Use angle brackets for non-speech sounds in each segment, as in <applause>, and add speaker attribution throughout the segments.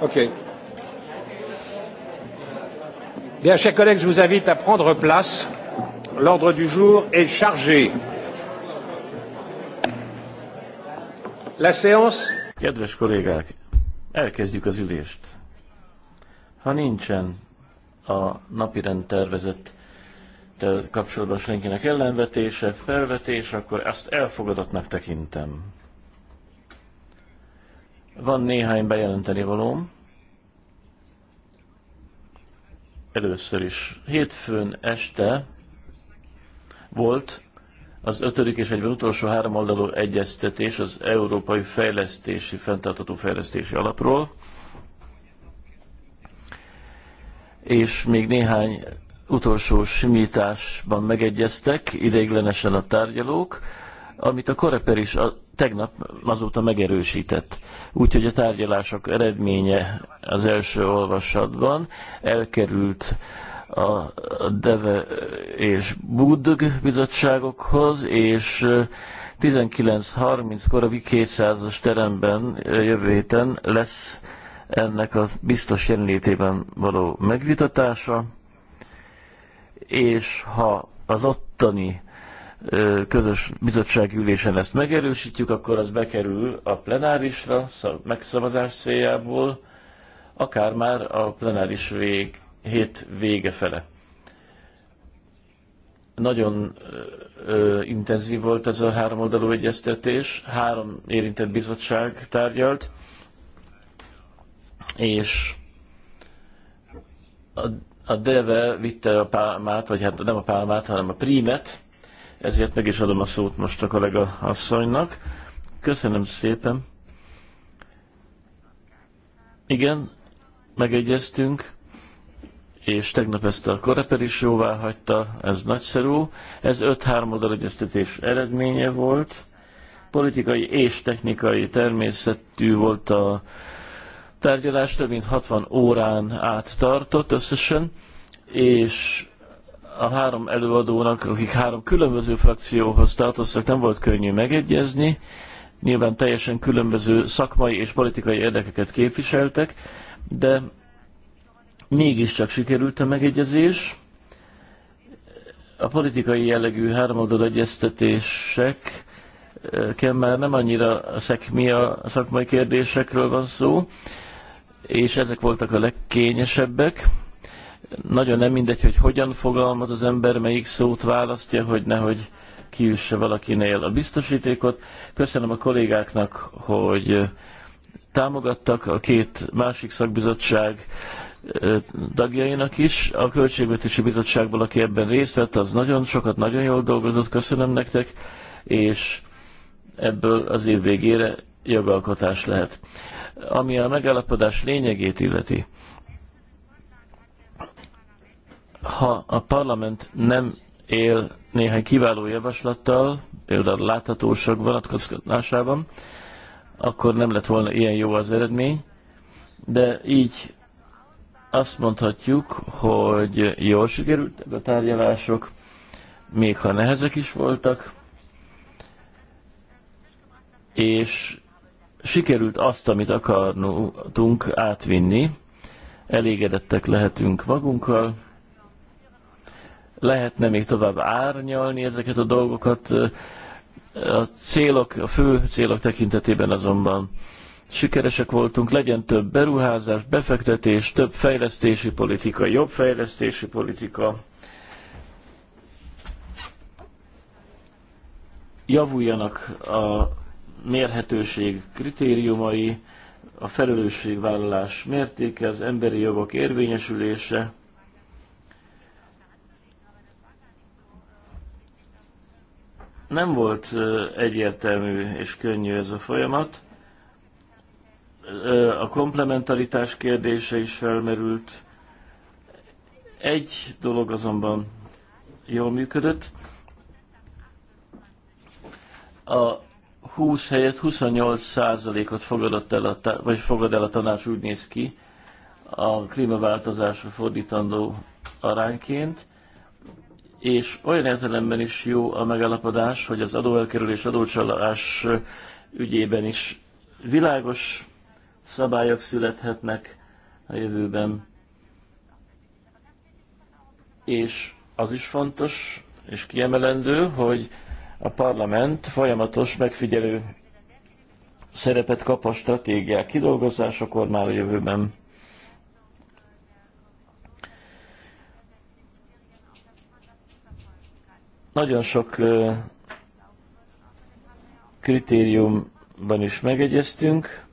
Speaker 1: Ok. Bien, chers collègues, je vous invite à prendre place. L'ordre du jour est chargé. La séance. Kedves kollégák, elkezdjük az ülést. Ha nincsen a napirend tervezett kapcsolatban senkinek ellenvetése, felvetés, akkor ezt elfogadatnak tekintem. Van néhány bejelenteni valóm. Először is. Hétfőn este volt az ötödik és egyben utolsó három oldalú egyeztetés az Európai Fejlesztési, Fentartató Fejlesztési Alapról, és még néhány utolsó simításban megegyeztek ideiglenesen a tárgyalók, amit a Koreper is tegnap azóta megerősített. Úgyhogy a tárgyalások eredménye az első olvasatban elkerült a Deve és Budg bizottságokhoz, és 19.30-kor eh, a VI 200-as teremben eh, jövő héten lesz ennek a biztos jelenlétében való megvitatása, és ha az ottani közös bizottsági ülésen ezt megerősítjük, akkor az bekerül a plenárisra, megszavazás céljából, akár már a plenáris vég, hét vége fele. Nagyon ö, ö, intenzív volt ez a háromoldalú egyeztetés, három érintett bizottság tárgyalt, és a, a Deve vitte a pálmát, vagy hát nem a pálmát, hanem a prímet, ezért meg is adom a szót most a kollega asszonynak. Köszönöm szépen. Igen, megegyeztünk, és tegnap ezt a koreper is jóvá hagyta, ez nagyszerű. Ez 5-3 oldal egyeztetés eredménye volt. Politikai és technikai természetű volt a tárgyalás, több mint 60 órán át tartott összesen, és a három előadónak, akik három különböző frakcióhoz tartoztak, nem volt könnyű megegyezni. Nyilván teljesen különböző szakmai és politikai érdekeket képviseltek, de mégiscsak sikerült a megegyezés. A politikai jellegű háromoldal egyeztetések eh, már nem annyira a szekmia a szakmai kérdésekről van szó, és ezek voltak a legkényesebbek nagyon nem mindegy, hogy hogyan fogalmaz az ember, melyik szót választja, hogy nehogy kiüsse valakinél a biztosítékot. Köszönöm a kollégáknak, hogy támogattak a két másik szakbizottság tagjainak is. A Költségvetési Bizottságból, aki ebben részt vett, az nagyon sokat, nagyon jól dolgozott, köszönöm nektek, és ebből az év végére jogalkotás lehet. Ami a megállapodás lényegét illeti, ha a parlament nem él néhány kiváló javaslattal, például láthatóság vonatkozásában, akkor nem lett volna ilyen jó az eredmény, de így azt mondhatjuk, hogy jól sikerültek a tárgyalások, még ha nehezek is voltak, és sikerült azt, amit akarnunk átvinni, elégedettek lehetünk magunkkal, lehetne még tovább árnyalni ezeket a dolgokat. A célok, a fő célok tekintetében azonban sikeresek voltunk, legyen több beruházás, befektetés, több fejlesztési politika, jobb fejlesztési politika, javuljanak a mérhetőség kritériumai, a felelősségvállalás mértéke, az emberi jogok érvényesülése, nem volt egyértelmű és könnyű ez a folyamat. A komplementaritás kérdése is felmerült. Egy dolog azonban jól működött. A 20 helyett 28 százalékot fogadott el a, vagy fogad el a tanács, úgy néz ki, a klímaváltozásra fordítandó arányként és olyan értelemben is jó a megállapodás, hogy az adóelkerülés, adócsalás ügyében is világos szabályok születhetnek a jövőben, és az is fontos és kiemelendő, hogy a parlament folyamatos megfigyelő szerepet kap a stratégiák kidolgozásakor már a jövőben. Nagyon sok kritériumban is megegyeztünk,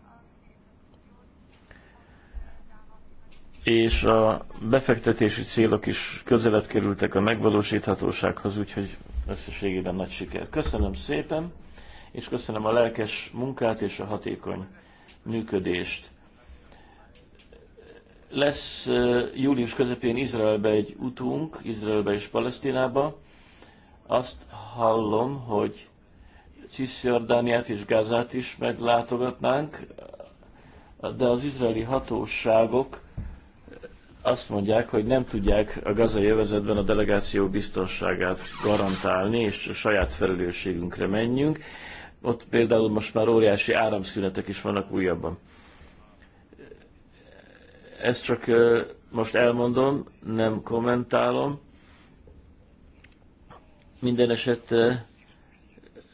Speaker 1: és a befektetési célok is közelebb kerültek a megvalósíthatósághoz, úgyhogy összességében nagy siker. Köszönöm szépen, és köszönöm a lelkes munkát és a hatékony működést. Lesz július közepén Izraelbe egy utunk, Izraelbe és Palesztinába, azt hallom, hogy Cisziordániát és Gázát is meglátogatnánk, de az izraeli hatóságok azt mondják, hogy nem tudják a gazai övezetben a delegáció biztonságát garantálni, és a saját felelősségünkre menjünk. Ott például most már óriási áramszünetek is vannak újabban. Ezt csak most elmondom, nem kommentálom. Minden esetre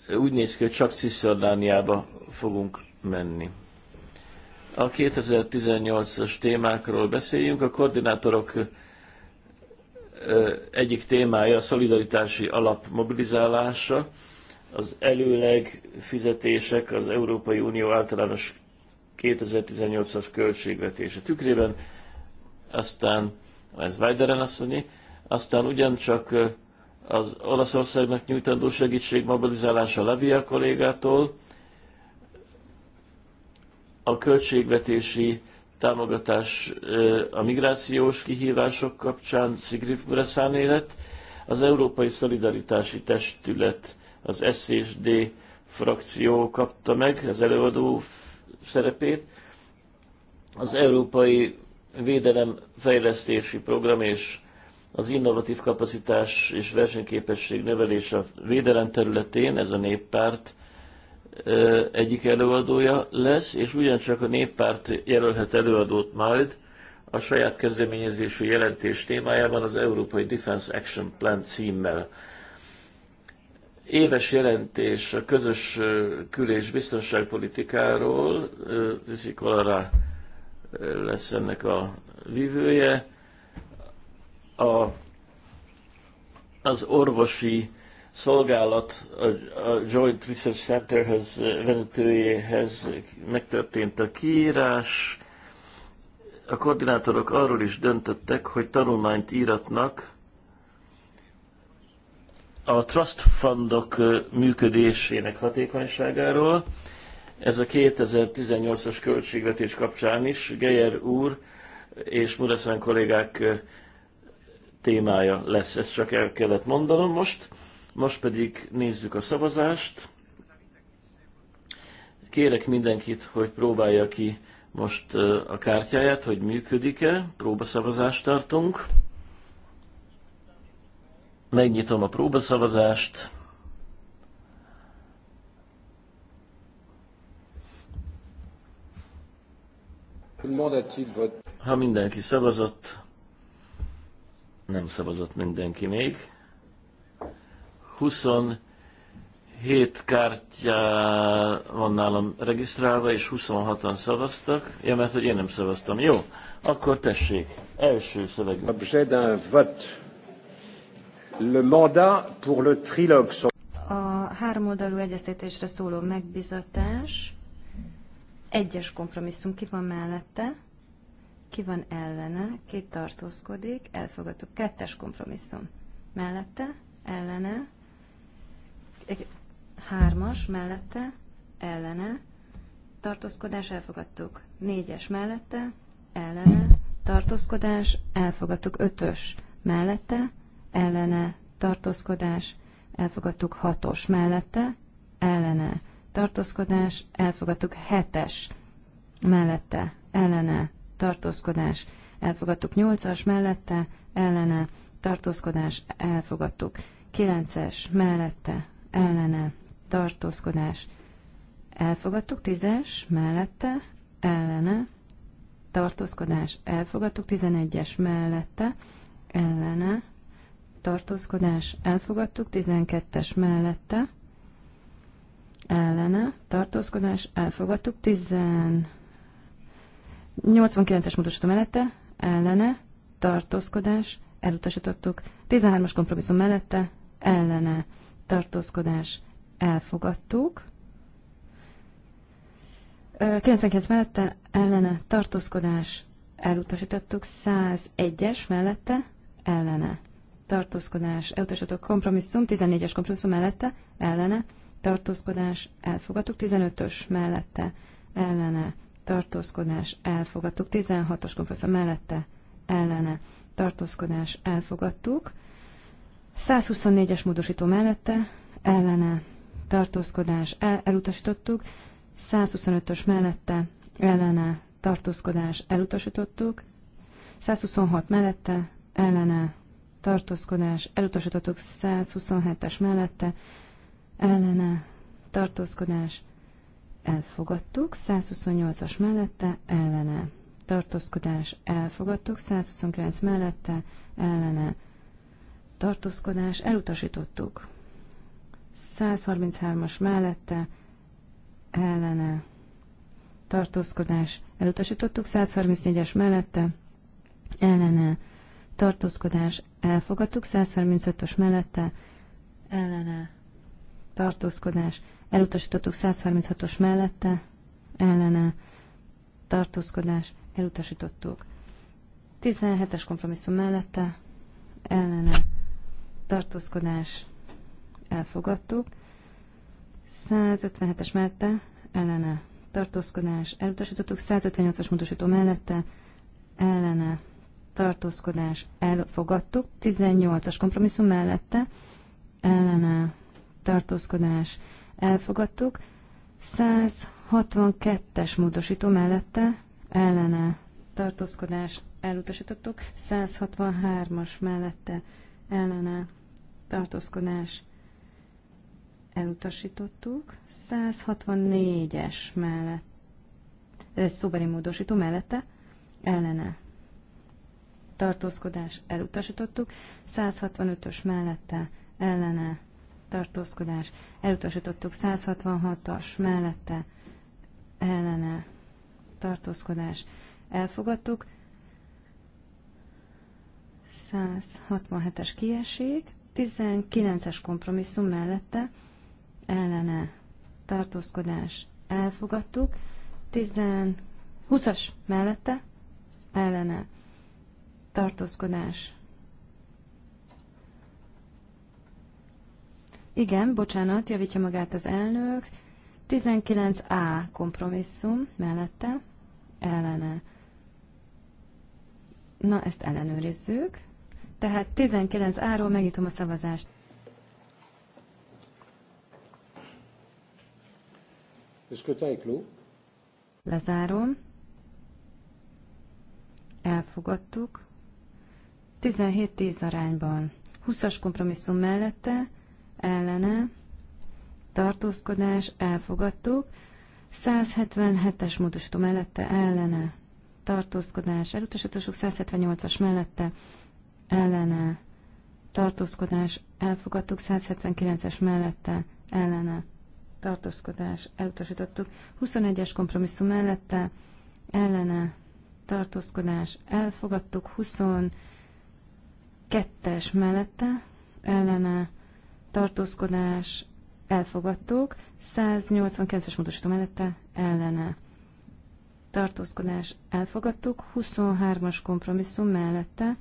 Speaker 1: eh, úgy néz ki, hogy csak Cisjordániába fogunk menni. A 2018-as témákról beszéljünk. A koordinátorok eh, egyik témája a szolidaritási alap mobilizálása, az előleg fizetések az Európai Unió általános 2018-as költségvetése tükrében, aztán ez Weideren asszonyi, aztán ugyancsak eh, az Olaszországnak nyújtandó segítség mobilizálása Levia kollégától, a költségvetési támogatás a migrációs kihívások kapcsán Sigrid Bressán élet, az Európai Szolidaritási Testület, az SZSD frakció kapta meg az előadó szerepét, az Európai Védelem Fejlesztési Program és az innovatív kapacitás és versenyképesség növelése a védelem területén, ez a néppárt egyik előadója lesz, és ugyancsak a néppárt jelölhet előadót majd a saját kezdeményezésű jelentés témájában az Európai Defense Action Plan címmel. Éves jelentés a közös kül- és biztonságpolitikáról, Vizikolara lesz ennek a vívője, a, az orvosi szolgálat a Joint Research Centerhez vezetőjéhez megtörtént a kiírás. A koordinátorok arról is döntöttek, hogy tanulmányt íratnak a trust fundok működésének hatékonyságáról. Ez a 2018-as költségvetés kapcsán is Geyer úr és Mureszven kollégák témája lesz, ezt csak el kellett mondanom most. Most pedig nézzük a szavazást. Kérek mindenkit, hogy próbálja ki most a kártyáját, hogy működik-e. Próbaszavazást tartunk. Megnyitom a próbaszavazást. Ha mindenki szavazott, nem szavazott mindenki még. 27 kártya van nálam regisztrálva, és 26-an szavaztak. Ja, mert hogy én nem szavaztam. Jó, akkor tessék, első szöveg. Le mandat pour le trilogue.
Speaker 2: A háromoldalú egyeztetésre szóló megbizatás. Egyes kompromisszum ki van mellette ki van ellene, ki tartózkodik, elfogadtuk. Kettes kompromisszum. Mellette, ellene, hármas, mellette, ellene, tartózkodás, elfogadtuk. Négyes mellette, ellene, tartózkodás, elfogadtuk. Ötös mellette, ellene, tartózkodás, elfogadtuk. Hatos mellette, ellene, tartózkodás, elfogadtuk. Hetes mellette, ellene, tartózkodás elfogadtuk. 8-as mellette ellene tartózkodás elfogadtuk. 9-es mellette ellene tartózkodás elfogadtuk. 10-es mellette ellene tartózkodás elfogadtuk. 11-es mellette ellene tartózkodás elfogadtuk. 12-es mellette ellene tartózkodás elfogadtuk. 13 89-es módosító mellette, ellene, tartózkodás, elutasítottuk. 13-as kompromisszum mellette, ellene, tartózkodás, elfogadtuk. 99 mellette, ellene, tartózkodás, elutasítottuk. 101-es mellette, ellene, tartózkodás, elutasítottuk. Kompromisszum, 14-es kompromisszum mellette, ellene, tartózkodás, elfogadtuk. 15-ös mellette, ellene, tartózkodás elfogadtuk. 16-os konfesszor mellette ellene tartózkodás elfogadtuk. 124-es módosító mellette ellene tartózkodás el, elutasítottuk. 125-ös mellette ellene tartózkodás elutasítottuk. 126 mellette ellene tartózkodás elutasítottuk. 127-es mellette ellene tartózkodás elfogadtuk, 128-as mellette ellene tartózkodás elfogadtuk, 129 mellette ellene tartózkodás elutasítottuk. 133-as mellette ellene tartózkodás elutasítottuk, 134-es mellette ellene tartózkodás elfogadtuk, 135-ös mellette ellene tartózkodás elutasítottuk 136-os mellette, ellene tartózkodás, elutasítottuk 17-es kompromisszum mellette, ellene tartózkodás, elfogadtuk 157-es mellette, ellene tartózkodás, elutasítottuk 158-as módosító mellette, ellene tartózkodás, elfogadtuk 18-as kompromisszum mellette, ellene tartózkodás, elfogadtuk. 162-es módosító mellette ellene tartózkodás elutasítottuk. 163-as mellette ellene tartózkodás elutasítottuk. 164-es mellett, ez szóbeli módosító mellette ellene tartózkodás elutasítottuk. 165-ös mellette ellene tartózkodás, elutasítottuk 166-as mellette, ellene, tartózkodás, elfogadtuk, 167-es kieség, 19-es kompromisszum mellette, ellene, tartózkodás, elfogadtuk, 20-as mellette, ellene, tartózkodás, Igen, bocsánat, javítja magát az elnök. 19A kompromisszum mellette, ellene. Na, ezt ellenőrizzük. Tehát 19A-ról megnyitom a szavazást. Lezárom. Elfogadtuk. 17-10 arányban. 20-as kompromisszum mellette, ellene tartózkodás elfogadtuk, 177-es módosító mellette ellene tartózkodás elutasítottuk, 178-as mellette ellene tartózkodás elfogadtuk, 179-es mellette ellene tartózkodás elutasítottuk, 21-es kompromisszum mellette ellene tartózkodás elfogadtuk, 22-es mellette ellene tartózkodás, elfogadtuk, 189-es módosító mellette ellene tartózkodás, elfogadtuk, 23-as kompromisszum mellette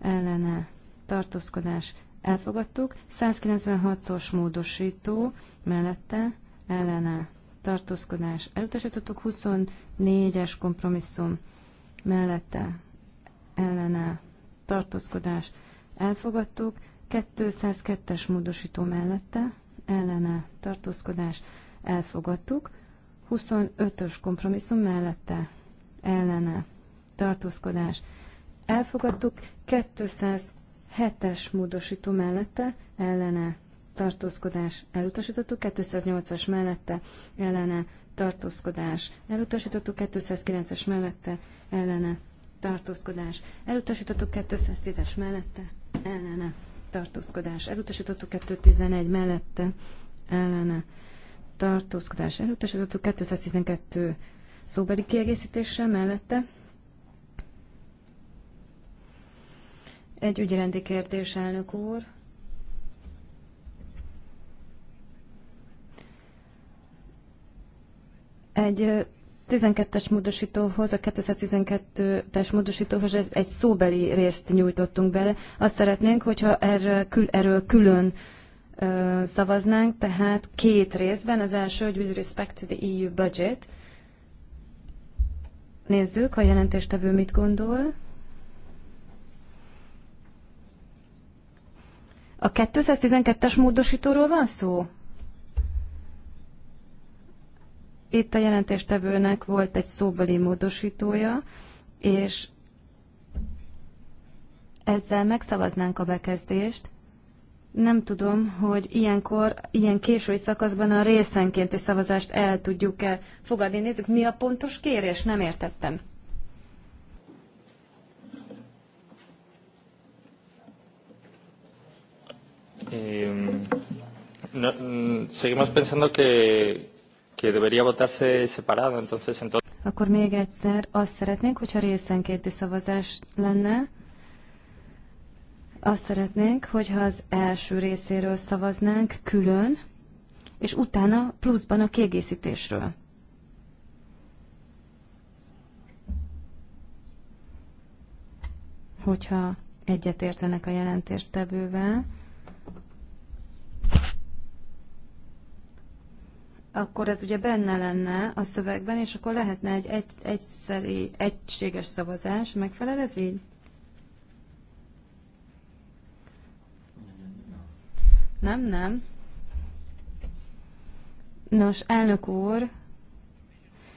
Speaker 2: ellene tartózkodás, elfogadtuk, 196-os módosító mellette ellene tartózkodás, elutasítottuk, 24-es kompromisszum mellette ellene tartózkodás, elfogadtuk, 202-es módosító mellette ellene tartózkodás elfogadtuk, 25-ös kompromisszum mellette ellene tartózkodás elfogadtuk, 207-es módosító mellette ellene tartózkodás elutasítottuk, 208-as mellette ellene tartózkodás elutasítottuk, 209-es mellette ellene tartózkodás elutasítottuk, 210-es mellette ellene tartózkodás elutasítottuk, 211 mellette ellene tartózkodás elutasítottuk, 212 szóbeli kiegészítéssel mellette. Egy ügyrendi kérdés, elnök úr. Egy 12-es módosítóhoz, a 212-es módosítóhoz egy szóbeli részt nyújtottunk bele. Azt szeretnénk, hogyha erről, kül, erről külön ö, szavaznánk, tehát két részben. Az első, hogy with respect to the EU budget. Nézzük, a jelentéstevő mit gondol. A 212-es módosítóról van szó? Itt a jelentéstevőnek volt egy szóbeli módosítója, és ezzel megszavaznánk a bekezdést. Nem tudom, hogy ilyenkor, ilyen késői szakaszban a részenkénti szavazást el tudjuk-e fogadni. Nézzük, mi a pontos kérés, nem értettem.
Speaker 1: no, mm, seguimos pensando que, que debería votarse separado, entonces, entonces...
Speaker 2: Akkor még egyszer azt szeretnénk, hogyha részenkéti szavazás lenne. Azt szeretnénk, hogyha az első részéről szavaznánk külön, és utána pluszban a kiegészítésről. Hogyha egyetértenek a jelentéstevővel, akkor ez ugye benne lenne a szövegben, és akkor lehetne egy, egy egyszeri, egységes szavazás. Megfelel ez így? Nem, nem. Nos, elnök úr,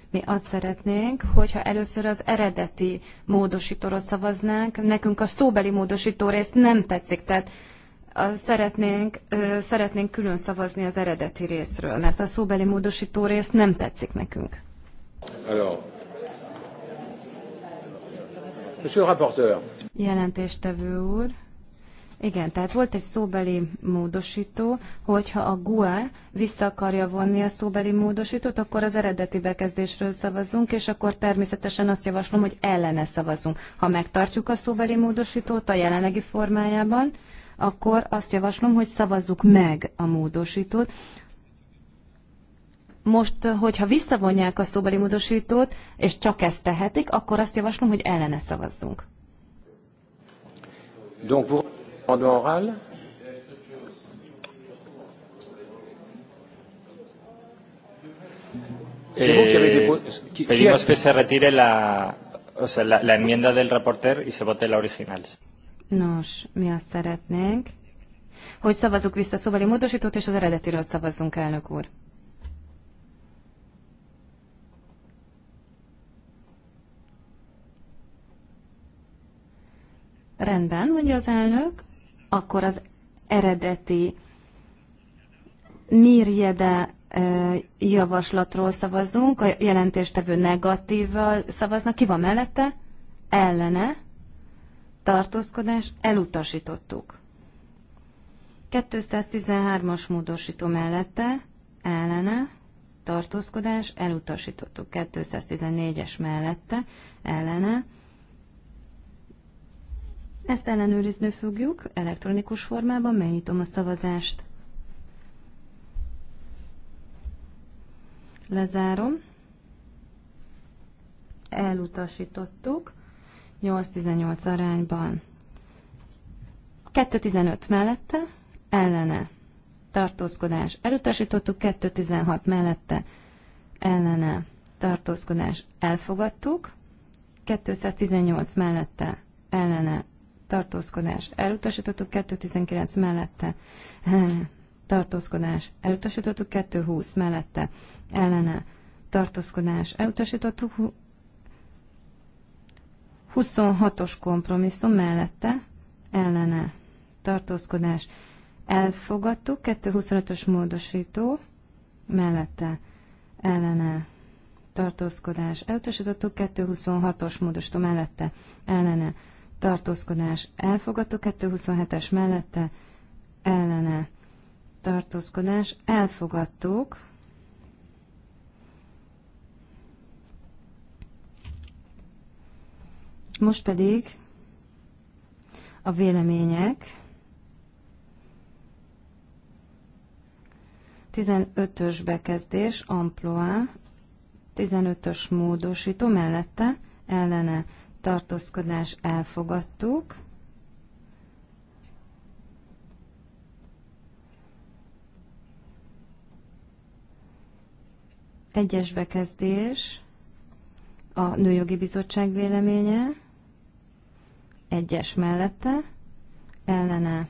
Speaker 2: mi azt szeretnénk, hogyha először az eredeti módosítóról szavaznánk, nekünk a szóbeli módosító részt nem tetszik, tehát szeretnénk, szeretnénk külön szavazni az eredeti részről, mert a szóbeli módosító rész nem tetszik nekünk. Jelentéstevő úr. Igen, tehát volt egy szóbeli módosító, hogyha a GUE vissza akarja vonni a szóbeli módosítót, akkor az eredeti bekezdésről szavazunk, és akkor természetesen azt javaslom, hogy ellene szavazunk. Ha megtartjuk a szóbeli módosítót a jelenlegi formájában, akkor azt javaslom, hogy szavazzuk meg a módosítót. Most, hogyha visszavonják a szóbeli módosítót, és csak ezt tehetik, akkor azt javaslom, hogy ellene szavazzunk. Donc vous oral
Speaker 1: eh, pedimos que se retire la, o sea, la, la enmienda del reporter y se vote la original.
Speaker 2: Nos, mi azt szeretnénk, hogy szavazunk vissza szóvali módosítót, és az eredetiről szavazzunk, elnök úr. Rendben, mondja az elnök, akkor az eredeti Mirjede javaslatról szavazunk, a jelentéstevő negatívval szavaznak, ki van mellette? Ellene tartózkodás, elutasítottuk. 213-as módosító mellette, ellene, tartózkodás, elutasítottuk. 214-es mellette, ellene. Ezt ellenőrizni fogjuk elektronikus formában, megnyitom a szavazást. Lezárom. Elutasítottuk. 8-18 arányban. 2-15 mellette, ellene tartózkodás elutasítottuk, 2-16 mellette ellene tartózkodás elfogadtuk, 218 mellette ellene tartózkodás elutasítottuk, 219 mellette ellene tartózkodás elutasítottuk, 220 mellette ellene tartózkodás elutasítottuk, 26-os kompromisszum mellette ellene tartózkodás elfogadtuk, 225-ös módosító mellette ellene tartózkodás elutasítottuk, 226-os módosító mellette ellene tartózkodás elfogadtuk, 227-es mellette ellene tartózkodás elfogadtuk, Most pedig a vélemények 15-ös bekezdés, amploa, 15-ös módosító mellette ellene tartózkodás elfogadtuk. Egyes bekezdés, a Nőjogi Bizottság véleménye egyes mellette, ellene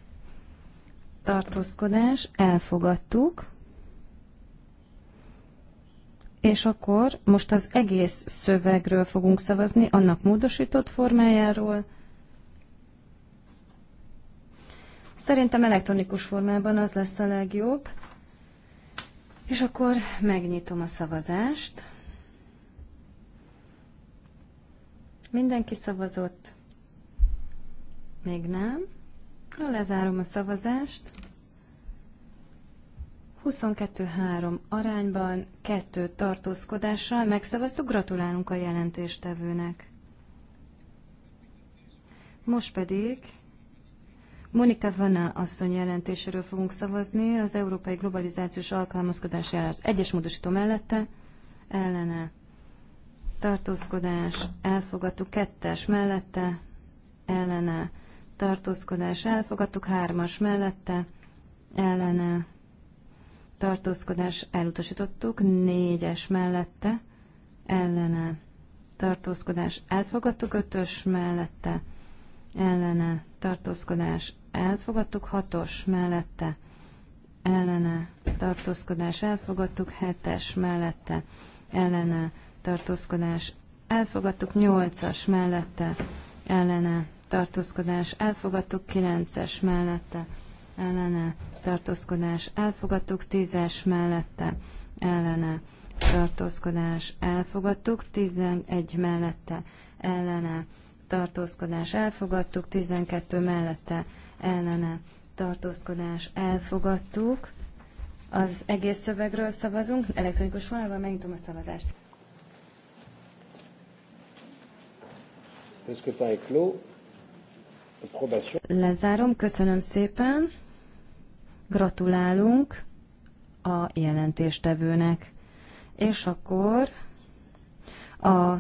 Speaker 2: tartózkodás, elfogadtuk, és akkor most az egész szövegről fogunk szavazni, annak módosított formájáról. Szerintem elektronikus formában az lesz a legjobb. És akkor megnyitom a szavazást. Mindenki szavazott. Még nem. Lezárom a szavazást. 22-3 arányban, 2 tartózkodással megszavaztuk, gratulálunk a jelentéstevőnek. Most pedig Monika Vana asszony jelentéséről fogunk szavazni, az Európai Globalizációs Alkalmazkodás Járás egyes módosító mellette, ellene tartózkodás, elfogadó kettes mellette, ellene tartózkodás elfogadtuk, hármas mellette ellene tartózkodás elutasítottuk, négyes mellette ellene tartózkodás elfogadtuk, ötös mellette ellene tartózkodás elfogadtuk, hatos mellette ellene tartózkodás elfogadtuk, hetes mellette ellene tartózkodás elfogadtuk, nyolcas mellette ellene tartózkodás elfogadtuk, 9-es mellette ellene tartózkodás elfogadtuk, 10-es mellette ellene tartózkodás elfogadtuk, 11 mellette ellene tartózkodás elfogadtuk, 12 mellette ellene tartózkodás elfogadtuk. Az egész szövegről szavazunk, elektronikus vonalban megnyitom a szavazást. Le scrutin Lezárom, köszönöm szépen. Gratulálunk a jelentéstevőnek. És akkor a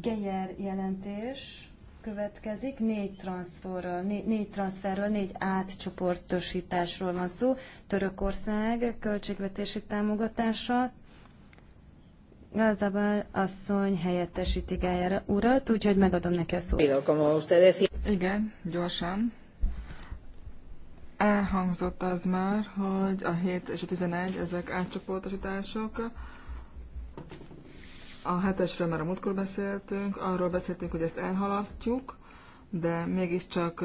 Speaker 2: Geyer jelentés következik, négy transferről, négy, négy transferről, négy átcsoportosításról van szó. Törökország költségvetési támogatása, Gázabal asszony helyettesíti
Speaker 3: Gájára urat, úgyhogy megadom neki a szót. Igen, gyorsan. Elhangzott az már, hogy a 7 és a 11 ezek átcsoportosítások. A 7-esről már a múltkor beszéltünk, arról beszéltünk, hogy ezt elhalasztjuk, de mégiscsak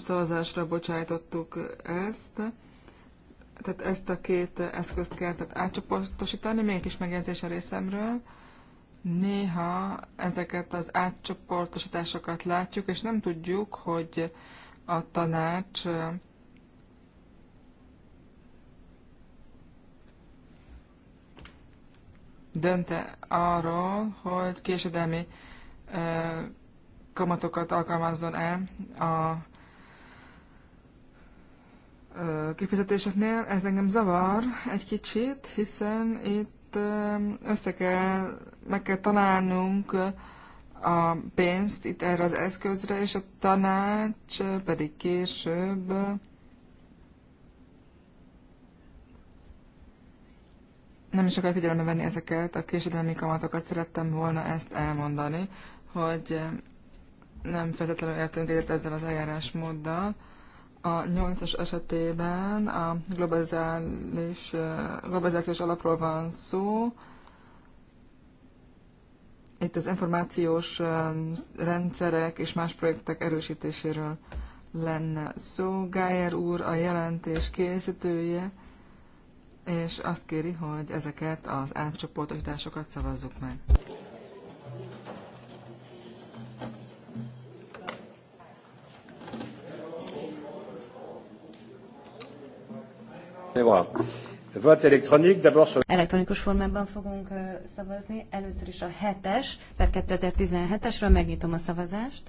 Speaker 3: szavazásra bocsájtottuk ezt tehát ezt a két eszközt kell tehát átcsoportosítani, még egy kis megjegyzés a részemről. Néha ezeket az átcsoportosításokat látjuk, és nem tudjuk, hogy a tanács eh, dönte arról, hogy késedelmi eh, kamatokat alkalmazzon el a kifizetéseknél. Ez engem zavar egy kicsit, hiszen itt össze kell, meg kell találnunk a pénzt itt erre az eszközre, és a tanács pedig később nem is akar figyelembe venni ezeket a késedelmi kamatokat, szerettem volna ezt elmondani, hogy nem feltétlenül értünk egyet ezzel az eljárásmóddal, a nyolcas esetében a globalizális, globalizációs alapról van szó. Itt az információs rendszerek és más projektek erősítéséről lenne szó. Gájer úr a jelentés készítője, és azt kéri, hogy ezeket az átcsoportosításokat szavazzuk meg.
Speaker 2: Elektronikus formában fogunk szavazni. Először is a 7-es, per 2017-esről megnyitom a szavazást.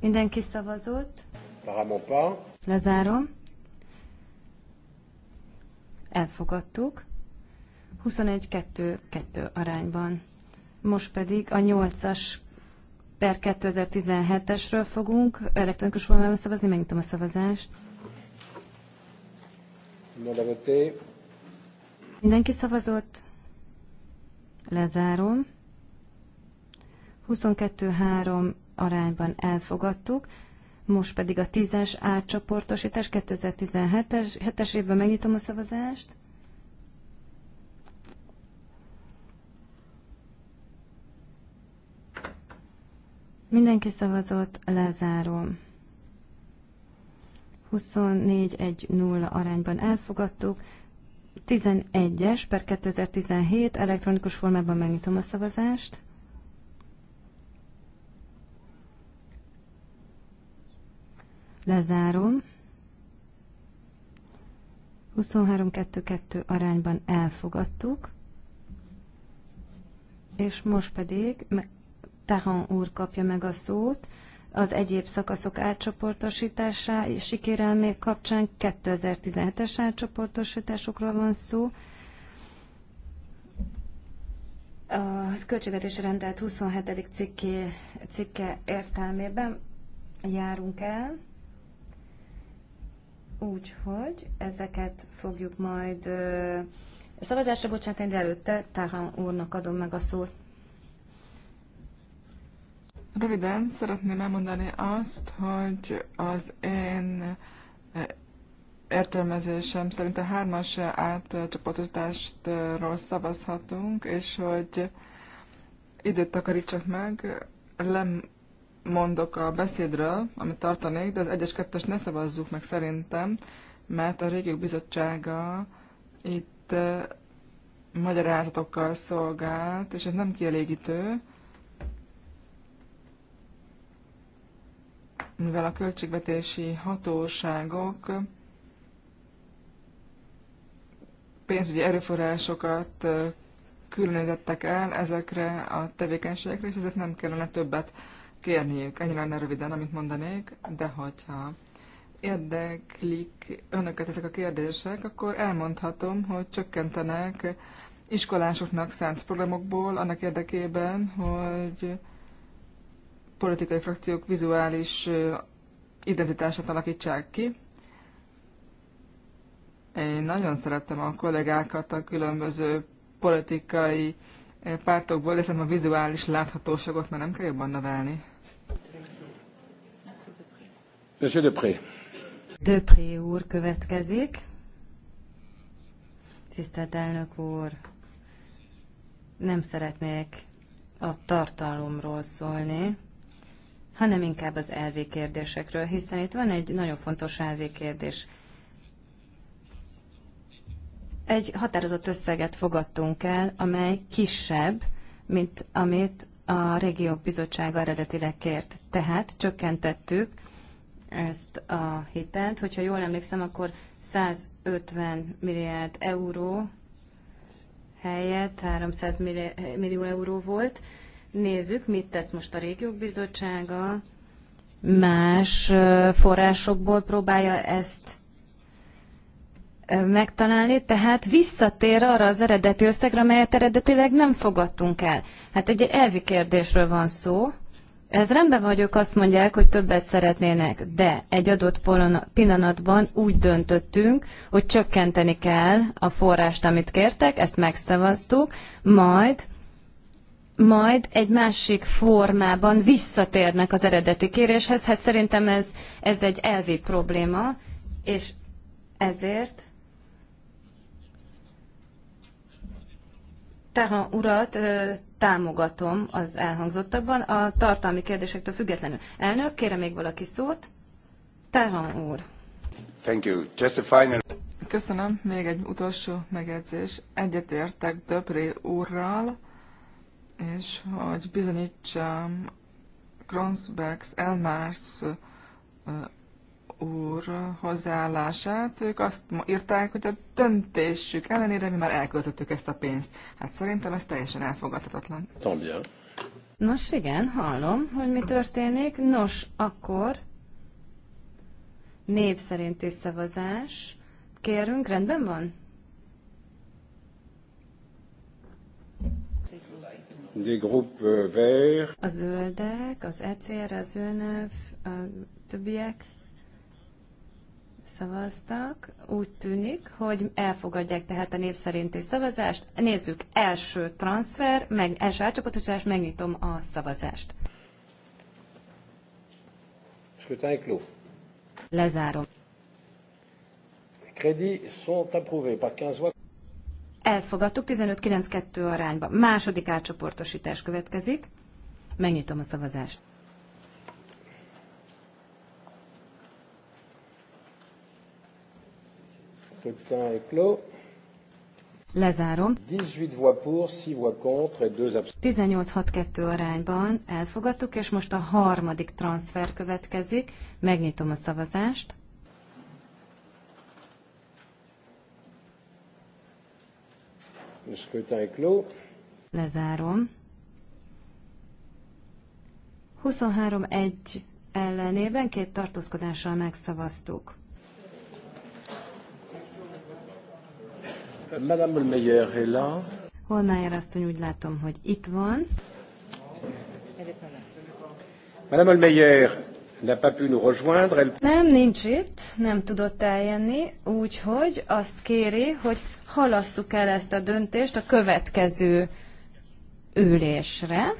Speaker 2: Mindenki szavazott. Lezárom. Elfogadtuk. 21-2-2 arányban. Most pedig a 8-as per 2017-esről fogunk elektronikus formában szavazni. Megnyitom a szavazást. Mindenki szavazott. Lezárom. 22-3 arányban elfogadtuk. Most pedig a 10-es átcsoportosítás 2017-es évben megnyitom a szavazást. Mindenki szavazott, lezárom. 24-1-0 arányban elfogadtuk. 11-es per 2017 elektronikus formában megnyitom a szavazást. Lezárom. 23-2-2 arányban elfogadtuk. És most pedig Tehan úr kapja meg a szót. Az egyéb szakaszok átcsoportosítása és sikérelmék kapcsán 2017-es átcsoportosításokról van szó. A költségvetés rendelt 27. Cikké, cikke értelmében járunk el, úgyhogy ezeket fogjuk majd szavazásra bocsátani, de előtte Táhan úrnak adom meg a szót.
Speaker 3: Röviden szeretném elmondani azt, hogy az én eh, értelmezésem szerint a hármas átcsoportosításról szavazhatunk, és hogy időt takarítsak meg, lemondok a beszédről, amit tartanék, de az egyes kettes ne szavazzuk meg szerintem, mert a régiók bizottsága itt eh, magyarázatokkal szolgált, és ez nem kielégítő. mivel a költségvetési hatóságok pénzügyi erőforrásokat különítettek el ezekre a tevékenységekre, és ezért nem kellene többet kérniük. Ennyire lenne röviden, amit mondanék, de hogyha érdeklik önöket ezek a kérdések, akkor elmondhatom, hogy csökkentenek iskolásoknak szánt programokból annak érdekében, hogy politikai frakciók vizuális identitását alakítsák ki. Én nagyon szerettem a kollégákat a különböző politikai pártokból, de szerintem a vizuális láthatóságot már nem kell jobban növelni.
Speaker 2: Monsieur Depré. Depré úr következik. Tisztelt elnök úr, nem szeretnék a tartalomról szólni, hanem inkább az elvi kérdésekről, hiszen itt van egy nagyon fontos elvi kérdés. Egy határozott összeget fogadtunk el, amely kisebb, mint amit a régiók bizottsága eredetileg kért. Tehát csökkentettük ezt a hitelt. Hogyha jól emlékszem, akkor 150 milliárd euró helyett 300 millió euró volt nézzük, mit tesz most a régiók bizottsága, más forrásokból próbálja ezt megtalálni, tehát visszatér arra az eredeti összegre, amelyet eredetileg nem fogadtunk el. Hát egy elvi kérdésről van szó. Ez rendben vagyok, azt mondják, hogy többet szeretnének, de egy adott pillanatban úgy döntöttünk, hogy csökkenteni kell a forrást, amit kértek, ezt megszavaztuk, majd majd egy másik formában visszatérnek az eredeti kéréshez. Hát szerintem ez, ez egy elvi probléma, és ezért Tehát urat támogatom az elhangzottakban, a tartalmi kérdésektől függetlenül. Elnök, kérem még valaki szót. Tehát úr. Thank you. Just a final...
Speaker 3: Köszönöm. Még egy utolsó megjegyzés. Egyetértek Döpré úrral és hogy bizonyítsam Kronzbergs Elmars úr hozzáállását, ők azt írták, hogy a döntésük ellenére mi már elköltöttük ezt a pénzt. Hát szerintem ez teljesen elfogadhatatlan. Tambien. Nos igen,
Speaker 2: hallom, hogy mi történik. Nos, akkor név szerinti szavazás. Kérünk, rendben van? des groupes euh, verts. A zöldek, az ECR, a zöldnev, a többiek szavaztak. Úgy tűnik, hogy elfogadják tehát a név szerinti szavazást. Nézzük, első transfer, meg, első átcsoportosítás, megnyitom a szavazást. Lezárom.
Speaker 1: Les Crédits sont approuvés par 15 voix.
Speaker 2: Elfogadtuk 15-9-2 arányba. Második átcsoportosítás következik. Megnyitom a szavazást. Lezárom. 18-6-2 arányban elfogadtuk, és most a harmadik transfer következik. Megnyitom a szavazást. Le scrutin est clos. Lezárom. 23-1 ellenében két tartózkodással megszavaztuk.
Speaker 1: Madame Holmeyer est là.
Speaker 2: Holmeyer asszony úgy látom, hogy itt van.
Speaker 1: Madame Holmeyer,
Speaker 2: nem, nincs itt, nem tudott eljönni, úgyhogy azt kéri, hogy halasszuk el ezt a döntést a következő ülésre.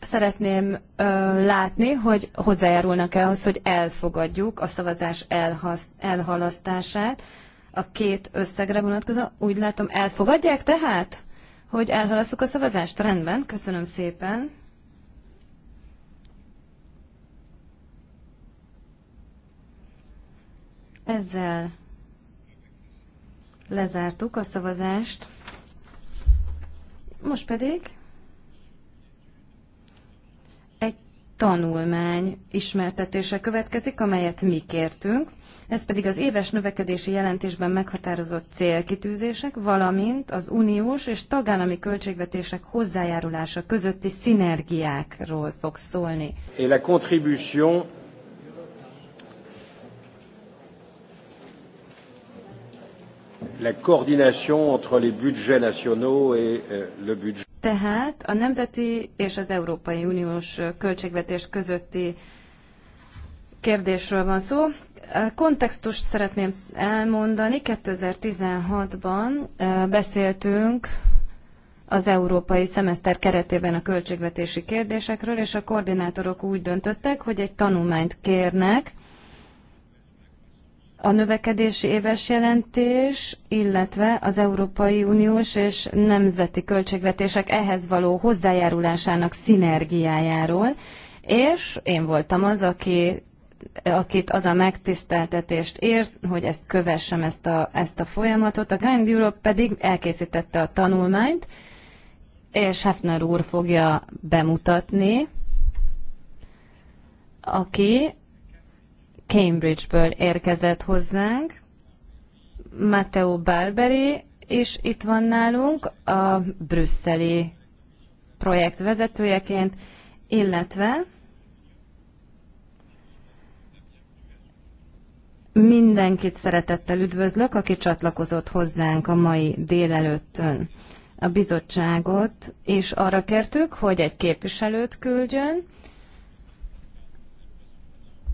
Speaker 2: Szeretném ö, látni, hogy hozzájárulnak-e ahhoz, hogy elfogadjuk a szavazás elhasz, elhalasztását a két összegre vonatkozó. Úgy látom, elfogadják tehát? hogy elhalasszuk a szavazást. Rendben, köszönöm szépen. Ezzel lezártuk a szavazást. Most pedig egy tanulmány ismertetése következik, amelyet mi kértünk ez pedig az éves növekedési jelentésben meghatározott célkitűzések, valamint az uniós és tagállami költségvetések hozzájárulása közötti szinergiákról fog szólni. Et la contribution la coordination entre les budgets
Speaker 1: nationaux et euh, le budget
Speaker 2: tehát a nemzeti és az Európai Uniós költségvetés közötti kérdésről van szó. Eh, kontextust szeretném elmondani. 2016-ban eh, beszéltünk az európai szemeszter keretében a költségvetési kérdésekről, és a koordinátorok úgy döntöttek, hogy egy tanulmányt kérnek a növekedési éves jelentés, illetve az Európai Uniós és nemzeti költségvetések ehhez való hozzájárulásának szinergiájáról, és én voltam az, aki akit az a megtiszteltetést ért, hogy ezt kövessem, ezt a, ezt a folyamatot. A Grand Europe pedig elkészítette a tanulmányt, és Hefner úr fogja bemutatni, aki Cambridge-ből érkezett hozzánk, Matteo Barberi, és itt van nálunk a brüsszeli projekt vezetőjeként, illetve Mindenkit szeretettel üdvözlök, aki csatlakozott hozzánk a mai délelőttön. A bizottságot és arra kértük, hogy egy képviselőt küldjön,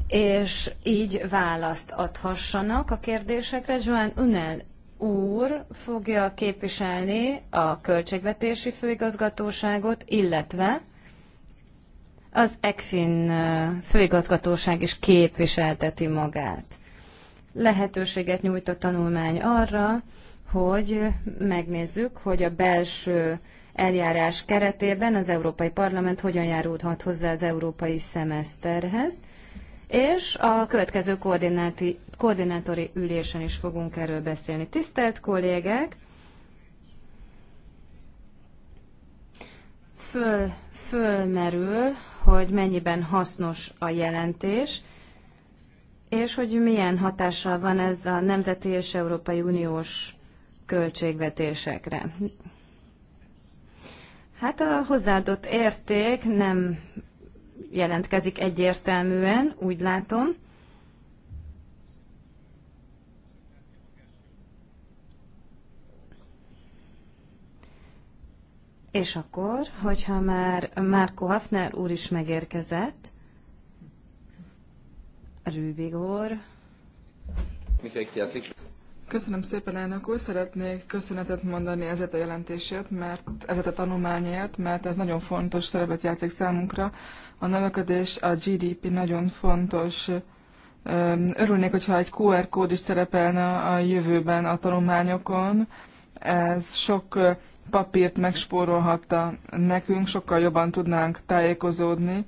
Speaker 2: és így választ adhassanak a kérdésekre. Joan Unel úr fogja képviselni a Költségvetési Főigazgatóságot, illetve az ECFIN főigazgatóság is képviselteti magát lehetőséget nyújt a tanulmány arra, hogy megnézzük, hogy a belső eljárás keretében az Európai Parlament hogyan járulhat hozzá az európai szemeszterhez, és a következő koordinátori ülésen is fogunk erről beszélni. Tisztelt kollégek! Föl, fölmerül, hogy mennyiben hasznos a jelentés, és hogy milyen hatással van ez a Nemzeti és Európai Uniós költségvetésekre. Hát a hozzáadott érték nem jelentkezik egyértelműen, úgy látom. És akkor, hogyha már Márko Hafner úr is
Speaker 3: megérkezett, Rübig Köszönöm szépen, elnök úr. Szeretnék köszönetet mondani ezért a jelentésért, mert ezért a tanulmányért, mert ez nagyon fontos szerepet játszik számunkra. A növekedés, a GDP nagyon fontos. Örülnék, hogyha egy QR kód is szerepelne a jövőben a tanulmányokon. Ez sok papírt megspórolhatta nekünk, sokkal jobban tudnánk tájékozódni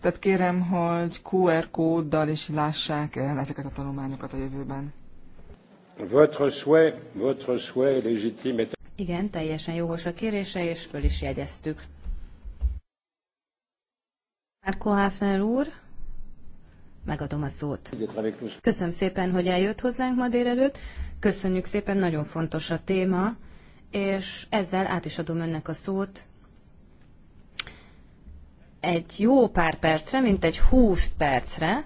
Speaker 3: tehát kérem, hogy QR kóddal is lássák el ezeket a tanulmányokat a jövőben.
Speaker 1: Votre souhait, votre souhait légitime.
Speaker 3: Igen, teljesen
Speaker 2: jogos a kérése, és föl is jegyeztük. Márko Háfner úr, megadom a szót. Köszönöm szépen, hogy eljött hozzánk ma délelőtt. Köszönjük szépen, nagyon fontos a téma, és ezzel át is adom önnek a szót, egy jó pár percre, mint egy 20 percre.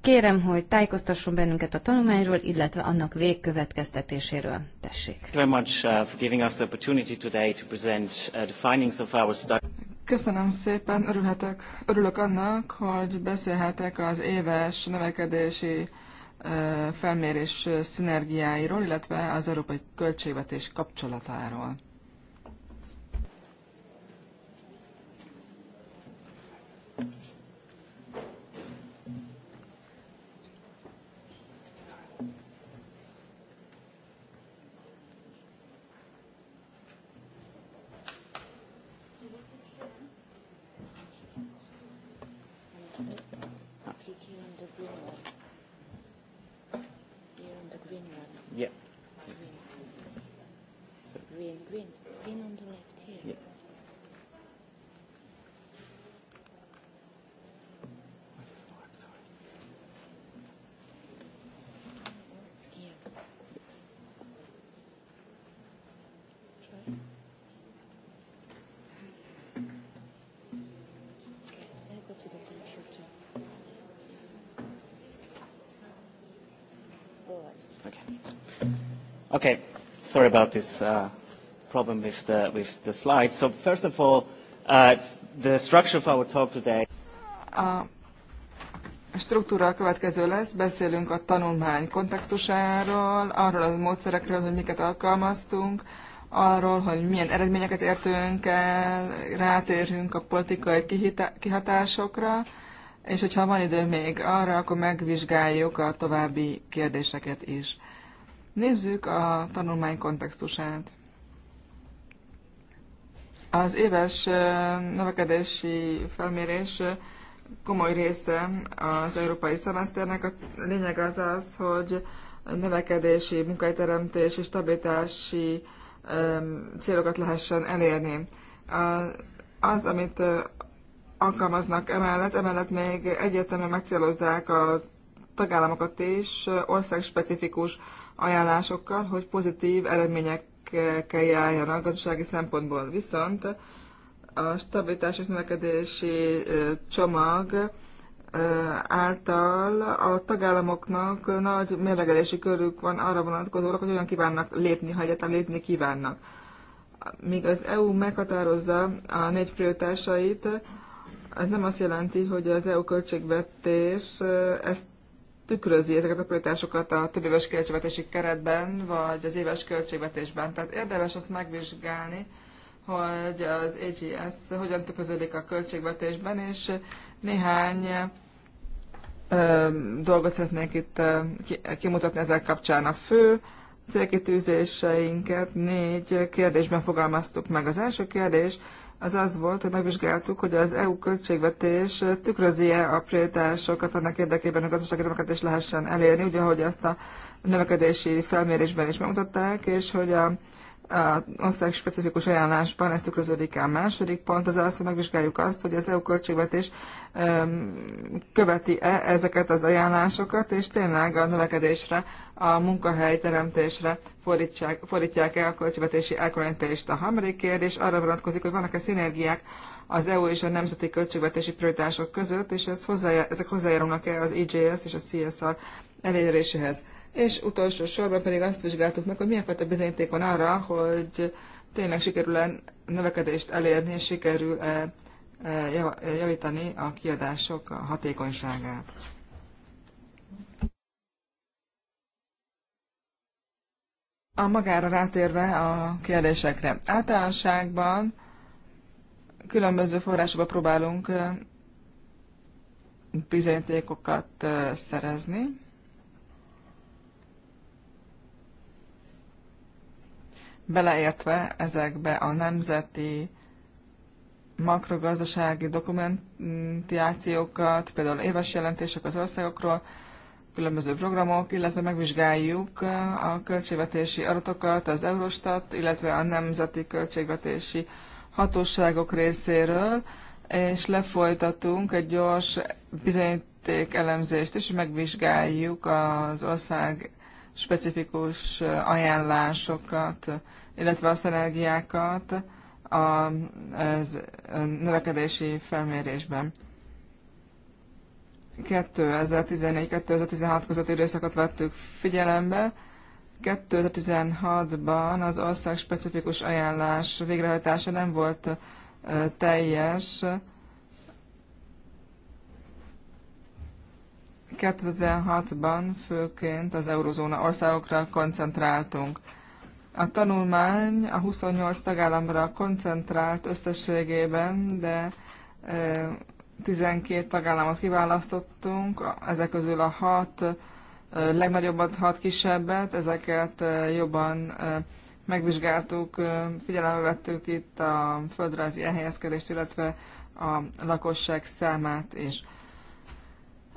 Speaker 2: Kérem, hogy tájékoztasson bennünket a tanulmányról, illetve annak végkövetkeztetéséről.
Speaker 1: Tessék. Very much uh, for giving us the opportunity today to present uh, the findings of our study.
Speaker 3: Köszönöm szépen, örülhetek, örülök annak, hogy beszélhetek az éves növekedési uh, felmérés szinergiáiról, illetve az európai költségvetés kapcsolatáról.
Speaker 1: Okay. Okay. Sorry about this uh,
Speaker 3: problem with the with the slides. So first of all, uh, the structure of our talk today. A struktúra a következő lesz. Beszélünk a tanulmány kontextusáról, arról a módszerekről, hogy miket alkalmaztunk, arról, hogy milyen eredményeket értünk el, rátérünk a politikai kihatásokra, és hogyha van idő még arra, akkor megvizsgáljuk a további kérdéseket is. Nézzük a tanulmány kontextusát. Az éves növekedési felmérés komoly része az európai szemeszternek. A lényeg az az, hogy növekedési, munkahelyteremtés és stabilitási célokat lehessen elérni. Az, amit alkalmaznak emellett, emellett még egyértelműen megcélozzák a tagállamokat is országspecifikus ajánlásokkal, hogy pozitív eredményekkel járjanak gazdasági szempontból. Viszont a stabilitás és növekedési csomag által a tagállamoknak nagy mérlegelési körük van arra vonatkozólag, hogy olyan kívánnak lépni, ha egyáltalán lépni kívánnak. Míg az EU meghatározza a négy prioritásait, ez nem azt jelenti, hogy az EU költségvetés ezt tükrözi ezeket a prioritásokat a több éves költségvetési keretben, vagy az éves költségvetésben. Tehát érdemes azt megvizsgálni, hogy az AGS hogyan tükröződik a költségvetésben, és néhány dolgot szeretnék itt kimutatni ezzel kapcsán. A fő célkitűzéseinket négy kérdésben fogalmaztuk meg. Az első kérdés az az volt, hogy megvizsgáltuk, hogy az EU költségvetés tükrözi-e a prioritásokat annak érdekében, hogy a gazdasági növekedést lehessen elérni, ugye ahogy azt a növekedési felmérésben is megmutatták, és hogy a ország specifikus ajánlásban ezt tükröződik el. Második pont az az, hogy megvizsgáljuk azt, hogy az EU költségvetés követi-e ezeket az ajánlásokat, és tényleg a növekedésre, a munkahely teremtésre fordítják el a költségvetési elkülönítést. A harmadik kérdés arra vonatkozik, hogy vannak-e szinergiák az EU és a nemzeti költségvetési prioritások között, és ez hozzájár, ezek hozzájárulnak-e az EJS és a CSR eléréséhez és utolsó sorban pedig azt vizsgáltuk meg, hogy milyen fajta bizonyíték van arra, hogy tényleg sikerül-e növekedést elérni, és sikerül-e e, e, javítani a kiadások hatékonyságát. A magára rátérve a kérdésekre. Általánosságban különböző forrásokba próbálunk e, bizonyítékokat szerezni. beleértve ezekbe a nemzeti makrogazdasági dokumentációkat, például éves jelentések az országokról, különböző programok, illetve megvizsgáljuk a költségvetési adatokat az Eurostat, illetve a nemzeti költségvetési hatóságok részéről, és lefolytatunk egy gyors bizonyíték elemzést, és megvizsgáljuk az ország specifikus ajánlásokat, illetve a szenergiákat a növekedési felmérésben. 2014-2016 közötti időszakot vettük figyelembe. 2016-ban az ország specifikus ajánlás végrehajtása nem volt teljes, 2016-ban főként az eurozóna országokra koncentráltunk. A tanulmány a 28 tagállamra koncentrált összességében, de 12 tagállamot kiválasztottunk, ezek közül a 6 legnagyobbat, 6 kisebbet, ezeket jobban megvizsgáltuk, figyelembe vettük itt a földrajzi elhelyezkedést, illetve a lakosság számát is.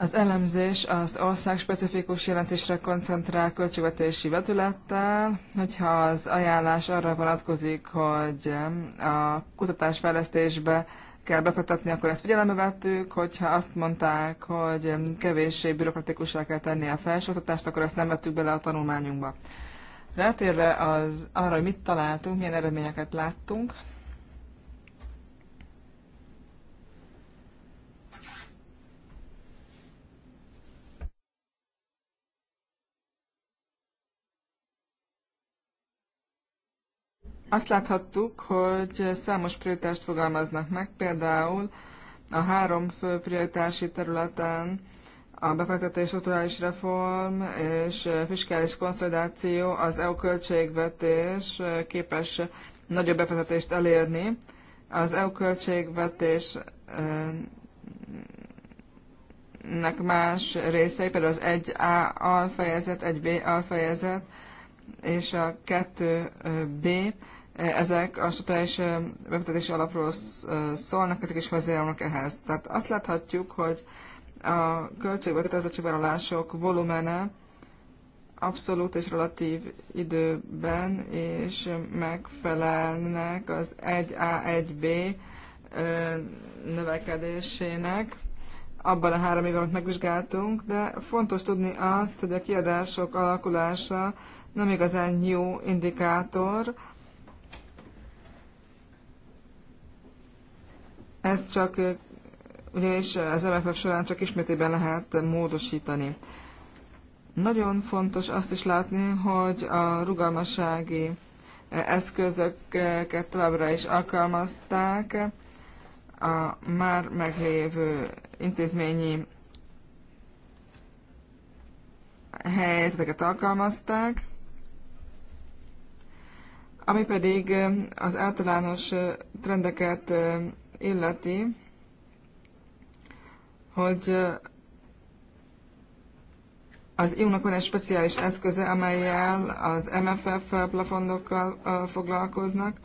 Speaker 3: Az elemzés az ország specifikus jelentésre koncentrál költségvetési vetülettel, hogyha az ajánlás arra vonatkozik, hogy a kutatásfejlesztésbe kell befektetni, akkor ezt figyelembe vettük, hogyha azt mondták, hogy kevéssé bürokratikusra kell tenni a felsőoktatást, akkor ezt nem vettük bele a tanulmányunkba. Rátérve az, arra, hogy mit találtunk, milyen eredményeket láttunk, Azt láthattuk, hogy számos prioritást fogalmaznak meg, például a három fő prioritási területen a befektetés strukturális reform és fiskális konszolidáció, az EU költségvetés képes nagyobb befektetést elérni. Az EU költségvetés eh, nek más részei, például az 1A alfejezet, 1B alfejezet és a 2B E, ezek a statális befektetési alapról szólnak, ezek is hozzájárulnak ehhez. Tehát azt láthatjuk, hogy a költségvetetezettségi vállalások volumene abszolút és relatív időben, és megfelelnek az 1A1B növekedésének abban a három évben, amit megvizsgáltunk, de fontos tudni azt, hogy a kiadások alakulása nem igazán jó indikátor, Ez csak is az MFF során csak ismétében lehet módosítani. Nagyon fontos azt is látni, hogy a rugalmassági eszközöket továbbra is alkalmazták a már meglévő intézményi helyzeteket alkalmazták, ami pedig az általános trendeket illeti, hogy az eu van egy speciális eszköze, amelyel az MFF plafondokkal foglalkoznak,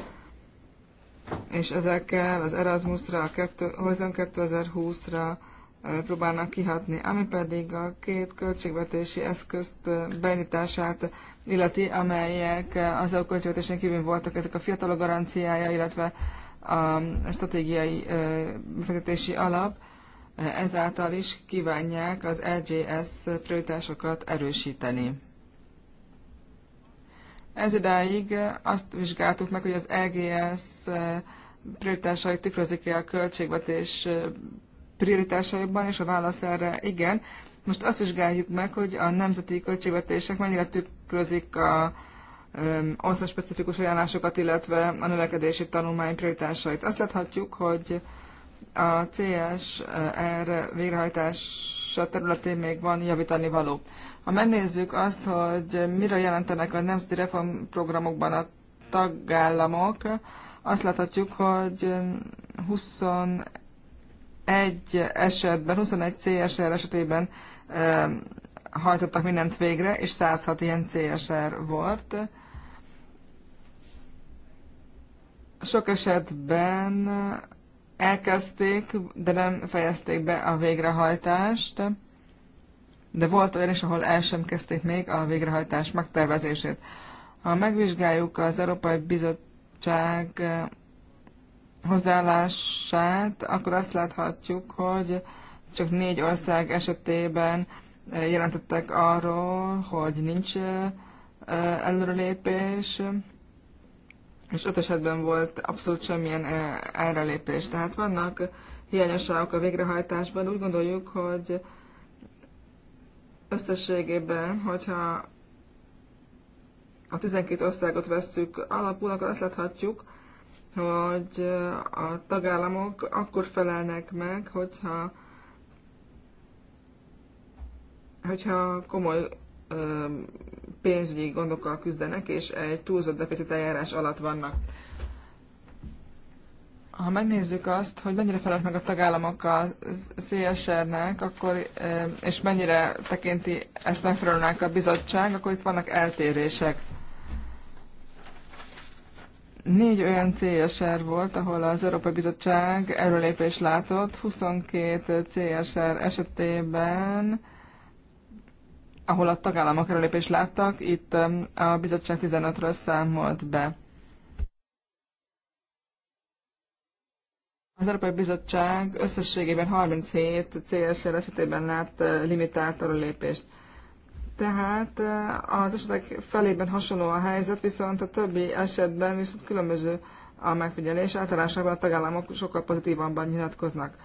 Speaker 3: és ezekkel az Erasmusra, a Horizon 2020-ra próbálnak kihatni, ami pedig a két költségvetési eszközt beindítását illeti, amelyek az EU költségvetésen kívül voltak ezek a fiatalok garanciája, illetve a stratégiai befektetési alap, ezáltal is kívánják az LGS prioritásokat erősíteni. Ez idáig azt vizsgáltuk meg, hogy az LGS prioritásai tükrözik-e a költségvetés prioritásaiban, és a válasz erre igen. Most azt vizsgáljuk meg, hogy a nemzeti költségvetések mennyire tükrözik a ország specifikus ajánlásokat, illetve a növekedési tanulmány prioritásait. Azt láthatjuk, hogy a CSR végrehajtása területén még van javítani való. Ha megnézzük azt, hogy mire jelentenek a nemzeti reformprogramokban a tagállamok, azt láthatjuk, hogy 21 esetben, 21 CSR esetében hajtottak mindent végre, és 106 ilyen CSR volt. Sok esetben elkezdték, de nem fejezték be a végrehajtást, de volt olyan is, ahol el sem kezdték még a végrehajtás megtervezését. Ha megvizsgáljuk az Európai Bizottság eh, hozzáállását, akkor azt láthatjuk, hogy csak négy ország esetében jelentettek arról, hogy nincs előrelépés, és öt esetben volt abszolút semmilyen előrelépés. Tehát vannak hiányosságok a végrehajtásban. Úgy gondoljuk, hogy összességében, hogyha a 12 országot vesszük alapul, akkor azt láthatjuk, hogy a tagállamok akkor felelnek meg, hogyha hogyha komoly ö, pénzügyi gondokkal küzdenek, és egy túlzott deficit eljárás alatt vannak. Ha megnézzük azt, hogy mennyire felelt meg a tagállamok a CSR-nek, akkor, és mennyire tekinti ezt megfelelőnek a bizottság, akkor itt vannak eltérések. Négy olyan CSR volt, ahol az Európai Bizottság erőlépést látott, 22 CSR esetében ahol a tagállamok előlépést láttak, itt um, a bizottság 15-ről számolt be. Az Európai Bizottság összességében 37 CSR esetében lát uh, limitált előlépést. Tehát uh, az esetek felében hasonló a helyzet, viszont a többi esetben viszont különböző a megfigyelés. Általánosságban a tagállamok sokkal pozitívabban nyilatkoznak.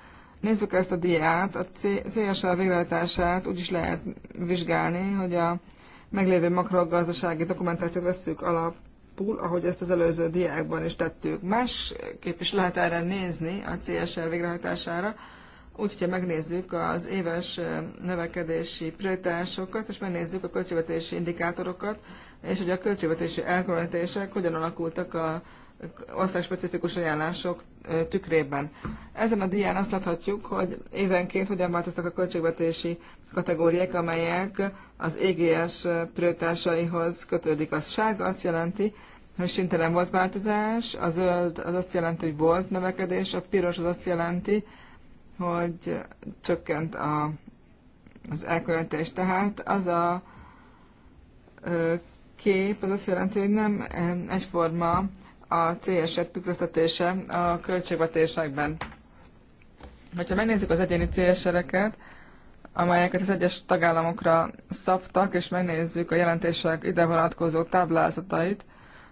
Speaker 3: Nézzük ezt a diát, a CSR végrehajtását úgy is lehet vizsgálni, hogy a meglévő makrogazdasági dokumentációt vesszük alapul, ahogy ezt az előző diákban is tettük. Másképp is lehet erre nézni a CSR végrehajtására, úgyhogy megnézzük az éves növekedési prioritásokat, és megnézzük a költségvetési indikátorokat, és hogy a költségvetési elkülönítések hogyan alakultak a országspecifikus ajánlások tükrében. Ezen a dián azt láthatjuk, hogy évenként hogyan változtak a költségvetési kategóriák, amelyek az EGS prioritásaihoz kötődik. Az sárga azt jelenti, hogy sintelen volt változás, a zöld az azt jelenti, hogy volt növekedés, a piros az azt jelenti, hogy csökkent a, az elkülönítés. Tehát az a kép az azt jelenti, hogy nem egyforma a CSR tükröztetése a költségvetésekben. Ha megnézzük az egyéni CSR-eket, amelyeket az egyes tagállamokra szabtak, és megnézzük a jelentések ide vonatkozó táblázatait,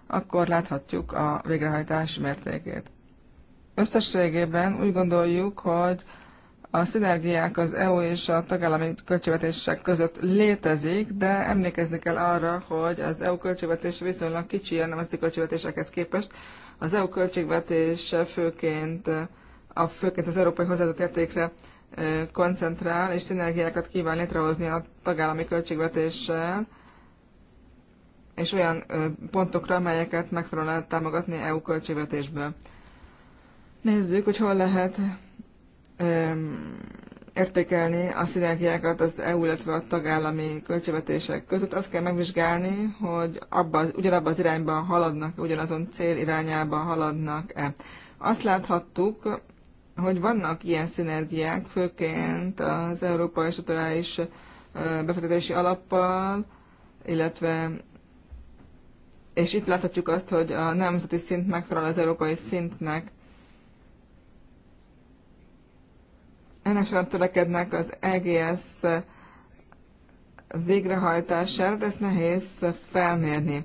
Speaker 3: akkor láthatjuk a végrehajtás mértékét. Összességében úgy gondoljuk, hogy a szinergiák az EU és a tagállami költségvetések között létezik, de emlékezni kell arra, hogy az EU költségvetés viszonylag kicsi a nemzeti költségvetésekhez képest. Az EU költségvetése főként, a, főként az európai hozzáadott értékre koncentrál, és szinergiákat kíván létrehozni a tagállami költségvetéssel, és olyan pontokra, amelyeket megfelelően lehet támogatni EU költségvetésből. Nézzük, hogy hol lehet értékelni a szinergiákat az EU, illetve a tagállami költségvetések között. Azt kell megvizsgálni, hogy abba az, ugyanabba az irányba haladnak, ugyanazon cél irányába haladnak-e. Azt láthattuk, hogy vannak ilyen szinergiák, főként az Európai Sotorális Befektetési Alappal, illetve és itt láthatjuk azt, hogy a nemzeti szint megfelel az európai szintnek ennek törekednek az EGS végrehajtására, de ezt nehéz felmérni.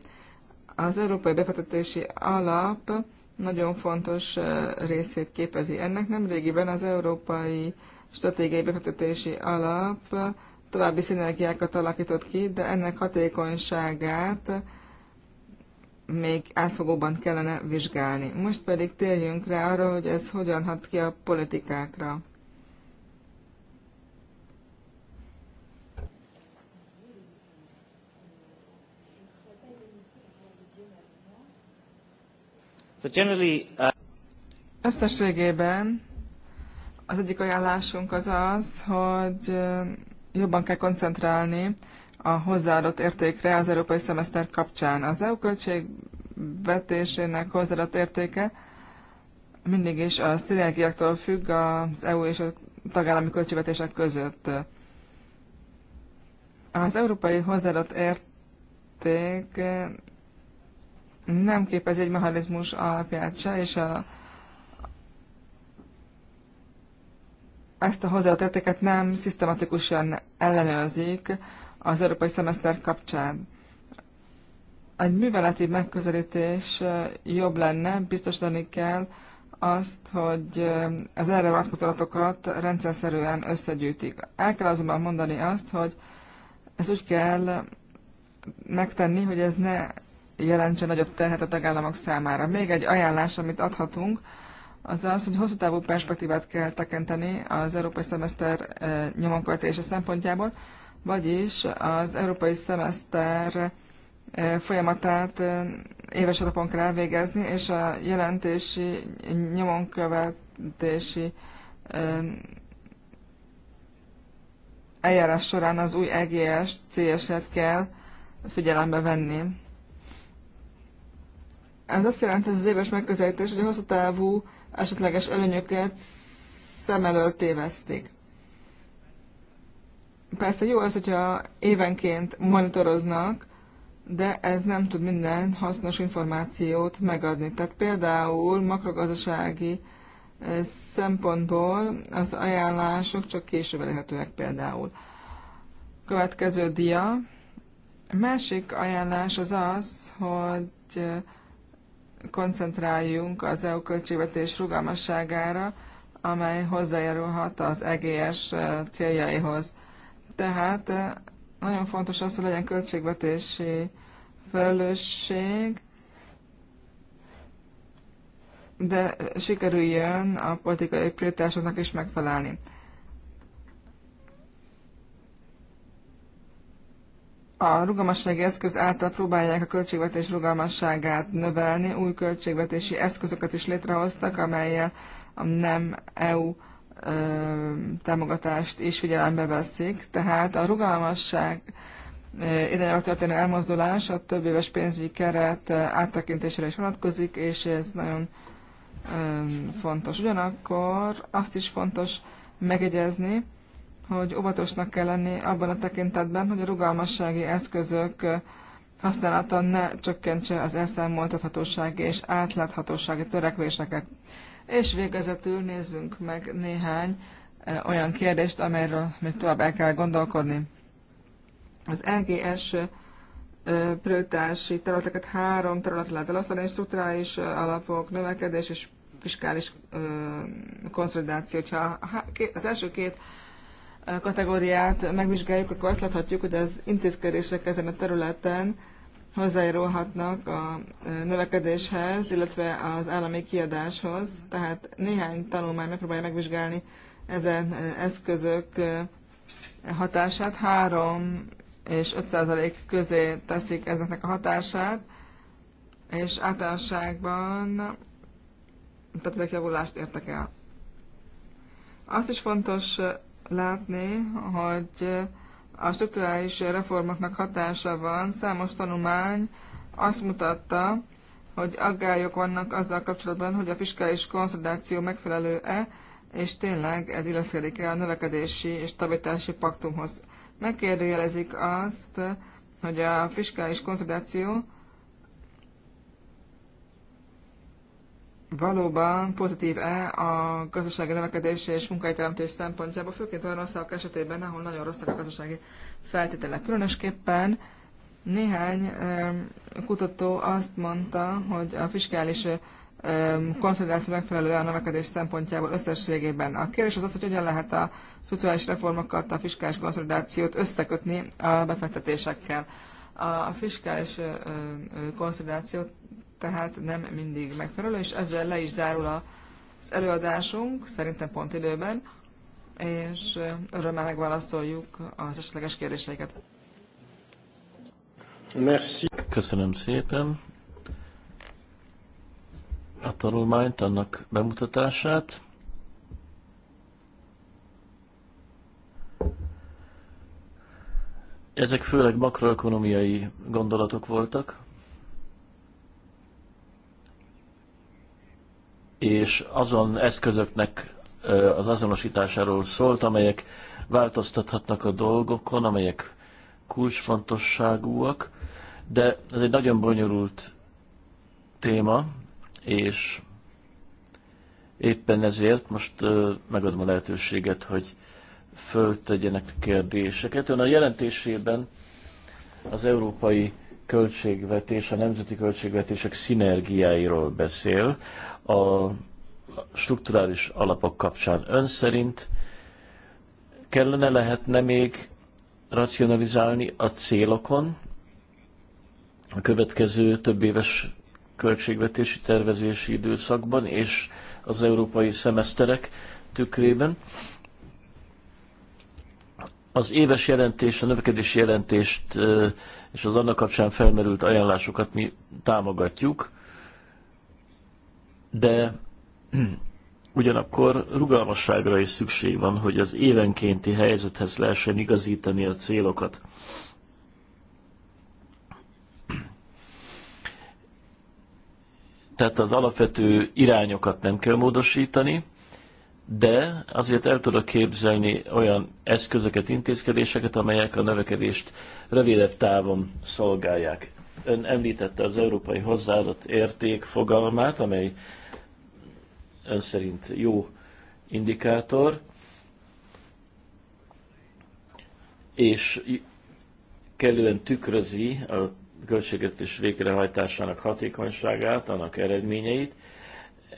Speaker 3: Az Európai Befektetési Alap nagyon fontos részét képezi ennek. Nemrégiben az Európai Stratégiai Befektetési Alap további szinergiákat alakított ki, de ennek hatékonyságát még átfogóban kellene vizsgálni. Most pedig térjünk rá arra, hogy ez hogyan hat ki a politikákra. Uh, Összességében az egyik ajánlásunk az az, hogy jobban kell koncentrálni a hozzáadott értékre az európai szemeszter kapcsán. Az EU költségvetésének hozzáadott értéke mindig is a szinergiáktól függ az EU és a tagállami költségvetések között. Az európai hozzáadott érték nem képezi egy mechanizmus alapját se, és a, ezt a hozzáadott nem szisztematikusan ellenőrzik az európai szemeszter kapcsán. Egy műveleti megközelítés jobb lenne, biztosítani kell azt, hogy az erre vonatkozatokat adatokat rendszerszerűen összegyűjtik. El kell azonban mondani azt, hogy ez úgy kell megtenni, hogy ez ne jelentse nagyobb terhet a tagállamok számára. Még egy ajánlás, amit adhatunk, az az, hogy hosszú távú perspektívát kell tekinteni az európai szemeszter eh, nyomonkövetése szempontjából, vagyis az európai szemeszter eh, folyamatát eh, éves alapon kell elvégezni, és a jelentési, nyomonkövetési eljárás során az új EGS CS-et kell figyelembe venni. Ez azt jelenti, hogy az éves megközelítés, hogy a hosszú távú esetleges előnyöket szem elől tévezték. Persze jó az, hogyha évenként monitoroznak, de ez nem tud minden hasznos információt megadni. Tehát például makrogazdasági eh, szempontból az ajánlások csak később elérhetőek például. Következő dia. másik ajánlás az az, hogy eh, koncentráljunk az EU költségvetés rugalmasságára, amely hozzájárulhat az EGS eh, céljaihoz. Tehát eh, nagyon fontos az, hogy legyen költségvetési felelősség, de sikerüljön a politikai prioritásoknak is megfelelni. a rugalmassági eszköz által próbálják a költségvetés rugalmasságát növelni, új költségvetési eszközöket is létrehoztak, amelyel a nem EU ö, támogatást is figyelembe veszik. Tehát a rugalmasság irányába történő elmozdulás a több éves pénzügyi keret áttekintésére is vonatkozik, és ez nagyon ö, fontos. Ugyanakkor azt is fontos megegyezni, hogy óvatosnak kell lenni abban a tekintetben, hogy a rugalmassági eszközök használata ne csökkentse az elszámoltathatósági és átláthatósági törekvéseket. És végezetül nézzünk meg néhány e, olyan kérdést, amelyről még tovább el kell gondolkodni. Az LGS e, prioritási területeket három területre lehet elosztani, strukturális e, alapok, növekedés és fiskális konszolidáció. Ha az első két kategóriát megvizsgáljuk, akkor azt láthatjuk, hogy az intézkedések ezen a területen hozzájárulhatnak a növekedéshez, illetve az állami kiadáshoz. Tehát néhány tanulmány megpróbálja megvizsgálni ezen eszközök hatását. 3 és 5 százalék közé teszik ezeknek a hatását, és általánosságban tehát ezek javulást értek el. Azt is fontos látni, hogy a strukturális reformoknak hatása van. Számos tanulmány azt mutatta, hogy aggályok vannak azzal kapcsolatban, hogy a fiskális konszolidáció megfelelő-e, és tényleg ez illeszkedik-e a növekedési és stabilitási paktumhoz. Megkérdőjelezik azt, hogy a fiskális konszolidáció valóban pozitív-e a gazdasági növekedés és munkahelyteremtés szempontjából, főként olyan országok esetében, ahol nagyon rosszak a gazdasági feltételek. Különösképpen néhány kutató azt mondta, hogy a fiskális konszolidáció megfelelően a növekedés szempontjából összességében. A kérdés az az, hogy hogyan lehet a strukturális reformokat, a fiskális konszolidációt összekötni a befektetésekkel. A fiskális konszolidációt tehát nem mindig megfelelő, és ezzel le is zárul az előadásunk, szerintem pont időben, és örömmel megválaszoljuk az esetleges kérdéseiket.
Speaker 1: Merci. Köszönöm szépen a tanulmányt, annak bemutatását. Ezek főleg makroekonomiai gondolatok voltak, és azon eszközöknek az azonosításáról szólt, amelyek változtathatnak a dolgokon, amelyek kulcsfontosságúak, de ez egy nagyon bonyolult téma, és éppen ezért most megadom a lehetőséget, hogy föltegyenek kérdéseket. Ön a jelentésében az európai költségvetés, a nemzeti költségvetések szinergiáiról beszél a strukturális alapok kapcsán. Ön szerint kellene lehetne még racionalizálni a célokon a következő több éves költségvetési tervezési időszakban és az európai szemeszterek tükrében. Az éves jelentés, a növekedési jelentést és az annak kapcsán felmerült ajánlásokat mi támogatjuk de <clears throat> ugyanakkor rugalmasságra is szükség van, hogy az évenkénti helyzethez lehessen igazítani a célokat. Tehát az alapvető irányokat nem kell módosítani, de azért el tudok képzelni olyan eszközöket, intézkedéseket, amelyek a növekedést rövidebb távon szolgálják. Ön említette az európai hozzáadott érték fogalmát, amely ön szerint jó indikátor, és kellően tükrözi a költségvetés végrehajtásának hatékonyságát, annak eredményeit.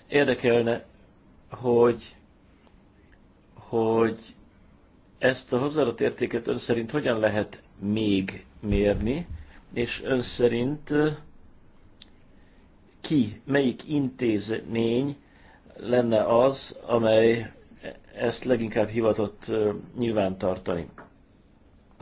Speaker 1: Érdekelne, hogy, hogy ezt a hozzáadott értéket ön szerint hogyan lehet még mérni, és ön szerint ki, melyik intézmény lenne az, amely ezt leginkább hivatott nyilvántartani.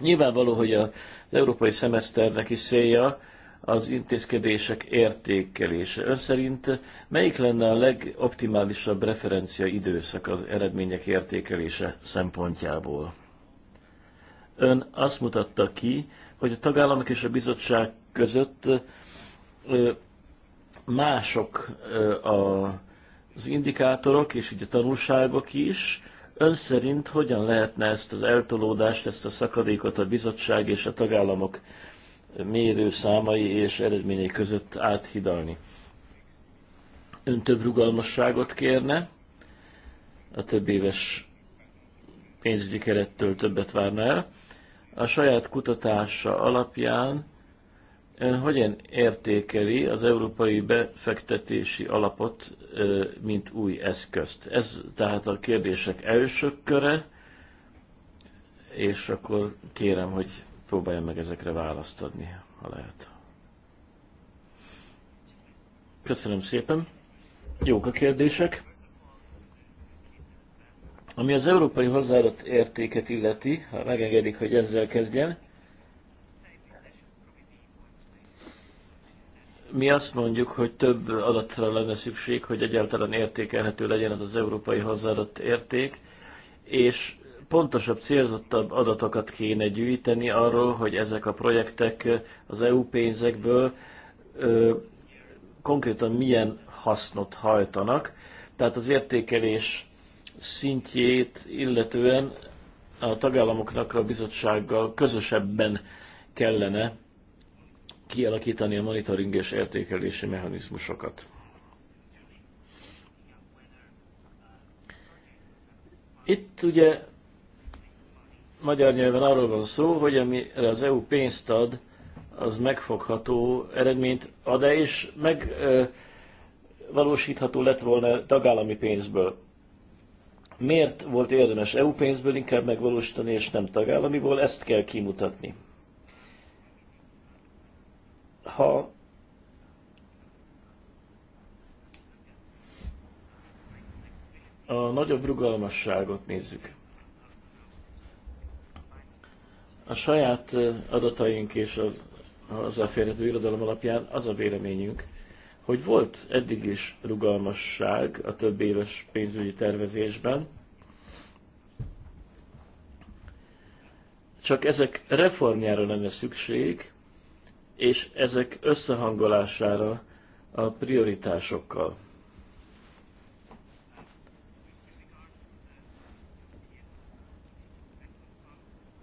Speaker 1: Nyilvánvaló, hogy az európai szemeszternek is célja az intézkedések értékelése. Ön szerint melyik lenne a legoptimálisabb referencia időszak az eredmények értékelése szempontjából? Ön azt mutatta ki, hogy a tagállamok és a bizottság között mások a az indikátorok és így a tanulságok is. Ön szerint hogyan lehetne ezt az eltolódást, ezt a szakadékot a bizottság és a tagállamok mérő számai és eredményei között áthidalni? Ön több rugalmasságot kérne, a több éves pénzügyi kerettől többet várna el. A saját kutatása alapján Ön hogyan értékeli az európai befektetési alapot, mint új eszközt? Ez tehát a kérdések első köre, és akkor kérem, hogy próbálja meg ezekre választ adni, ha lehet. Köszönöm szépen. Jók a kérdések. Ami az európai hozzáadott értéket illeti, ha megengedik, hogy ezzel kezdjem, mi azt mondjuk, hogy több adatra lenne szükség, hogy egyáltalán értékelhető legyen az az európai hozzáadott érték, és pontosabb, célzottabb adatokat kéne gyűjteni arról, hogy ezek a projektek az EU pénzekből ö, konkrétan milyen hasznot hajtanak. Tehát az értékelés szintjét illetően a tagállamoknak a bizottsággal közösebben kellene kialakítani a monitoring és értékelési mechanizmusokat. Itt ugye magyar nyelven arról van szó, hogy amire az EU pénzt ad, az megfogható eredményt ad-e, és megvalósítható lett volna tagállami pénzből. Miért volt érdemes EU pénzből inkább megvalósítani, és nem tagállamiból? Ezt kell kimutatni ha a nagyobb rugalmasságot nézzük. A saját adataink és az hozzáférhető irodalom alapján az a véleményünk, hogy volt eddig is rugalmasság a több éves pénzügyi tervezésben, csak ezek reformjára lenne szükség, és ezek összehangolására a prioritásokkal.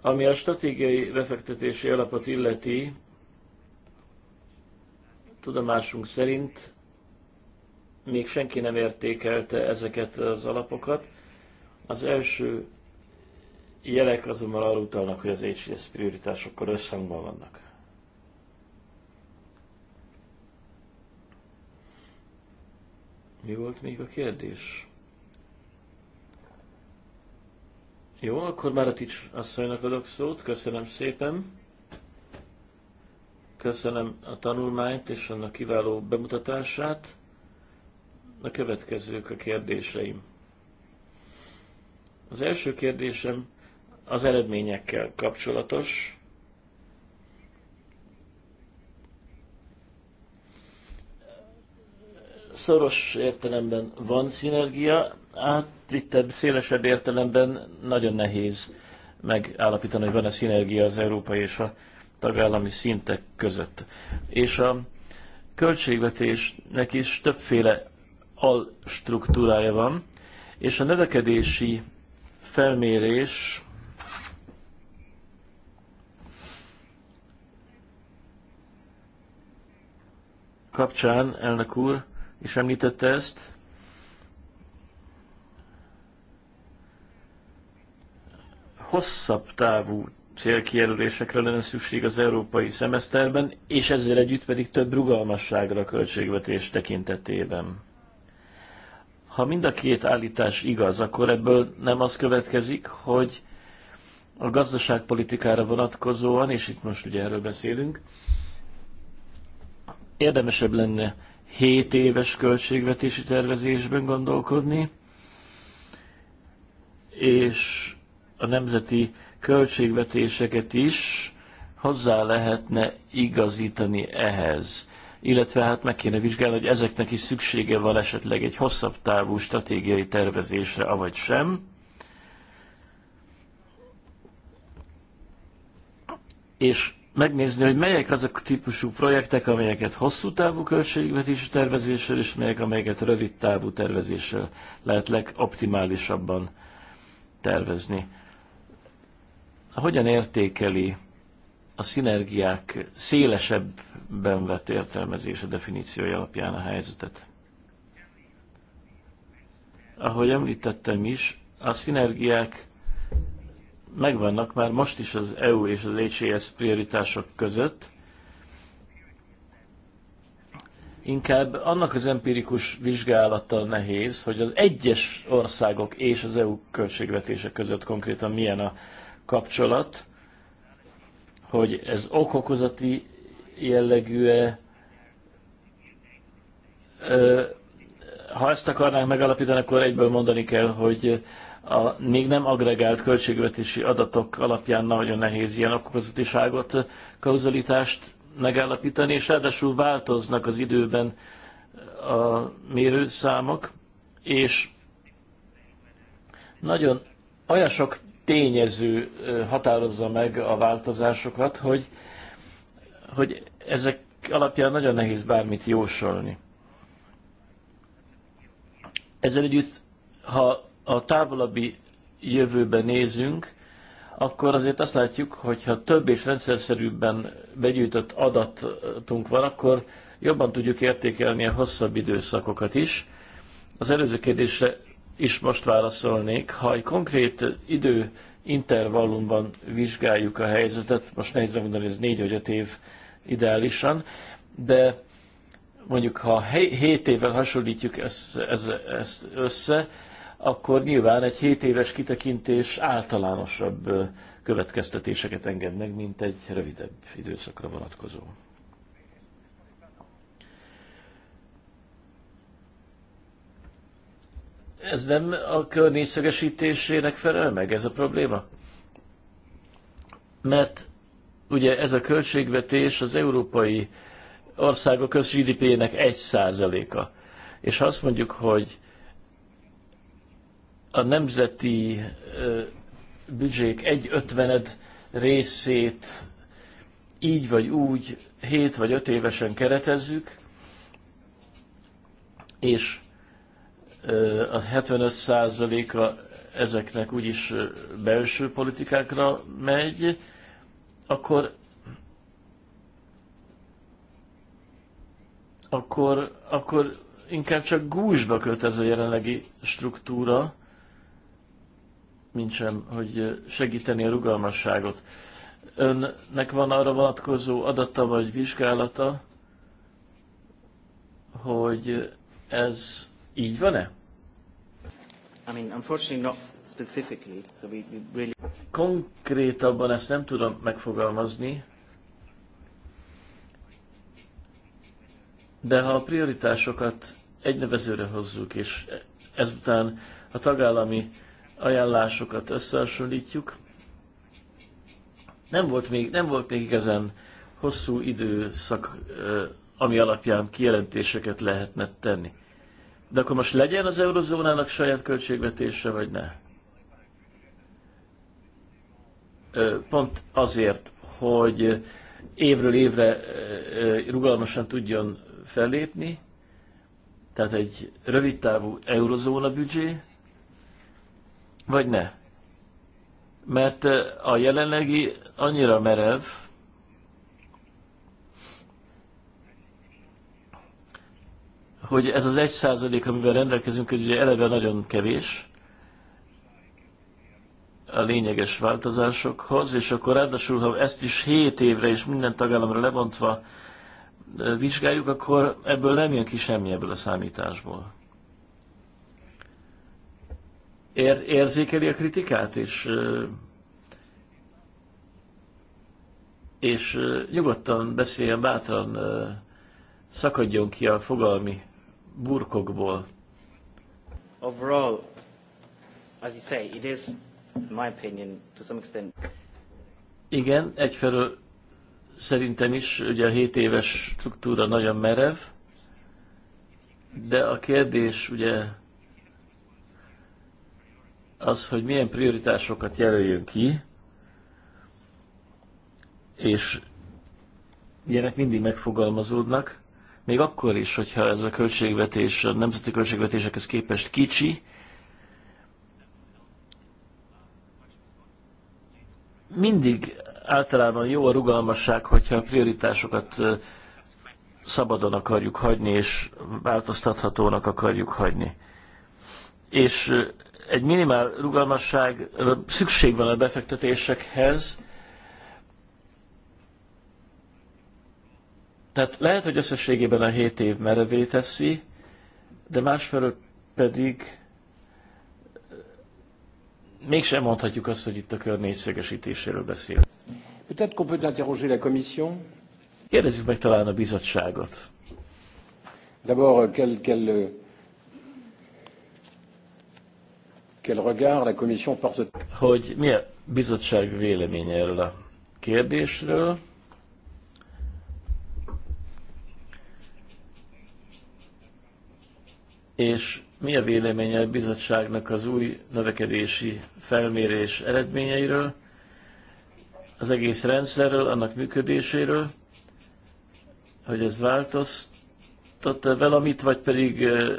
Speaker 1: Ami a stratégiai befektetési alapot illeti, tudomásunk szerint még senki nem értékelte ezeket az alapokat. Az első jelek azonban arra utalnak, hogy az HTS prioritásokkal összhangban vannak. Mi volt még a kérdés? Jó, akkor már a Tics asszonynak adok szót. Köszönöm szépen. Köszönöm a tanulmányt és annak kiváló bemutatását. A következők a kérdéseim. Az első kérdésem az eredményekkel kapcsolatos. szoros értelemben van szinergia, átvittebb, szélesebb értelemben nagyon nehéz megállapítani, hogy van-e szinergia az európai és a tagállami szintek között. És a költségvetésnek is többféle alstruktúrája van, és a növekedési felmérés kapcsán, elnök úr, és említette ezt. Hosszabb távú célkijelölésekre lenne szükség az európai szemeszterben, és ezzel együtt pedig több rugalmasságra a költségvetés tekintetében. Ha mind a két állítás igaz, akkor ebből nem az következik, hogy a gazdaságpolitikára vonatkozóan, és itt most ugye erről beszélünk, érdemesebb lenne 7 éves költségvetési tervezésben gondolkodni, és a nemzeti költségvetéseket is hozzá lehetne igazítani ehhez. Illetve hát meg kéne vizsgálni, hogy ezeknek is szüksége van esetleg egy hosszabb távú stratégiai tervezésre, avagy sem. És megnézni, hogy melyek azok a típusú projektek, amelyeket hosszú távú költségvetési tervezéssel, és melyek, amelyeket rövid távú tervezéssel lehet legoptimálisabban tervezni. Hogyan értékeli a szinergiák szélesebben vett értelmezése definíciója alapján a helyzetet? Ahogy említettem is, a szinergiák megvannak már most is az EU és az HES prioritások között, inkább annak az empirikus vizsgálata nehéz, hogy az egyes országok és az EU költségvetése között konkrétan milyen a kapcsolat, hogy ez okokozati jellegű -e, ha ezt akarnánk megalapítani, akkor egyből mondani kell, hogy a még nem agregált költségvetési adatok alapján nagyon nehéz ilyen okozatiságot, kauzalitást megállapítani, és ráadásul változnak az időben a mérőszámok, és nagyon olyan sok tényező határozza meg a változásokat, hogy, hogy ezek alapján nagyon nehéz bármit jósolni. Ezzel együtt, ha a távolabbi jövőbe nézünk, akkor azért azt látjuk, hogy ha több és rendszerszerűbben begyűjtött adatunk van, akkor jobban tudjuk értékelni a hosszabb időszakokat is. Az előző kérdésre is most válaszolnék. Ha egy konkrét idő intervallumban vizsgáljuk a helyzetet, most nehéz megmondani, ez 4 vagy 5 év ideálisan, de mondjuk ha 7 évvel hasonlítjuk ezt, ezt, ezt össze, akkor nyilván egy 7 éves kitekintés általánosabb következtetéseket enged meg, mint egy rövidebb időszakra vonatkozó. Ez nem a kör négyszögesítésének felel meg ez a probléma? Mert ugye ez a költségvetés az európai országok köz GDP-nek 1%-a. És ha azt mondjuk, hogy a nemzeti büdzsék egy ötvened részét így vagy úgy, hét vagy öt évesen keretezzük, és a 75 százaléka ezeknek úgyis belső politikákra megy, akkor akkor, akkor inkább csak gúzsba köt ez a jelenlegi struktúra, mint sem, hogy segíteni a rugalmasságot. Önnek van arra vonatkozó adata vagy vizsgálata, hogy ez így van-e? I mean, unfortunately not specifically, so we, we really... Konkrétabban ezt nem tudom megfogalmazni, de ha a prioritásokat egynevezőre hozzuk, és ezután a tagállami ajánlásokat összehasonlítjuk. Nem volt még, nem volt még igazán hosszú időszak, ami alapján kijelentéseket lehetne tenni. De akkor most legyen az eurozónának saját költségvetése, vagy ne? Pont azért, hogy évről évre rugalmasan tudjon fellépni, tehát egy rövidtávú eurozóna büdzsé, vagy ne. Mert a jelenlegi annyira merev, hogy ez az egy százalék, amivel rendelkezünk, hogy ugye eleve nagyon kevés a lényeges változásokhoz, és akkor ráadásul, ha ezt is 7 évre és minden tagállamra lebontva vizsgáljuk, akkor ebből nem jön ki semmi ebből a számításból ér, érzékeli a kritikát, és, és nyugodtan beszéljen bátran, szakadjon ki a fogalmi burkokból.
Speaker 2: Overall, as you say, it is, in my opinion, to some extent...
Speaker 1: Igen, egyfelől szerintem is, ugye a 7 éves struktúra nagyon merev, de a kérdés ugye az, hogy milyen prioritásokat jelöljön ki, és ilyenek mindig megfogalmazódnak, még akkor is, hogyha ez a költségvetés a nemzeti költségvetésekhez képest kicsi, mindig általában jó a rugalmasság, hogyha a prioritásokat szabadon akarjuk hagyni, és változtathatónak akarjuk hagyni. És egy minimál rugalmasság szükség van a befektetésekhez. Tehát lehet, hogy összességében a 7 év merevé teszi, de másfelől pedig eh, mégsem mondhatjuk azt, hogy itt a kör négyszögesítéséről beszél. Kérdezzük meg talán a bizottságot. D'abord, quel, quel Hogy mi a bizottság véleménye erről a kérdésről? És mi a véleménye a bizottságnak az új növekedési felmérés eredményeiről, az egész rendszerről, annak működéséről, hogy ez változtat-e valamit, vagy pedig eh,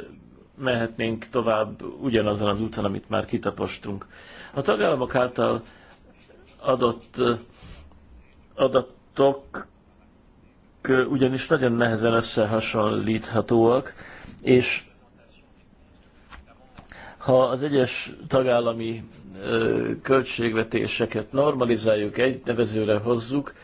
Speaker 1: mehetnénk tovább ugyanazon az úton, amit már kitapostunk. A tagállamok által adott adatok ugyanis nagyon nehezen összehasonlíthatóak, és ha az egyes tagállami költségvetéseket normalizáljuk, egy nevezőre hozzuk,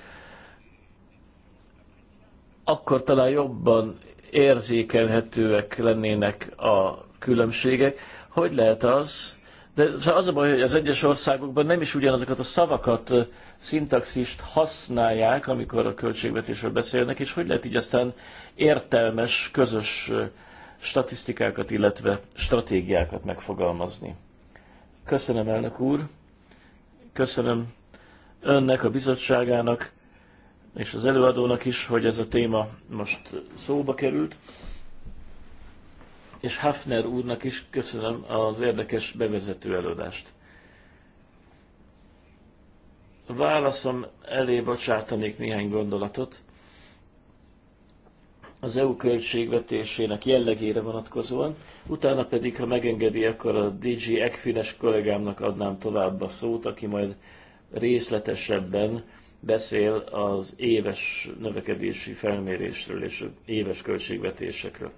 Speaker 1: akkor talán jobban érzékelhetőek lennének a különbségek. Hogy lehet az, de szóval az a baj, hogy az egyes országokban nem is ugyanazokat a szavakat, szintaxist használják, amikor a költségvetésről beszélnek, és hogy lehet így aztán értelmes, közös statisztikákat, illetve stratégiákat megfogalmazni. Köszönöm, elnök úr! Köszönöm önnek, a bizottságának és az előadónak is, hogy ez a téma most szóba került, és Hafner úrnak is köszönöm az érdekes bevezető előadást. Válaszom elé bocsátanék néhány gondolatot az EU költségvetésének jellegére vonatkozóan, utána pedig, ha megengedi, akkor a DG Ekfines kollégámnak adnám tovább a szót, aki majd részletesebben beszél az éves növekedési felmérésről és éves költségvetésekről.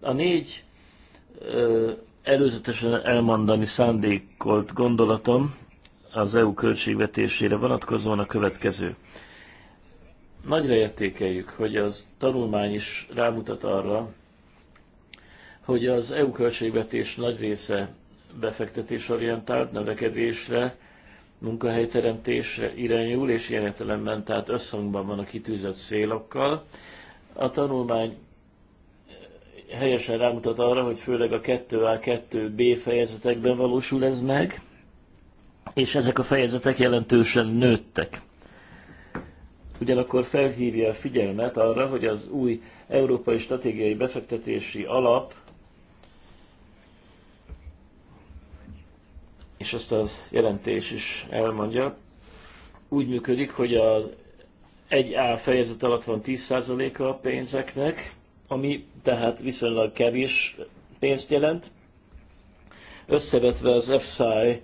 Speaker 1: A négy előzetesen elmondani szándékolt gondolatom az EU költségvetésére vonatkozóan a következő. Nagyra értékeljük, hogy az tanulmány is rámutat arra, hogy az EU költségvetés nagy része befektetésorientált, növekedésre, munkahelyteremtésre irányul, és ilyen értelemben tehát összhangban van a kitűzött szélokkal. A tanulmány eh, helyesen rámutat arra, hogy főleg a 2A-2B fejezetekben valósul ez meg, és ezek a fejezetek jelentősen nőttek. Ugyanakkor felhívja a figyelmet arra, hogy az új Európai Stratégiai Befektetési Alap és ezt az jelentés is elmondja, úgy működik, hogy az egy a fejezet alatt van 10%-a a pénzeknek, ami tehát viszonylag kevés pénzt jelent. Összevetve az FSI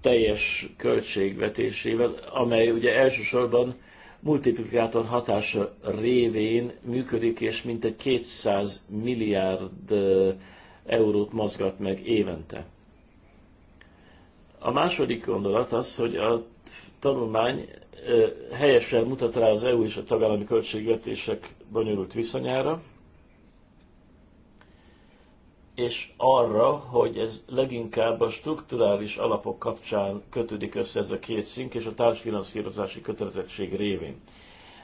Speaker 1: teljes költségvetésével, amely ugye elsősorban multiplikátor hatása révén működik, és mintegy 200 milliárd eurót mozgat meg évente. A második gondolat az, hogy a tanulmány helyesen mutat rá az EU és a tagállami költségvetések bonyolult viszonyára, és arra, hogy ez leginkább a strukturális alapok kapcsán kötődik össze ez a két szink, és a társfinanszírozási kötelezettség révén.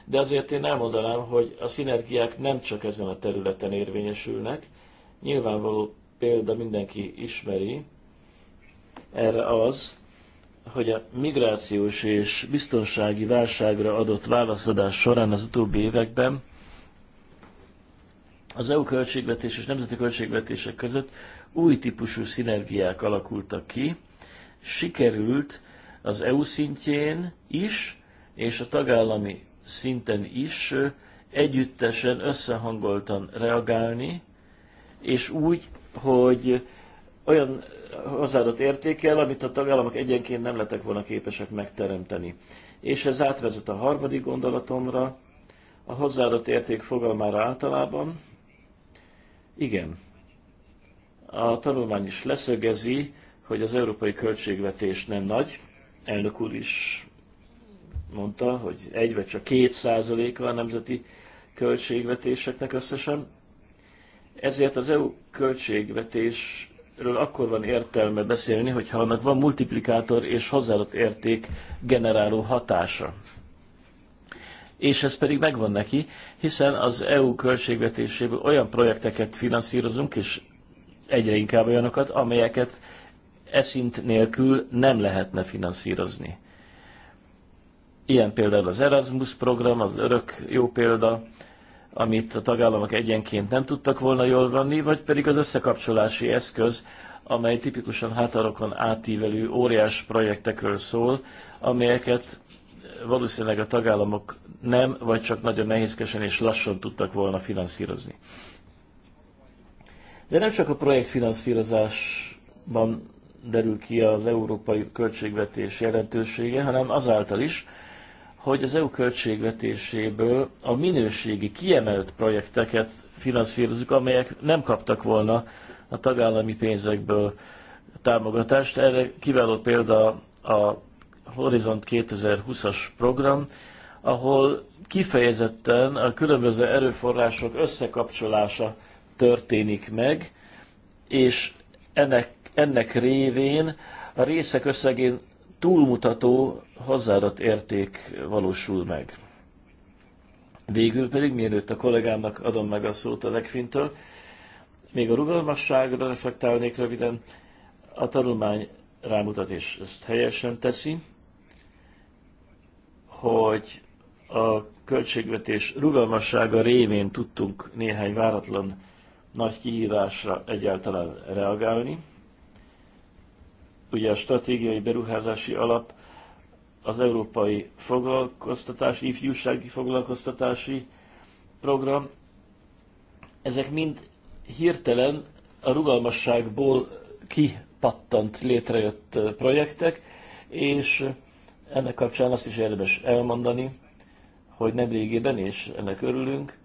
Speaker 1: De azért én elmondanám, hogy a szinergiák nem csak ezen a területen érvényesülnek, nyilvánvaló példa mindenki ismeri, erre az, hogy a migrációs és biztonsági válságra adott válaszadás során az utóbbi években az EU költségvetés és nemzeti költségvetések között új típusú szinergiák alakultak ki. Sikerült az EU szintjén is, és a tagállami szinten is együttesen, összehangoltan reagálni, és úgy, hogy olyan hozzáadott értékkel, amit a tagállamok egyenként nem lettek volna képesek megteremteni. És ez átvezet a harmadik gondolatomra, a hozzáadott érték fogalmára általában. Igen, a tanulmány is leszögezi, hogy az európai költségvetés nem nagy. Elnök úr is mondta, hogy egy vagy csak két százaléka a nemzeti költségvetéseknek összesen. Ezért az EU költségvetés ről akkor van értelme beszélni, hogyha annak van multiplikátor és hozzáadott érték generáló hatása. És ez pedig megvan neki, hiszen az EU költségvetéséből olyan projekteket finanszírozunk, és egyre inkább olyanokat, amelyeket eszint nélkül nem lehetne finanszírozni. Ilyen például az Erasmus program, az örök jó példa, amit a tagállamok egyenként nem tudtak volna jól venni, vagy pedig az összekapcsolási eszköz, amely tipikusan hátarokon átívelő óriás projektekről szól, amelyeket valószínűleg a tagállamok nem, vagy csak nagyon nehézkesen és lassan tudtak volna finanszírozni. De nem csak a projektfinanszírozásban derül ki az európai költségvetés jelentősége, hanem azáltal is, hogy az EU költségvetéséből a minőségi kiemelt projekteket finanszírozunk, amelyek nem kaptak volna a tagállami pénzekből támogatást. Erre kiváló példa a Horizont 2020-as program, ahol kifejezetten a különböző erőforrások összekapcsolása történik meg, és ennek, ennek révén a részek összegén túlmutató hozzáadott érték valósul meg. Végül pedig, mielőtt a kollégámnak adom meg a szót a legfintől, még a rugalmasságra reflektálnék röviden. A tanulmány rámutat, és ezt helyesen teszi, hogy a költségvetés rugalmassága révén tudtunk néhány váratlan nagy kihívásra egyáltalán reagálni. Ugye a stratégiai beruházási alap az európai foglalkoztatási, ifjúsági foglalkoztatási program. Ezek mind hirtelen a rugalmasságból kipattant létrejött projektek, és ennek kapcsán azt is érdemes elmondani, hogy nem régében, és ennek örülünk,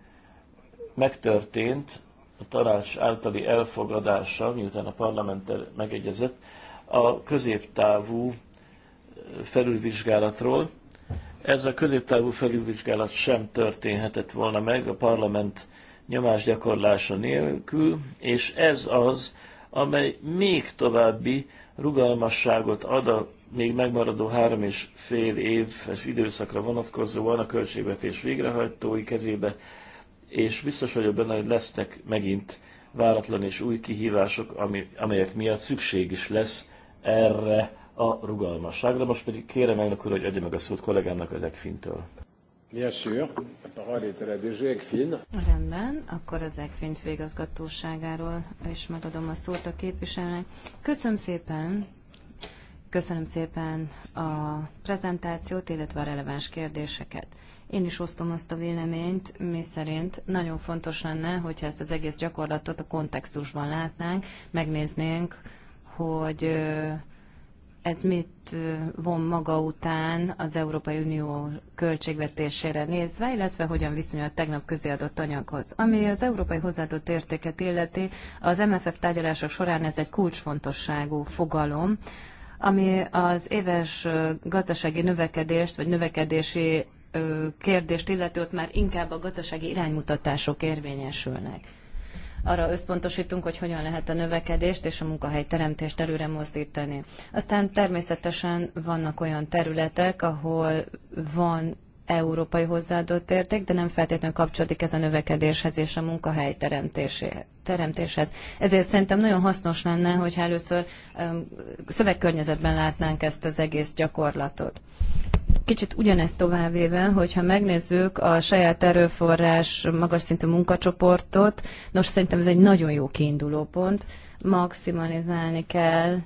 Speaker 1: megtörtént a tanács általi elfogadása, miután a parlamenttel megegyezett, a középtávú felülvizsgálatról. Ez a középtávú felülvizsgálat sem történhetett volna meg a parlament nyomásgyakorlása nélkül, és ez az, amely még további rugalmasságot ad a még megmaradó három és fél év időszakra vonatkozóan a költségvetés végrehajtói kezébe, és biztos vagyok benne, hogy lesznek megint váratlan és új kihívások, ami, amelyek miatt szükség is lesz erre a rugalmasságra. Most pedig kérem elnök úr, hogy adja meg a szót kollégámnak az Ekfintől. Bien sûr, a parole est à la DG ECFIN.
Speaker 2: Rendben, akkor az Ekfin főigazgatóságáról is megadom a szót a képviselőnek. Köszönöm szépen, köszönöm szépen a prezentációt, illetve a releváns kérdéseket. Én is osztom azt a véleményt, mi szerint nagyon fontos lenne, hogyha ezt az egész gyakorlatot a kontextusban látnánk, megnéznénk, hogy ez mit von maga után az Európai Unió költségvetésére nézve, illetve hogyan viszonyul a tegnap közéadott anyaghoz. Ami az európai hozzáadott értéket illeti, az MFF tárgyalások során ez egy kulcsfontosságú fogalom, ami az éves gazdasági növekedést, vagy növekedési kérdést illeti, ott már inkább a gazdasági iránymutatások érvényesülnek arra összpontosítunk, hogy hogyan lehet a növekedést és a munkahelyteremtést előre mozdítani. Aztán természetesen vannak olyan területek, ahol van európai hozzáadott érték, de nem feltétlenül kapcsolódik ez a növekedéshez és a munkahely teremtéshez. Ezért szerintem nagyon hasznos lenne, hogyha először szövegkörnyezetben látnánk ezt az egész gyakorlatot. Kicsit ugyanezt továbbvéve, hogyha megnézzük a saját erőforrás magas szintű munkacsoportot, nos szerintem ez egy nagyon jó kiinduló pont, maximalizálni kell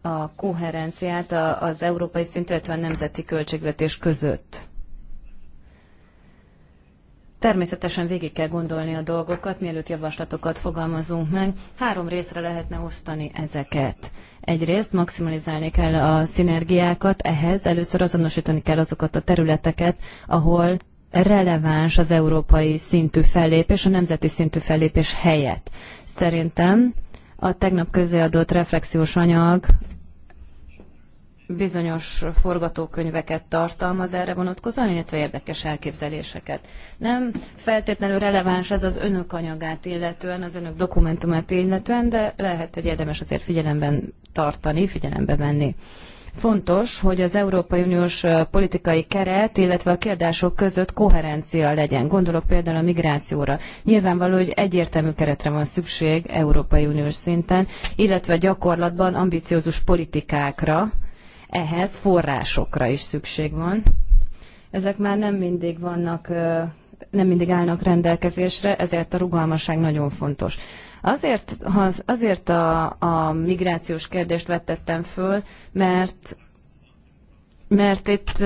Speaker 2: a koherenciát az európai szintű, illetve a nemzeti költségvetés között. Természetesen végig kell gondolni a dolgokat, mielőtt javaslatokat fogalmazunk meg. Három részre lehetne osztani ezeket. Egyrészt maximalizálni kell a szinergiákat, ehhez először azonosítani kell azokat a területeket, ahol releváns az európai szintű fellépés, a nemzeti szintű fellépés helyett. Szerintem a tegnap közéadott reflexiós anyag bizonyos forgatókönyveket tartalmaz erre vonatkozóan, illetve érdekes elképzeléseket. Nem feltétlenül releváns ez az önök anyagát illetően, az önök dokumentumát illetően, de lehet, hogy érdemes azért figyelemben tartani, figyelembe venni. Fontos, hogy az Európai Uniós politikai keret, illetve a kérdások között koherencia legyen. Gondolok például a migrációra. Nyilvánvaló, hogy egyértelmű keretre van szükség Európai Uniós szinten, illetve gyakorlatban ambiciózus politikákra, ehhez forrásokra is szükség van. Ezek már nem mindig vannak nem mindig állnak rendelkezésre, ezért a rugalmasság nagyon fontos. Azért, azért a, a migrációs kérdést vettettem föl, mert, mert itt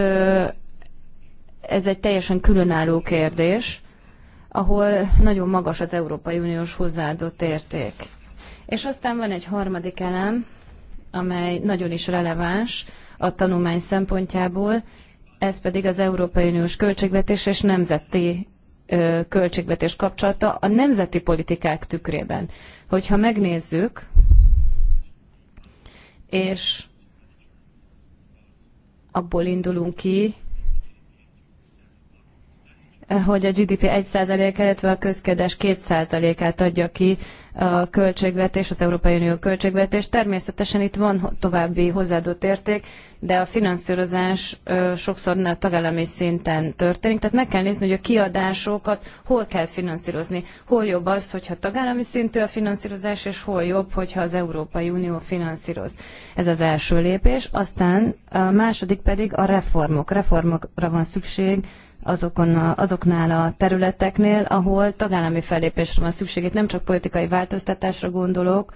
Speaker 2: ez egy teljesen különálló kérdés, ahol nagyon magas az Európai Uniós hozzáadott érték. És aztán van egy harmadik elem, amely nagyon is releváns a tanulmány szempontjából, ez pedig az Európai Uniós költségvetés és nemzeti költségvetés kapcsolata a nemzeti politikák tükrében. Hogyha megnézzük, és abból indulunk ki, hogy a GDP 1 át illetve a közkedés 2%-át adja ki a költségvetés, az Európai Unió költségvetés. Természetesen itt van további hozzáadott érték, de a finanszírozás sokszor a tagállami szinten történik, tehát meg kell nézni, hogy a kiadásokat hol kell finanszírozni. Hol jobb az, hogyha tagállami szintű a finanszírozás, és hol jobb, hogyha az Európai Unió finanszíroz. Ez az első lépés. Aztán a második pedig a reformok. Reformokra van szükség, azokon a, azoknál a területeknél, ahol tagállami fellépésre van szükség. Itt nem csak politikai változtatásra gondolok,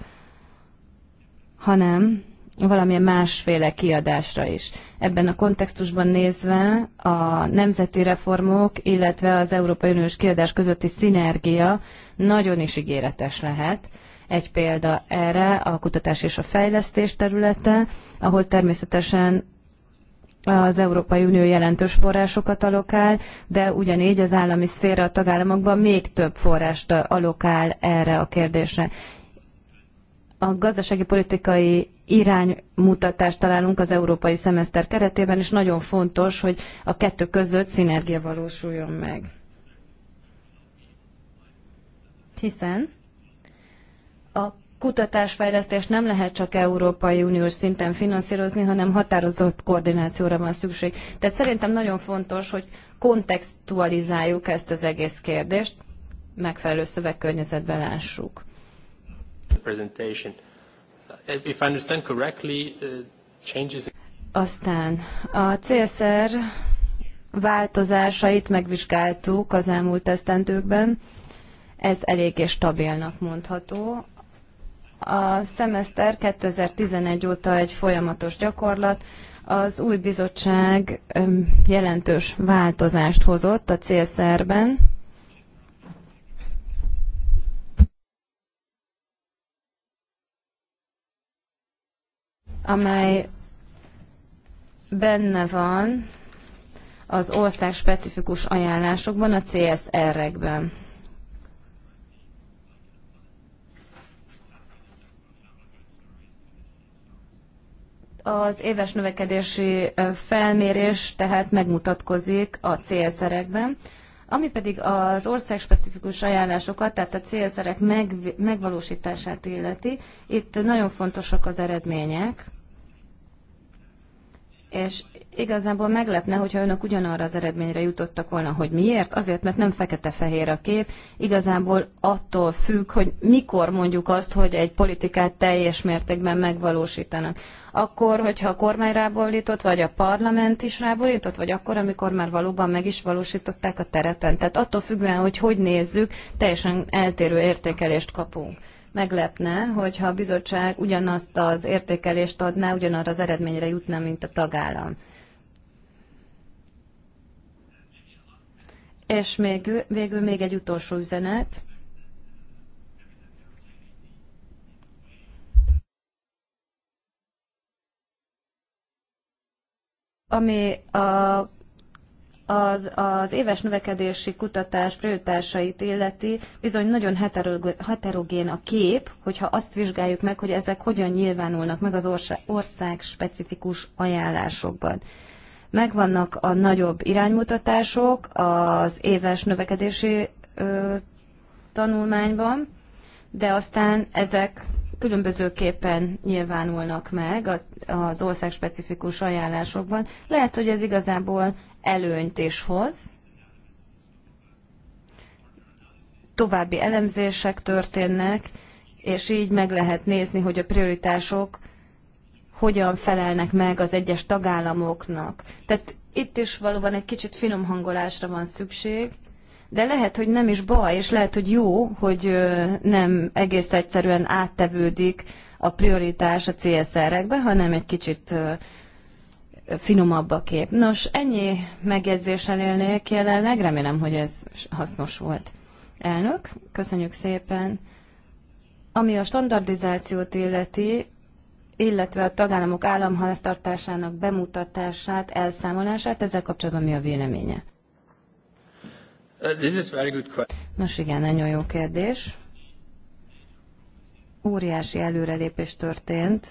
Speaker 2: hanem valamilyen másféle kiadásra is. Ebben a kontextusban nézve a nemzeti reformok, illetve az Európai Uniós kiadás közötti szinergia nagyon is ígéretes lehet. Egy példa erre a kutatás és a fejlesztés területe, ahol természetesen az Európai Unió jelentős forrásokat alokál, de ugyanígy az állami szféra a tagállamokban még több forrást alokál erre a kérdésre. A gazdasági politikai iránymutatást találunk az európai szemeszter keretében, és nagyon fontos, hogy a kettő között szinergia valósuljon meg. Hiszen kutatásfejlesztést nem lehet csak Európai Uniós szinten finanszírozni, hanem határozott koordinációra van szükség. Tehát szerintem nagyon fontos, hogy kontextualizáljuk ezt az egész kérdést, megfelelő szövegkörnyezetben lássuk. Uh, Aztán a célszer változásait megvizsgáltuk az elmúlt esztendőkben. Ez eléggé stabilnak mondható a szemeszter 2011 óta egy folyamatos gyakorlat, az új bizottság jelentős változást hozott a célszerben. amely benne van az ország specifikus ajánlásokban, a CSR-ekben. Az éves növekedési felmérés tehát megmutatkozik a célszerekben, ami pedig az országspecifikus ajánlásokat, tehát a célszerek meg, megvalósítását illeti, itt nagyon fontosak az eredmények és igazából meglepne, hogyha önök ugyanarra az eredményre jutottak volna, hogy miért. Azért, mert nem fekete-fehér a kép. Igazából attól függ, hogy mikor mondjuk azt, hogy egy politikát teljes mértékben megvalósítanak. Akkor, hogyha a kormány ráborított, vagy a parlament is ráborított, vagy akkor, amikor már valóban meg is valósították a terepen. Tehát attól függően, hogy hogy nézzük, teljesen eltérő értékelést kapunk meglepne, hogyha a bizottság ugyanazt az értékelést adná, ugyanarra az eredményre jutna, mint a tagállam. És még, végül még egy utolsó üzenet. Ami a az, az éves növekedési kutatás prioritásait illeti, bizony nagyon heterogén a kép, hogyha azt vizsgáljuk meg, hogy ezek hogyan nyilvánulnak meg az ország, specifikus ajánlásokban. Megvannak a nagyobb iránymutatások az éves növekedési ö, tanulmányban, de aztán ezek különbözőképpen nyilvánulnak meg az ország specifikus ajánlásokban. Lehet, hogy ez igazából előnyt is hoz. További elemzések történnek, és így meg lehet nézni, hogy a prioritások hogyan felelnek meg az egyes tagállamoknak. Tehát itt is valóban egy kicsit finom hangolásra van szükség, de lehet, hogy nem is baj, és lehet, hogy jó, hogy nem egész egyszerűen áttevődik a prioritás a CSR-ekbe, hanem egy kicsit finomabb a kép. Nos, ennyi megjegyzéssel élnék jelenleg, remélem, hogy ez hasznos volt. Elnök, köszönjük szépen. Ami a standardizációt illeti, illetve a tagállamok államháztartásának bemutatását, elszámolását, ezzel kapcsolatban mi a véleménye? Uh, this is very good question. Nos igen, nagyon jó kérdés. Óriási előrelépés történt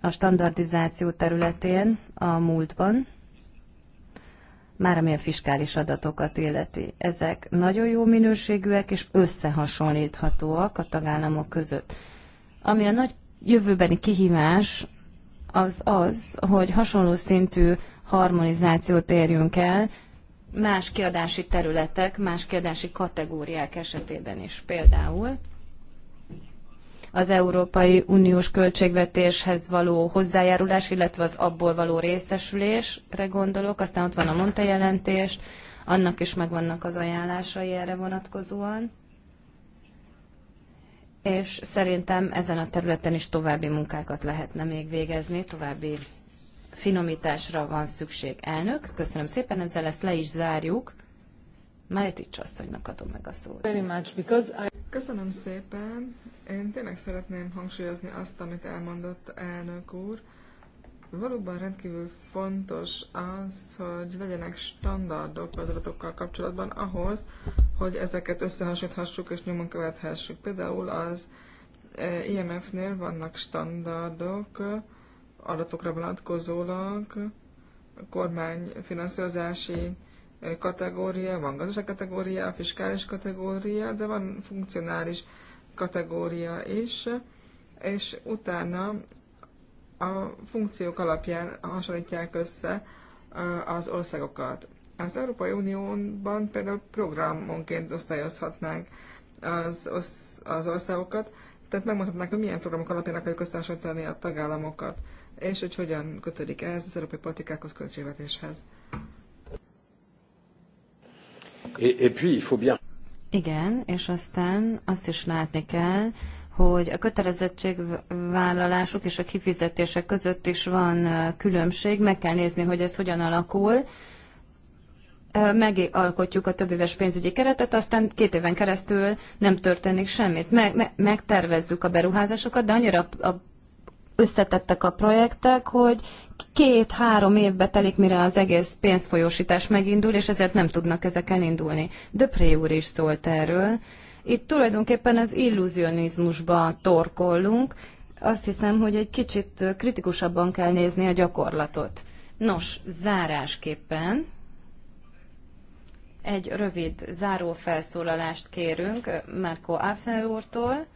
Speaker 2: a standardizáció területén a múltban, már ami a fiskális adatokat illeti. Ezek nagyon jó minőségűek és összehasonlíthatóak a tagállamok között. Ami a nagy jövőbeni kihívás, az az, hogy hasonló szintű harmonizációt érjünk el más kiadási területek, más kiadási kategóriák esetében is. Például az Európai Uniós költségvetéshez való hozzájárulás, illetve az abból való részesülésre gondolok. Aztán ott van a Monta jelentés, annak is megvannak az ajánlásai erre vonatkozóan. És szerintem ezen a területen is további munkákat lehetne még végezni, további finomításra van szükség. Elnök, köszönöm szépen, ezzel ezt le is zárjuk. Maletics asszonynak adom meg a szót.
Speaker 3: Very much, because I... Köszönöm szépen. Én tényleg szeretném hangsúlyozni azt, amit elmondott elnök úr. Valóban rendkívül fontos az, hogy legyenek standardok az adatokkal kapcsolatban ahhoz, hogy ezeket összehasonlíthassuk és nyomon követhessük. Például az e, IMF-nél vannak standardok adatokra vonatkozólag, kormányfinanszírozási kategória, van gazdaság kategória, fiskális kategória, de van funkcionális kategória is, és utána a funkciók alapján hasonlítják össze az országokat. Az Európai Unióban például programonként osztályozhatnánk az, az országokat, tehát megmondhatnánk, hogy milyen programok alapján akarjuk összehasonlítani a tagállamokat, és hogy hogyan kötődik ez az európai politikákhoz, költségvetéshez.
Speaker 2: Igen, és aztán azt is látni kell, hogy a kötelezettségvállalások és a kifizetések között is van különbség, meg kell nézni, hogy ez hogyan alakul. Megalkotjuk a éves pénzügyi keretet, aztán két éven keresztül nem történik semmit. Meg, me, megtervezzük a beruházásokat, de annyira a összetettek a projektek, hogy két-három évbe telik, mire az egész pénzfolyósítás megindul, és ezért nem tudnak ezek elindulni. Döpré úr is szólt erről. Itt tulajdonképpen az illúzionizmusba torkollunk. Azt hiszem, hogy egy kicsit kritikusabban kell nézni a gyakorlatot. Nos, zárásképpen egy rövid záró felszólalást kérünk Márko Áfner úrtól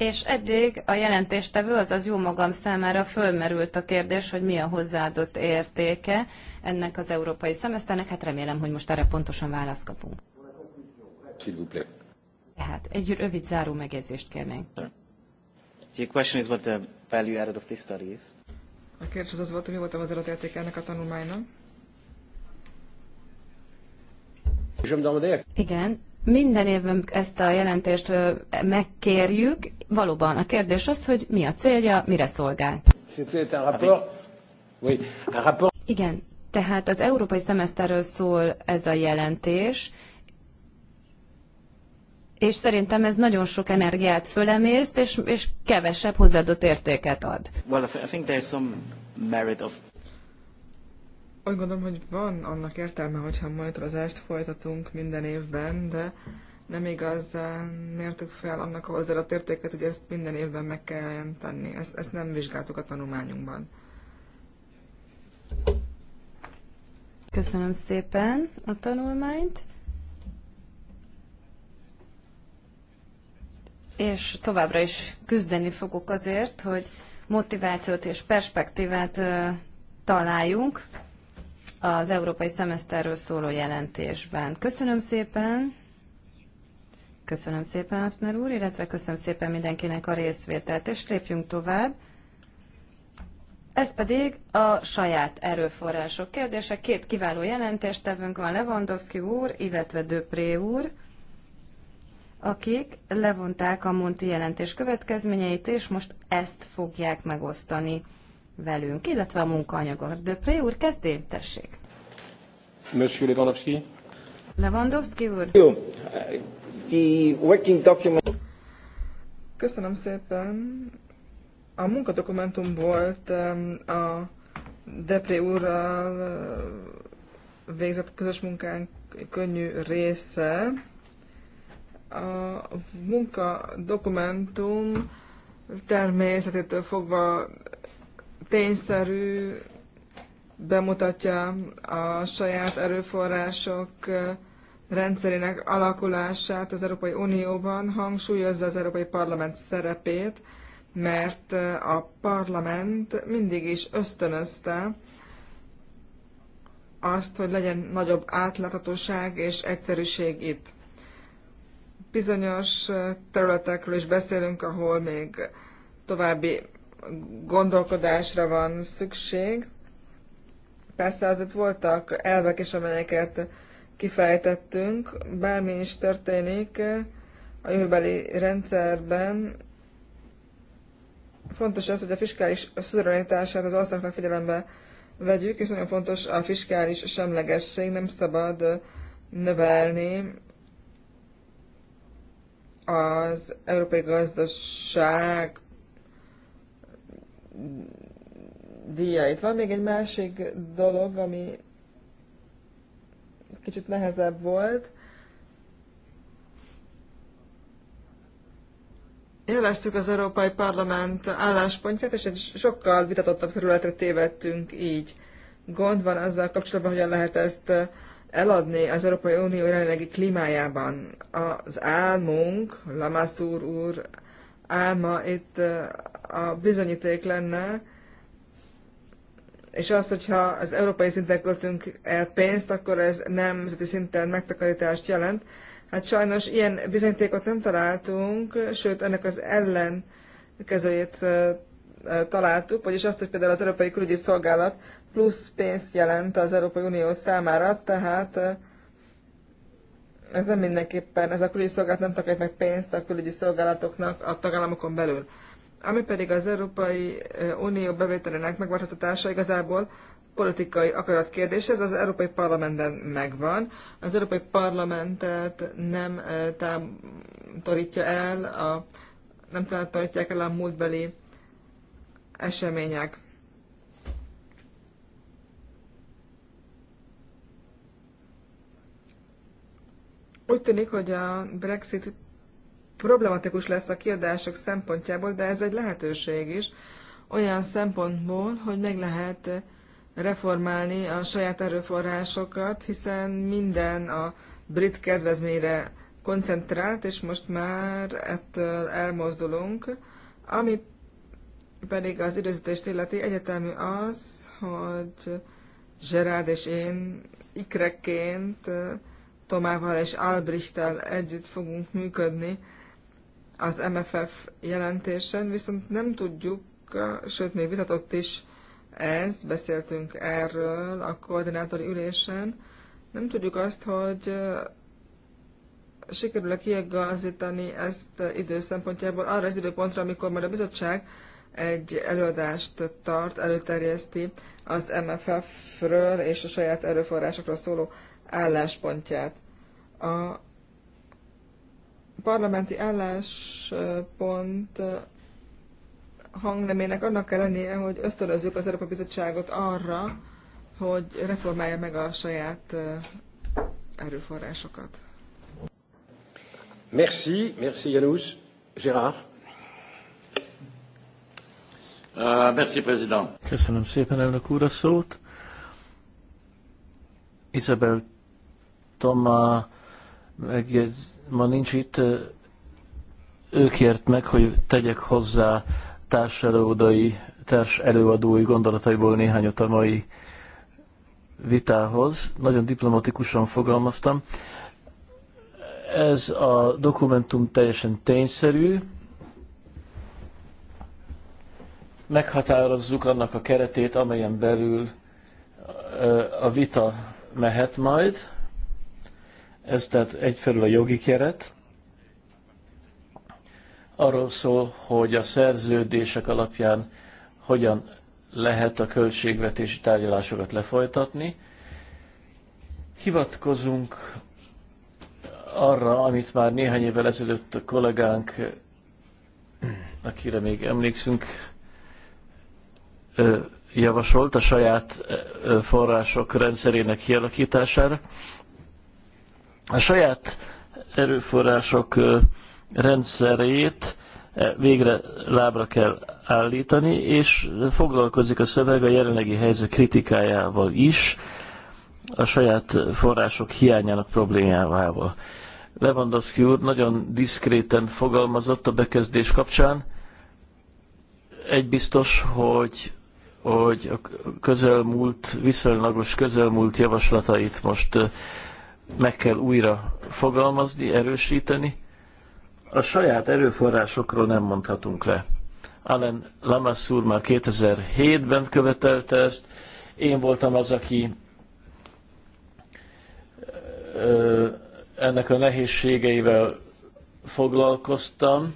Speaker 2: És eddig a jelentéstevő, azaz jó magam számára fölmerült a kérdés, hogy mi a hozzáadott értéke ennek az európai szemeszternek. Hát remélem, hogy most erre pontosan választ kapunk. Tehát egy rövid záró megjegyzést kérnénk.
Speaker 1: A
Speaker 3: kérdés az az volt, hogy mi volt a hozzáadott értéke ennek a tanulmánynak. Igen,
Speaker 2: minden évben ezt a jelentést megkérjük. Valóban a kérdés az, hogy mi a célja, mire szolgál. Igen, tehát az európai szemeszterről szól ez a jelentés, és szerintem ez nagyon sok energiát fölemészt, és, és kevesebb
Speaker 3: hozzáadott értéket ad.
Speaker 1: Well, I think there's some merit of
Speaker 3: úgy gondolom, hogy van annak értelme, hogyha monitorozást folytatunk minden évben, de nem igazán mértük fel annak a hozzáadott értéket, hogy ezt minden évben meg kell tenni. Ezt, ezt nem vizsgáltuk a tanulmányunkban. Köszönöm
Speaker 2: szépen a tanulmányt. És továbbra is küzdeni fogok azért, hogy motivációt és perspektívát találjunk az európai szemeszterről szóló jelentésben. Köszönöm szépen! Köszönöm szépen, Afner úr, illetve köszönöm szépen mindenkinek a részvételt, és lépjünk tovább. Ez pedig a saját erőforrások kérdése. Két kiváló jelentéstevőnk van, Lewandowski úr, illetve Döpré úr, akik levonták a Monti jelentés következményeit, és most ezt fogják megosztani velünk, illetve a munkaanyagot. Pré úr, kezdi, tessék.
Speaker 1: Monsieur Lewandowski.
Speaker 2: Lewandowski úr.
Speaker 1: Jó.
Speaker 3: The working document. Köszönöm szépen. A munkadokumentum volt a Depré úrral végzett közös munkánk könnyű része. A munkadokumentum természetétől fogva tényszerű, bemutatja a saját erőforrások rendszerének alakulását az Európai Unióban, hangsúlyozza az Európai Parlament szerepét, mert a parlament mindig is ösztönözte azt, hogy legyen nagyobb átláthatóság és egyszerűség itt. Bizonyos területekről is beszélünk, ahol még további gondolkodásra van szükség. Persze azért voltak elvek is, amelyeket kifejtettünk, bármi is történik a jövőbeli rendszerben. Fontos az, hogy a fiskális szuverenitását az ország figyelembe vegyük, és nagyon fontos a fiskális semlegesség, nem szabad növelni az európai gazdaság díjait. Van még egy másik dolog, ami kicsit nehezebb volt. Jeleztük az Európai Parlament álláspontját, és egy sokkal vitatottabb területre tévedtünk így. Gond van azzal kapcsolatban, hogyan lehet ezt eladni az Európai Unió jelenlegi klímájában. Az álmunk, Lamassur úr álma itt eh, a bizonyíték lenne, és az, hogyha az európai szinten költünk el pénzt, akkor ez nemzeti szinten megtakarítást jelent. Hát sajnos ilyen bizonyítékot nem találtunk, sőt ennek az ellenkezőjét eh, eh, találtuk, vagyis azt, hogy például az Európai Külügyi Szolgálat plusz pénzt jelent az Európai Unió számára, tehát ez nem mindenképpen, ez a külügyi szolgálat nem takarít meg pénzt a külügyi szolgálatoknak a tagállamokon belül. Ami pedig az Európai Unió bevételének megváltoztatása igazából politikai akarat kérdés, ez az Európai Parlamentben megvan. Az Európai Parlamentet nem támtorítja el, a, nem támtorítják el a múltbeli események. Úgy tűnik, hogy a Brexit problematikus lesz a kiadások szempontjából, de ez egy lehetőség is, olyan szempontból, hogy meg lehet reformálni a saját erőforrásokat, hiszen minden a brit kedvezményre koncentrált, és most már ettől elmozdulunk, ami pedig az időzítést illeti egyetemű az, hogy Gerard és én ikrekként Tomával és Albrichttel együtt fogunk működni az MFF jelentésen, viszont nem tudjuk, sőt még vitatott is ez, beszéltünk erről a koordinátori ülésen, nem tudjuk azt, hogy sikerül-e kiegazítani ezt időszempontjából. arra az időpontra, amikor majd a bizottság egy előadást tart, előterjeszti az MFF-ről és a saját erőforrásokról szóló álláspontját. A parlamenti álláspont hangnemének annak kell lennie, hogy ösztönözzük az Európai Bizottságot arra, hogy reformálja meg a saját erőforrásokat.
Speaker 1: Merci, merci Janusz. Gérard. Uh, merci, Köszönöm szépen, elnök úr, a szót. Isabel ma, megjegyz, ma nincs itt, ő kért meg, hogy tegyek hozzá előadói társ előadói gondolataiból néhány a mai vitához. Nagyon diplomatikusan fogalmaztam. Ez a dokumentum teljesen tényszerű. Meghatározzuk annak a keretét, amelyen belül a vita mehet majd. Ez tehát egyfelől a jogi keret, arról szól, hogy a szerződések alapján hogyan lehet a költségvetési tárgyalásokat lefolytatni. Hivatkozunk arra, amit már néhány évvel ezelőtt a kollégánk, akire még emlékszünk, javasolt a saját források rendszerének kialakítására a saját erőforrások rendszerét végre lábra kell állítani, és foglalkozik a szöveg a jelenlegi helyzet kritikájával is, a saját források hiányának problémájával. Lewandowski úr nagyon diszkréten fogalmazott a bekezdés kapcsán. Egy biztos, hogy, hogy a közelmúlt, viszonylagos közelmúlt javaslatait most meg kell újra fogalmazni, erősíteni. A saját erőforrásokról nem mondhatunk le. Allen Lamassur már 2007-ben követelte ezt. Én voltam az, aki ennek a nehézségeivel foglalkoztam,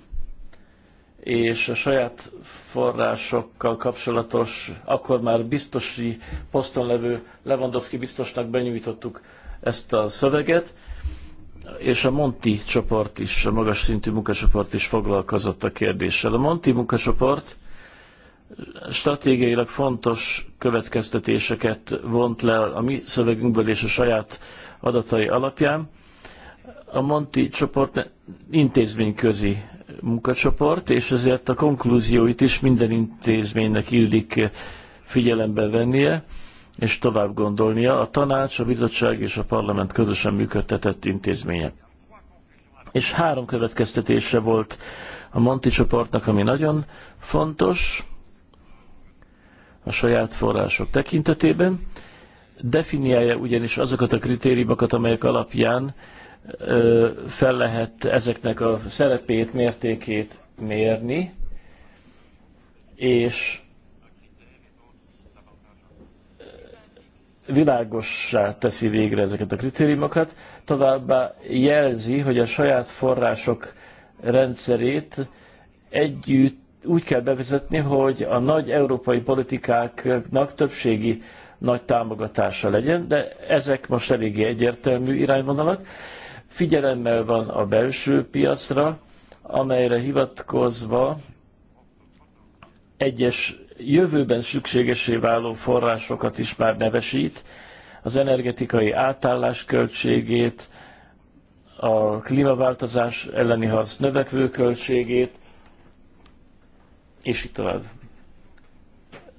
Speaker 1: és a saját forrásokkal kapcsolatos, akkor már biztosi poszton levő Lewandowski biztosnak benyújtottuk ezt a szöveget, és a Monti csoport is, a magas szintű munkacsoport is foglalkozott a kérdéssel. A Monti munkacsoport stratégiailag fontos következtetéseket vont le a mi szövegünkből és a saját adatai alapján. A Monti csoport intézményközi munkacsoport, és ezért a konklúzióit is minden intézménynek illik figyelembe vennie és tovább gondolnia a tanács, a bizottság és a parlament közösen működtetett intézménye. És három következtetése volt a Monti csoportnak, ami nagyon fontos a saját források tekintetében. Definiálja ugyanis azokat a kritériumokat, amelyek alapján ö, fel lehet ezeknek a szerepét, mértékét mérni, és világossá teszi végre ezeket a kritériumokat, továbbá jelzi, hogy a saját források rendszerét együtt úgy kell bevezetni, hogy a nagy európai politikáknak többségi nagy támogatása legyen, de ezek most eléggé egyértelmű irányvonalak. Figyelemmel van a belső piacra, amelyre hivatkozva egyes jövőben szükségesé váló forrásokat is már nevesít, az energetikai átállás költségét, a klímaváltozás elleni harc növekvő költségét, és így tovább.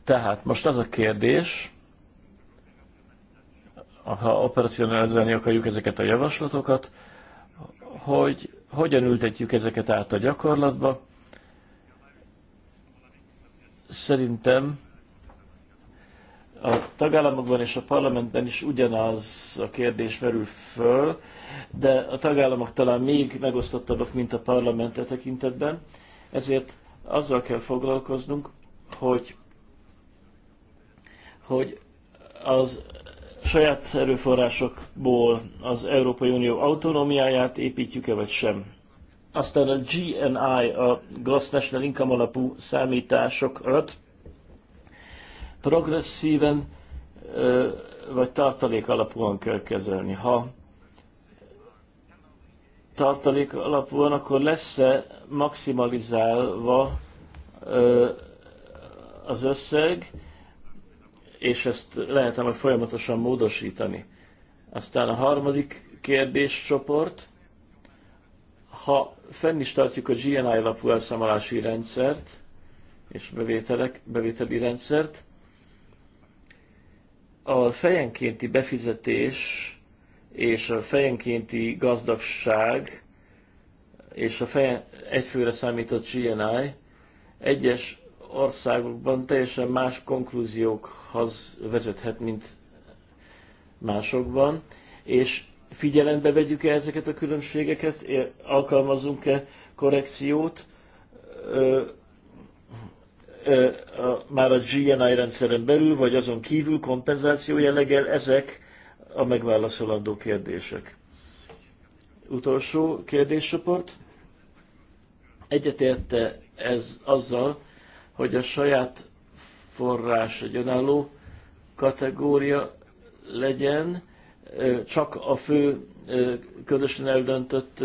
Speaker 1: Tehát most az a kérdés, ha operacionalizálni akarjuk ezeket a javaslatokat, hogy hogyan ültetjük ezeket át a gyakorlatba, szerintem a tagállamokban és a parlamentben is ugyanaz a kérdés merül föl, de a tagállamok talán még megosztottabbak, mint a parlament e tekintetben, ezért azzal kell foglalkoznunk, hogy, hogy az saját erőforrásokból az Európai Unió autonómiáját építjük-e vagy sem. Aztán a GNI, a Gross National Income alapú öt, progresszíven vagy tartalék alapúan kell kezelni. Ha tartalék alapúan, akkor lesz-e maximalizálva az összeg, és ezt lehetne majd folyamatosan módosítani. Aztán a harmadik kérdéscsoport, ha fenn is tartjuk a GNI alapú elszámolási rendszert és bevételek, bevételi rendszert. A fejenkénti befizetés és a fejenkénti gazdagság és a fejen, egyfőre számított GNI egyes országokban teljesen más konklúziókhoz vezethet, mint másokban, és figyelembe vegyük-e ezeket a különbségeket, alkalmazunk-e korrekciót, ö, már a GNI rendszeren belül, vagy azon kívül kompenzáció jelleggel, ezek a megválaszolandó kérdések. Utolsó kérdéscsoport. Egyetérte ez azzal, hogy a saját forrás egy önálló kategória legyen, csak a fő közösen eldöntött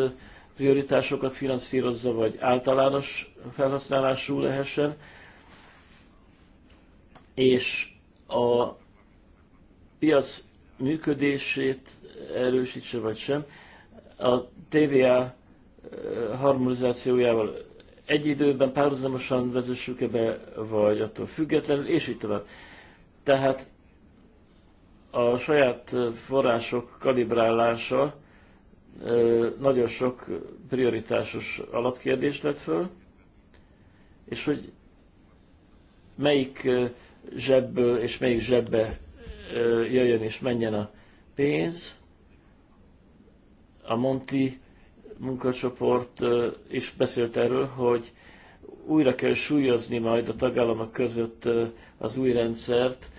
Speaker 1: prioritásokat finanszírozza, vagy általános felhasználású lehessen, és a piac működését erősítse vagy sem. A TVA harmonizációjával egy időben párhuzamosan vezessük-e be, vagy attól függetlenül, és így tovább. Tehát a saját források kalibrálása nagyon sok prioritásos alapkérdést vett föl, és hogy melyik zsebből és melyik zsebbe jöjjön és menjen a pénz. A Monti munkacsoport is beszélt erről, hogy újra kell súlyozni majd a tagállamok között az új rendszert,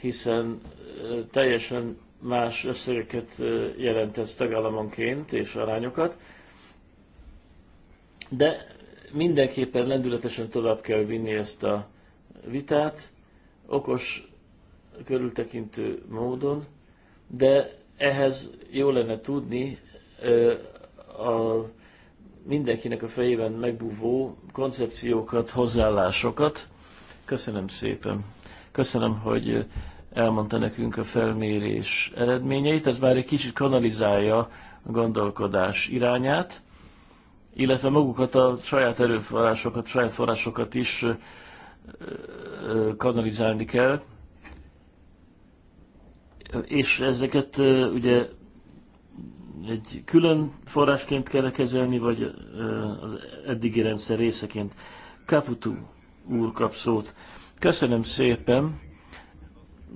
Speaker 1: hiszen teljesen más összegeket jelent ez tagállamonként és arányokat, de mindenképpen lendületesen tovább kell vinni ezt a vitát, okos, körültekintő módon, de ehhez jó lenne tudni a mindenkinek a fejében megbúvó koncepciókat, hozzáállásokat. Köszönöm szépen! Köszönöm, hogy elmondta nekünk a felmérés eredményeit. Ez már egy kicsit kanalizálja a gondolkodás irányát, illetve magukat a saját erőforrásokat, saját forrásokat is kanalizálni kell. És ezeket ugye egy külön forrásként kell kezelni, vagy az eddigi rendszer részeként. kaputú úr kap szót. Köszönöm szépen,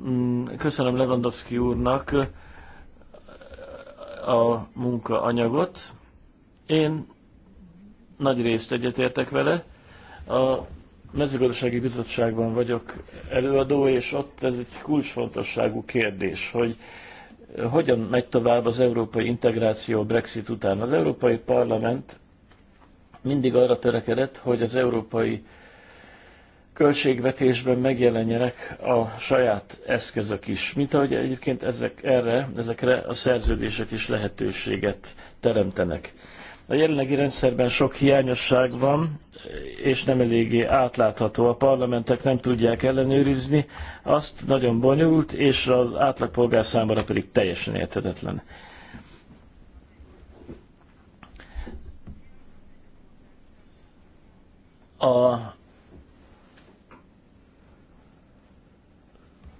Speaker 1: mm, köszönöm Lewandowski úrnak a munkaanyagot. Én nagy részt egyetértek vele. A mezőgazdasági bizottságban vagyok előadó, és ott ez egy kulcsfontosságú kérdés, hogy hogyan megy tovább az európai integráció Brexit után. Az Európai Parlament mindig arra törekedett, hogy az európai költségvetésben megjelenjenek a saját eszközök is, mint ahogy egyébként ezek erre, ezekre a szerződések is lehetőséget teremtenek. A jelenlegi rendszerben sok hiányosság van, és nem eléggé átlátható. A parlamentek nem tudják ellenőrizni, azt nagyon bonyolult, és az átlagpolgár számára pedig teljesen érthetetlen. A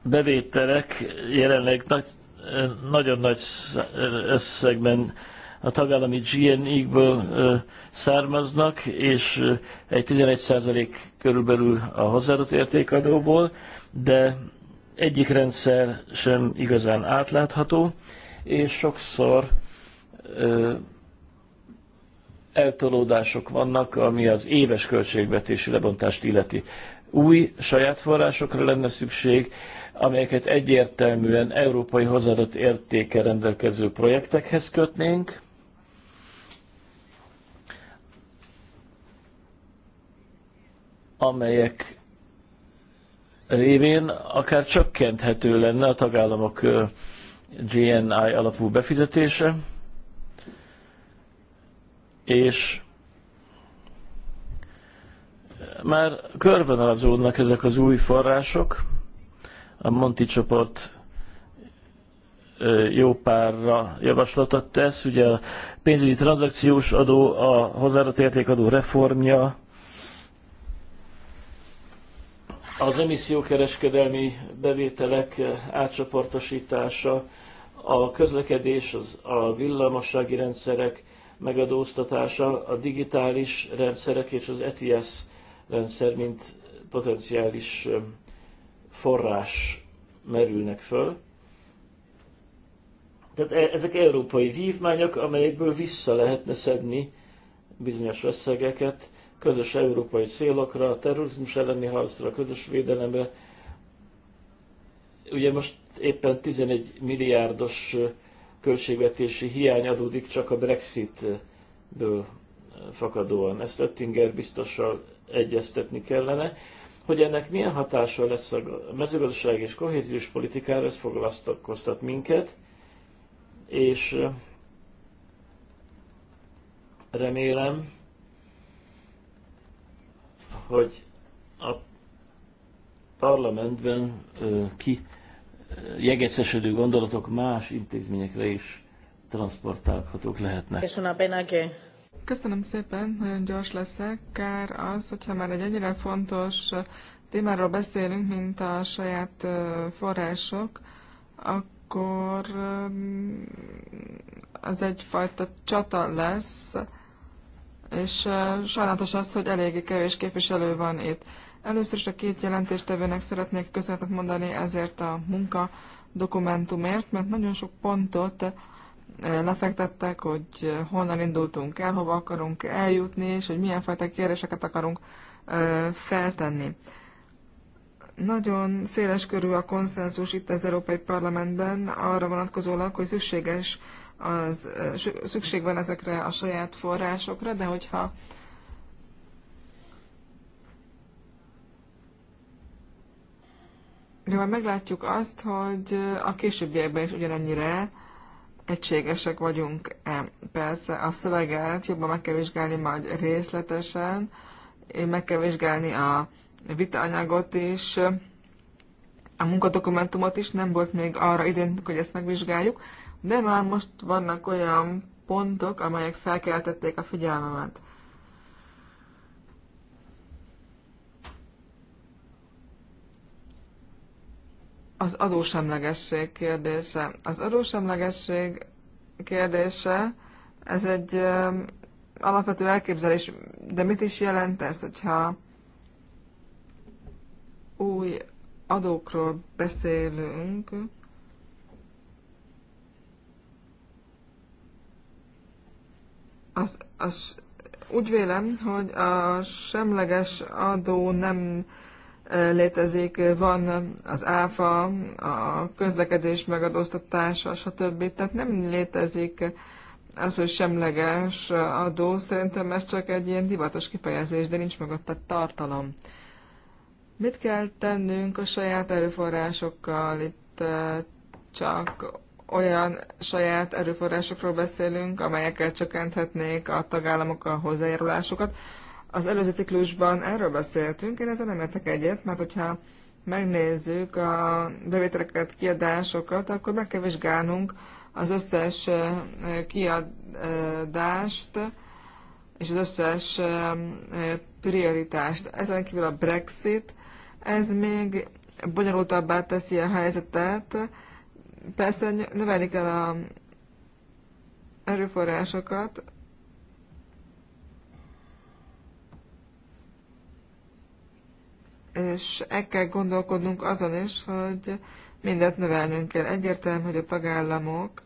Speaker 1: bevételek jelenleg nagy, nagyon nagy összegben a tagállami GNI-ből származnak, és egy 11% körülbelül a hozzáadott értékadóból, de egyik rendszer sem igazán átlátható, és sokszor ö, eltolódások vannak, ami az éves költségvetési lebontást illeti. Új saját forrásokra lenne szükség, amelyeket egyértelműen európai hozzáadott értéke rendelkező projektekhez kötnénk. amelyek révén akár csökkenthető lenne a tagállamok GNI alapú befizetése, és már körvonalazódnak ezek az új források, a Monti csoport jó párra javaslatot tesz. Ugye a pénzügyi tranzakciós adó, a hozzáadott értékadó reformja, az emissziókereskedelmi bevételek átcsoportosítása, a közlekedés, az, a villamossági rendszerek megadóztatása, a digitális rendszerek és az ETS rendszer, mint potenciális forrás merülnek föl. Tehát e- ezek európai vívmányok, amelyekből vissza lehetne szedni bizonyos összegeket közös európai célokra, a terrorizmus elleni harcra, a közös védelemre. Ugye most éppen 11 milliárdos költségvetési hiány adódik csak a Brexitből fakadóan. Ezt Öttinger biztosan egyeztetni kellene. Hogy ennek milyen hatása lesz a mezőgazdaság és kohéziós politikára, ez foglalkoztat minket, és remélem, hogy a parlamentben ki jegecsesedő gondolatok más intézményekre is transportálhatók lehetnek. És
Speaker 3: una pena que Köszönöm szépen, nagyon gyors leszek. Kár az, hogyha már egy ennyire fontos témáról beszélünk, mint a saját források, akkor az egyfajta csata lesz, és sajnálatos az, hogy eléggé kevés képviselő van itt. Először is a két jelentéstevőnek szeretnék köszönetet mondani ezért a munka dokumentumért, mert nagyon sok pontot lefektettek, hogy honnan indultunk el, hova akarunk eljutni, és hogy milyen fajta kérdéseket akarunk feltenni. Nagyon széles körű a konszenzus itt az Európai Parlamentben arra vonatkozólag, hogy szükséges az, szükség van ezekre a saját forrásokra, de hogyha de meglátjuk azt, hogy a későbbiekben is ugyanennyire egységesek vagyunk-e. Persze a szöveget jobban meg kell vizsgálni majd részletesen, én meg kell vizsgálni a vitaanyagot is, a munkadokumentumot is, nem volt még arra időnk, hogy ezt megvizsgáljuk, de már most vannak olyan pontok, amelyek felkeltették a figyelmemet. az adósemlegesség kérdése. Az adósemlegesség kérdése, ez egy alapvető elképzelés, de mit is jelent ez, hogyha új adókról beszélünk, az, az úgy vélem, hogy a semleges adó nem létezik, van az áfa, a közlekedés megadóztatása, stb. Tehát nem létezik az, hogy semleges adó. Szerintem ez csak egy ilyen divatos kifejezés, de nincs a tartalom. Mit kell tennünk a saját erőforrásokkal? Itt csak olyan saját erőforrásokról beszélünk, amelyekkel csökkenthetnék a tagállamok a hozzájárulásokat. Az előző ciklusban erről beszéltünk, én ezzel nem értek egyet, mert hogyha megnézzük a bevételeket, kiadásokat, akkor meg kell vizsgálnunk az összes kiadást és az összes prioritást. Ezen kívül a Brexit, ez még bonyolultabbá teszi a helyzetet. Persze növelik el a erőforrásokat, és el kell gondolkodnunk azon is, hogy mindent növelnünk kell. Egyértelmű, hogy a tagállamok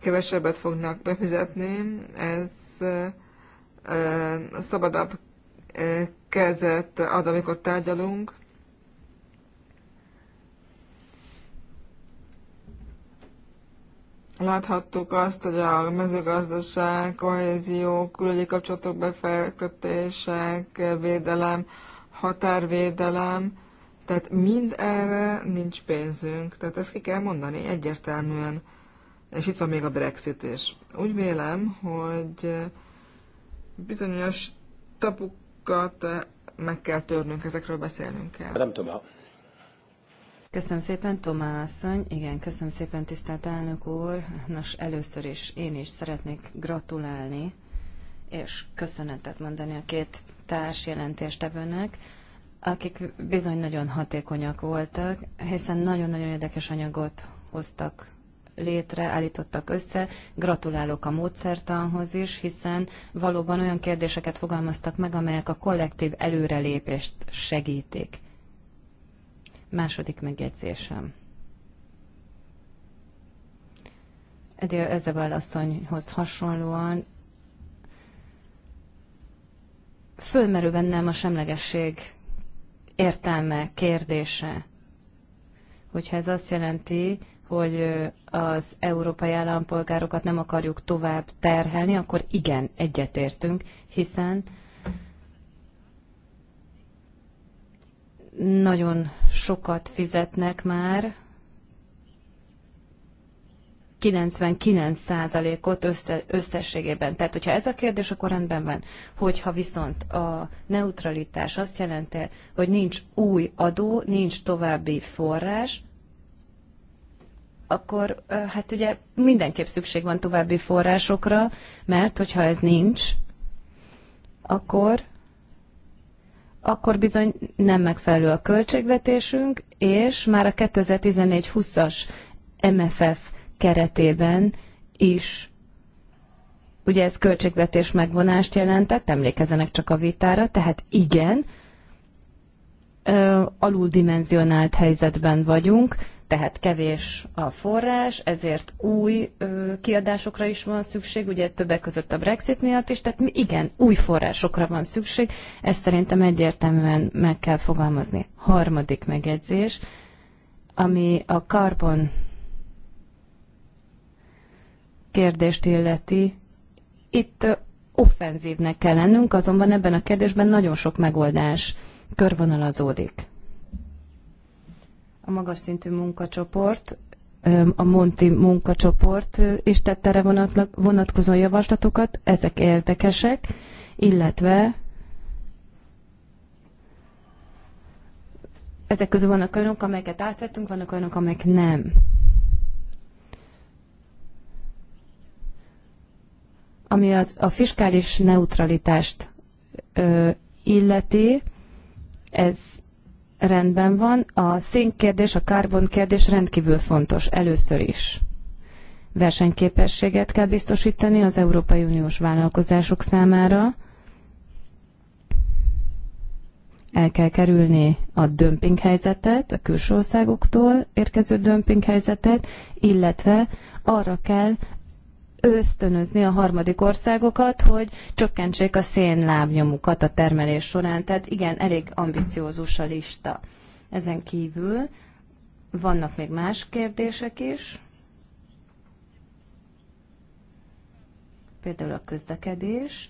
Speaker 3: kevesebbet fognak befizetni, ez szabadabb kezet ad, amikor tárgyalunk. Láthattuk azt, hogy a mezőgazdaság, kohézió, külügyi kapcsolatok befektetések, védelem, határvédelem, tehát mind erre nincs pénzünk, tehát ezt ki kell mondani egyértelműen. És itt van még a Brexit is. Úgy vélem, hogy bizonyos tapukat meg kell törnünk, ezekről beszélnünk kell. Nem tudom. Köszönöm szépen,
Speaker 2: Tomá asszony. Igen, köszönöm szépen, tisztelt elnök úr. Nos, először is én is szeretnék gratulálni és köszönetet mondani a két társ jelentéstevőnek, akik bizony nagyon hatékonyak voltak, hiszen nagyon-nagyon érdekes anyagot hoztak létre, állítottak össze. Gratulálok a módszertanhoz is, hiszen valóban olyan kérdéseket fogalmaztak meg, amelyek a kollektív előrelépést segítik. Második megjegyzésem. Edél Ezebel asszonyhoz hasonlóan fölmerül bennem a semlegesség értelme, kérdése. Hogyha ez azt jelenti, hogy az európai állampolgárokat nem akarjuk tovább terhelni, akkor igen, egyetértünk, hiszen nagyon sokat fizetnek már 99%-ot össze, összességében. Tehát, hogyha ez a kérdés, akkor rendben van. Hogyha viszont a neutralitás azt jelenti, hogy nincs új adó, nincs további forrás, akkor hát ugye mindenképp szükség van további forrásokra, mert hogyha ez nincs, akkor akkor bizony nem megfelelő a költségvetésünk, és már a 2014-20-as MFF keretében is ugye ez költségvetés megvonást jelentett, emlékezenek csak a vitára, tehát igen, aluldimensionált helyzetben vagyunk, tehát kevés a forrás, ezért új ö, kiadásokra is van szükség, ugye többek között a Brexit miatt is, tehát igen, új forrásokra van szükség, ezt szerintem egyértelműen meg kell fogalmazni. Harmadik megjegyzés, ami a karbon kérdést illeti, itt offenzívnek kell lennünk, azonban ebben a kérdésben nagyon sok megoldás körvonalazódik. A magas szintű munkacsoport, a Monti munkacsoport is tett erre vonatkozó javaslatokat, ezek érdekesek, illetve ezek közül vannak olyanok, amelyeket átvettünk, vannak olyanok, amelyek nem. ami az, a fiskális neutralitást ö, illeti, ez rendben van. A szénkérdés, a kárbonkérdés rendkívül fontos, először is. Versenyképességet kell biztosítani az Európai Uniós vállalkozások számára. El kell kerülni a dömpinghelyzetet, a külső országoktól érkező dömpinghelyzetet, illetve arra kell ösztönözni a harmadik országokat, hogy csökkentsék a szénlábnyomukat a termelés során. Tehát igen, elég ambiciózus a lista. Ezen kívül vannak még más kérdések is. Például a közlekedés.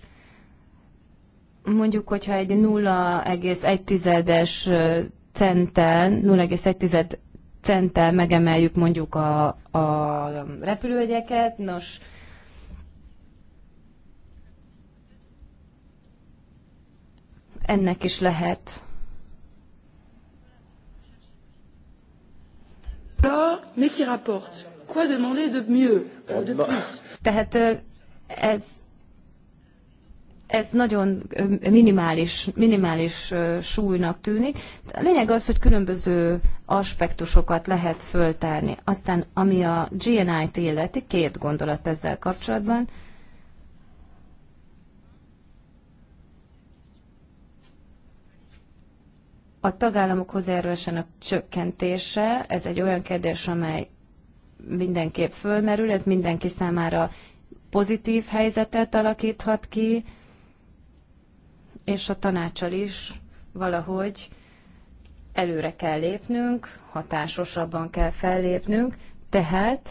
Speaker 2: Mondjuk, hogyha egy 0,1-es centel, 0,1 centtel megemeljük mondjuk a, a repülőgyeket, nos, ennek is lehet. Tehát ez, ez nagyon minimális, minimális súlynak tűnik. A lényeg az, hogy különböző aspektusokat lehet föltárni. Aztán, ami a GNI-t illeti, két gondolat ezzel kapcsolatban. A tagállamok hozzájárulásának csökkentése, ez egy olyan kérdés, amely mindenképp fölmerül, ez mindenki számára pozitív helyzetet alakíthat ki, és a tanácsal is valahogy előre kell lépnünk, hatásosabban kell fellépnünk, tehát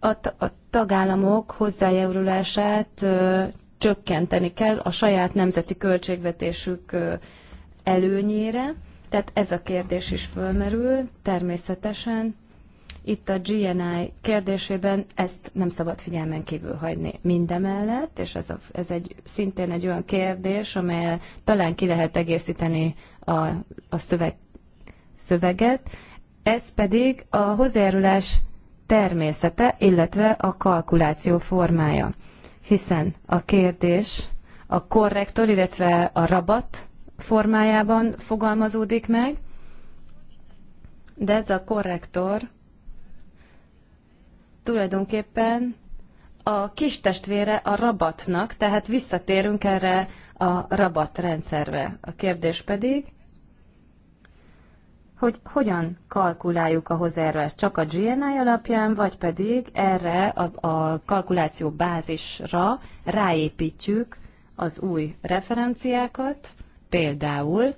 Speaker 2: a, a tagállamok hozzájárulását ö, csökkenteni kell a saját nemzeti költségvetésük ö, előnyére, tehát ez a kérdés is fölmerül, természetesen itt a GNI kérdésében ezt nem szabad figyelmen kívül hagyni. Mindemellett, és ez, a, ez egy, szintén egy olyan kérdés, amely talán ki lehet egészíteni a, a szöveg, szöveget, ez pedig a hozzájárulás természete, illetve a kalkuláció formája. Hiszen a kérdés a korrektor, illetve a rabat formájában fogalmazódik meg, de ez a korrektor tulajdonképpen a kis testvére a rabatnak, tehát visszatérünk erre a rabat rendszerre. A kérdés pedig, hogy hogyan kalkuláljuk a hozzájárulást, csak a GNI alapján, vagy pedig erre a, a kalkuláció bázisra ráépítjük az új referenciákat, például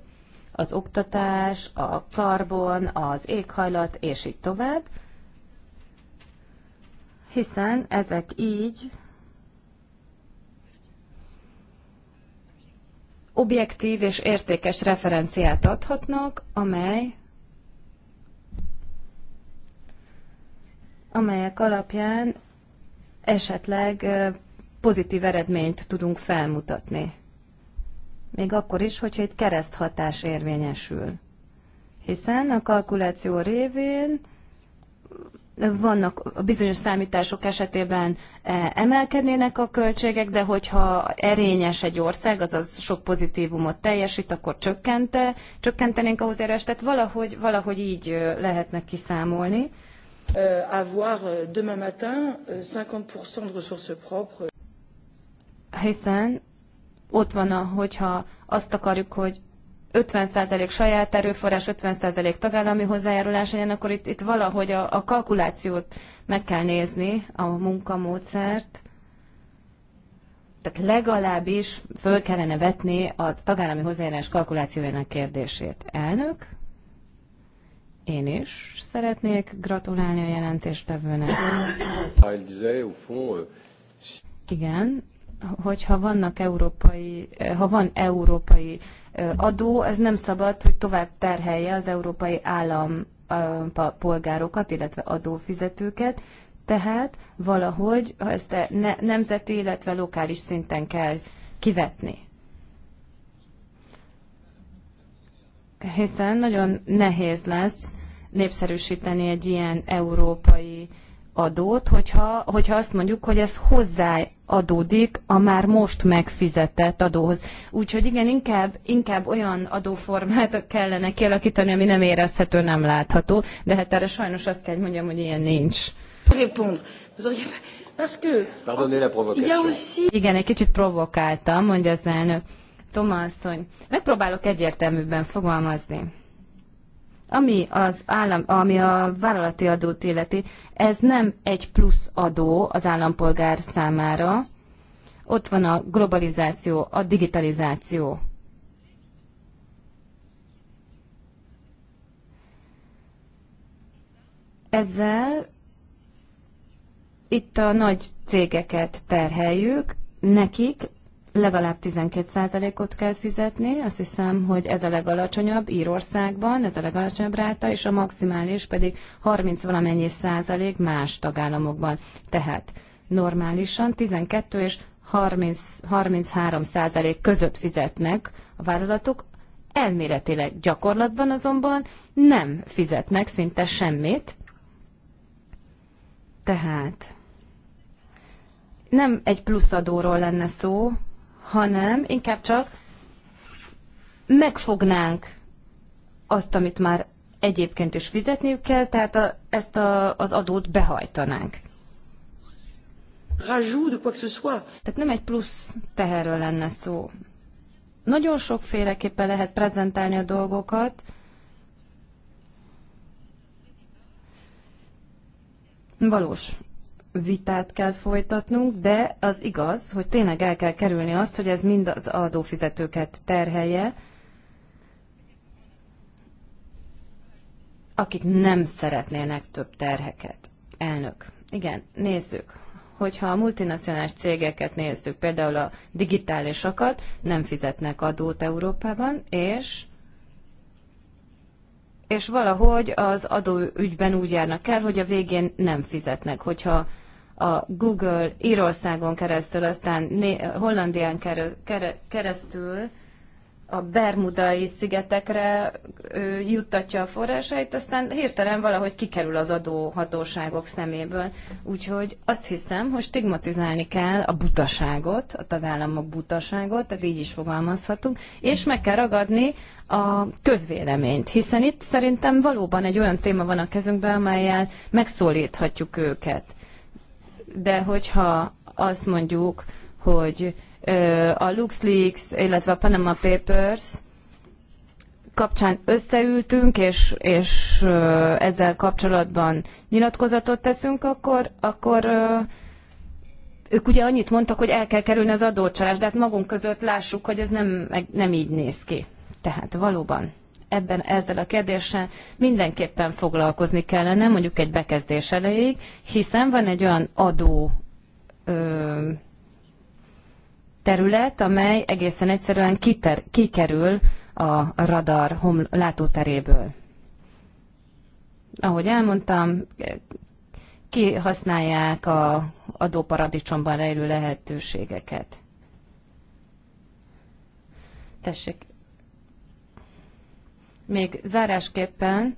Speaker 2: az oktatás, a karbon, az éghajlat, és így tovább, hiszen ezek így objektív és értékes referenciát adhatnak, amely amelyek alapján esetleg pozitív eredményt tudunk felmutatni még akkor is, hogyha itt kereszthatás érvényesül. Hiszen a kalkuláció révén vannak a bizonyos számítások esetében e, emelkednének a költségek, de hogyha erényes egy ország, azaz sok pozitívumot teljesít, akkor csökkente, csökkentenénk a erős, tehát valahogy, valahogy így lehetnek kiszámolni.
Speaker 3: Avoir euh, demain matin 50% euh, de ressources propres.
Speaker 2: Hiszen ott van, a, hogyha azt akarjuk, hogy 50% saját erőforrás, 50% tagállami hozzájárulás legyen, akkor itt, itt valahogy a, a kalkulációt meg kell nézni, a munkamódszert. Tehát legalábbis föl kellene vetni a tagállami hozzájárulás kalkulációjának kérdését. Elnök, én is szeretnék gratulálni a jelentéstevőnek. <coughs> Euh, Igen, hogyha vannak európai, ha van európai adó, ez nem szabad, hogy tovább terhelje az európai állam polgárokat, illetve adófizetőket, tehát valahogy ezt a e nemzeti, illetve lokális szinten kell kivetni. Hiszen nagyon nehéz lesz népszerűsíteni egy ilyen európai adót, hogyha, hogyha azt mondjuk, hogy ez hozzá adódik a már most megfizetett adóhoz. Úgyhogy igen, inkább, inkább olyan adóformát kellene kialakítani, ami nem érezhető, nem látható, de hát erre sajnos azt kell, hogy mondjam, hogy ilyen nincs. Igen, egy kicsit provokáltam, mondja az elnök. Toma megpróbálok egyértelműbben fogalmazni. Ami, az állam, ami a vállalati adót illeti, ez nem egy plusz adó az állampolgár számára. Ott van a globalizáció, a digitalizáció. Ezzel itt a nagy cégeket terheljük, nekik legalább 12%-ot kell fizetni, azt hiszem, hogy ez a legalacsonyabb Írországban, ez a legalacsonyabb ráta, és a maximális pedig 30 valamennyi százalék más tagállamokban. Tehát normálisan 12 és 30, 33 százalék között fizetnek a vállalatok, elméletileg gyakorlatban azonban nem fizetnek szinte semmit. Tehát nem egy pluszadóról lenne szó, hanem inkább csak megfognánk azt, amit már egyébként is fizetniük kell, tehát a, ezt a, az adót behajtanánk. Tehát nem egy plusz teherről lenne szó. Nagyon sokféleképpen lehet prezentálni a dolgokat. Valós vitát kell folytatnunk, de az igaz, hogy tényleg el kell kerülni azt, hogy ez mind az adófizetőket terhelje, akik nem szeretnének több terheket. Elnök. Igen, nézzük. Hogyha a multinacionális cégeket nézzük, például a digitálisokat, nem fizetnek adót Európában, és és valahogy az adóügyben úgy járnak el, hogy a végén nem fizetnek. Hogyha a Google Írországon keresztül, aztán Hollandián keresztül a Bermudai szigetekre juttatja a forrásait, aztán hirtelen valahogy kikerül az adóhatóságok szeméből. Úgyhogy azt hiszem, hogy stigmatizálni kell a butaságot, a tagállamok butaságot, tehát így is fogalmazhatunk, és meg kell ragadni a közvéleményt, hiszen itt szerintem valóban egy olyan téma van a kezünkben, amelyel megszólíthatjuk őket de hogyha azt mondjuk, hogy a LuxLeaks, illetve a Panama Papers kapcsán összeültünk, és, és ezzel kapcsolatban nyilatkozatot teszünk, akkor, akkor ők ugye annyit mondtak, hogy el kell kerülni az adócsalás, de hát magunk között lássuk, hogy ez nem, nem így néz ki. Tehát valóban ebben ezzel a kérdéssel mindenképpen foglalkozni kellene, mondjuk egy bekezdés elejéig, hiszen van egy olyan adó ö, terület, amely egészen egyszerűen kiter, kikerül a radar látóteréből. Ahogy elmondtam, kihasználják a adóparadicsomban rejlő lehetőségeket. Tessék, még zárásképpen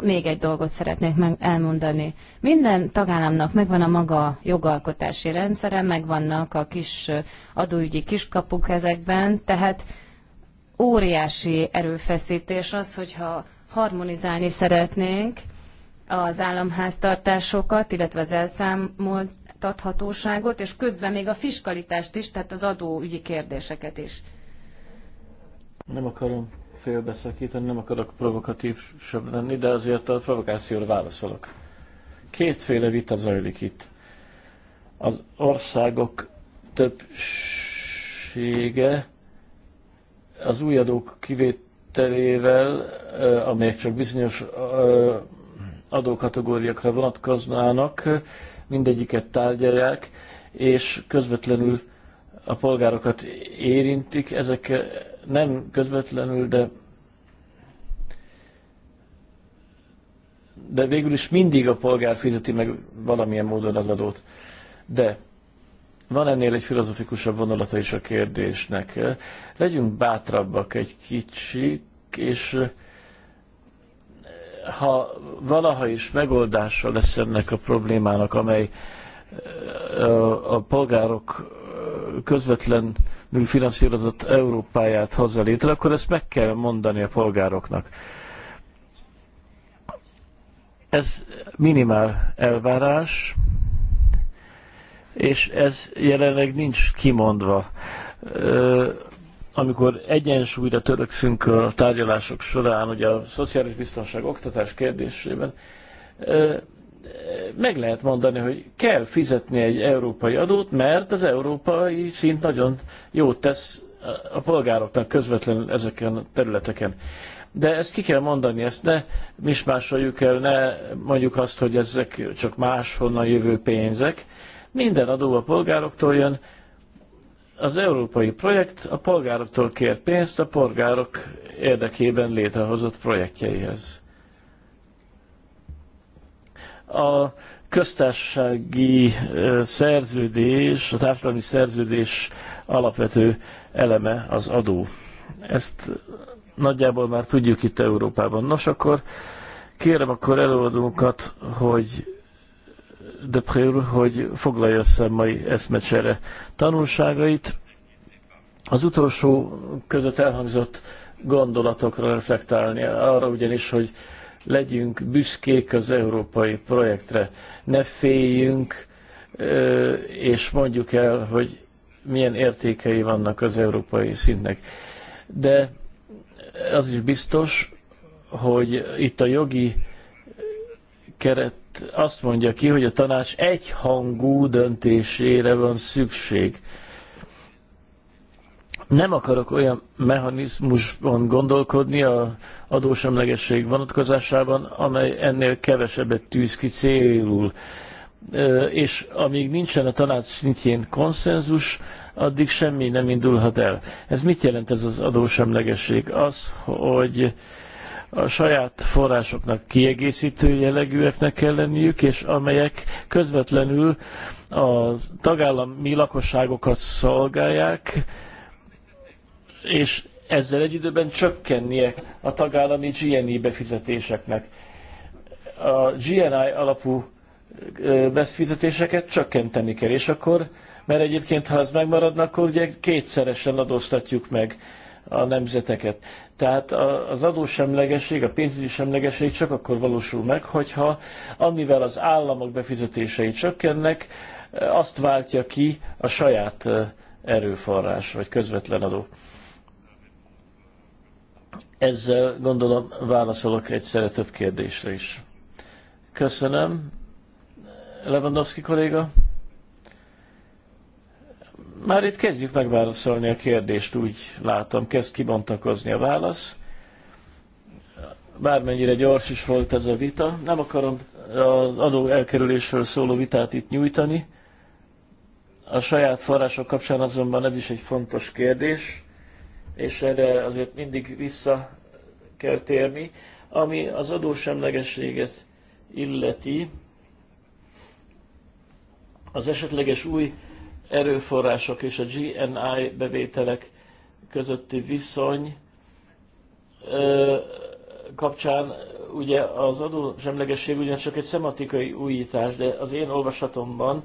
Speaker 2: még egy dolgot szeretnék meg elmondani. Minden tagállamnak megvan a maga jogalkotási rendszere, megvannak a kis adóügyi kiskapuk ezekben, tehát óriási erőfeszítés az, hogyha harmonizálni szeretnénk az államháztartásokat, illetve az elszámoltathatóságot, és közben még a fiskalitást is, tehát az adóügyi kérdéseket is.
Speaker 1: Nem akarom félbeszakítani, nem akarok provokatív sem lenni, de azért a provokációra válaszolok. Kétféle vita zajlik itt. Az országok többsége az új adók kivételével, amelyek csak bizonyos adókategóriákra vonatkoznának, mindegyiket tárgyalják, és közvetlenül a polgárokat érintik. Ezek nem közvetlenül, de de végül is mindig a polgár fizeti meg valamilyen módon az adót. De van ennél egy filozofikusabb vonalata is a kérdésnek. Legyünk bátrabbak egy kicsik, és ha valaha is megoldása lesz ennek a problémának, amely a polgárok közvetlenül finanszírozott Európáját hozza létre, akkor ezt meg kell mondani a polgároknak. Ez minimál elvárás, és ez jelenleg nincs kimondva. Amikor egyensúlyra törökszünk a tárgyalások során, ugye a szociális biztonság oktatás kérdésében, meg lehet mondani, hogy kell fizetni egy európai adót, mert az európai szint nagyon jót tesz a polgároknak közvetlenül ezeken a területeken. De ezt ki kell mondani, ezt ne mismásoljuk el, ne mondjuk azt, hogy ezek csak máshonnan jövő pénzek. Minden adó a polgároktól jön, az európai projekt a polgároktól kér pénzt a polgárok érdekében létrehozott projektjeihez a köztársasági szerződés, a társadalmi szerződés alapvető eleme az adó. Ezt nagyjából már tudjuk itt Európában. Nos, akkor kérem akkor előadónkat, hogy de Préur, hogy foglalja össze mai eszmecsere tanulságait. Az utolsó között elhangzott gondolatokra reflektálni, arra ugyanis, hogy legyünk büszkék az európai projektre, ne féljünk, és mondjuk el, hogy milyen értékei vannak az európai szintnek. De az is biztos, hogy itt a jogi keret azt mondja ki, hogy a tanács egyhangú döntésére van szükség nem akarok olyan mechanizmusban gondolkodni a adósemlegesség vonatkozásában, amely ennél kevesebbet tűz ki célul. És amíg nincsen a tanács szintjén konszenzus, addig semmi nem indulhat el. Ez mit jelent ez az adósemlegesség? Az, hogy a saját forrásoknak kiegészítő jellegűeknek kell lenniük, és amelyek közvetlenül a tagállami lakosságokat szolgálják, és ezzel egy időben csökkennie a tagállami GNI befizetéseknek. A GNI alapú befizetéseket csökkenteni kell, és akkor, mert egyébként ha ez megmaradnak, akkor ugye kétszeresen adóztatjuk meg a nemzeteket. Tehát az adósemlegesség, a pénzügyi semlegesség csak akkor valósul meg, hogyha amivel az államok befizetései csökkennek, azt váltja ki a saját erőforrás, vagy közvetlen adó. Ezzel gondolom válaszolok egyszerre több kérdésre is. Köszönöm. Lewandowski kolléga? Már itt kezdjük megválaszolni a kérdést, úgy látom, kezd kibontakozni a válasz. Bármennyire gyors is volt ez a vita, nem akarom az adó elkerülésről szóló vitát itt nyújtani. A saját források kapcsán azonban ez is egy fontos kérdés és erre azért mindig vissza kell térni. Ami az adósemlegességet illeti, az esetleges új erőforrások és a GNI bevételek közötti viszony kapcsán ugye az adósemlegesség ugyancsak egy szematikai újítás, de az én olvasatomban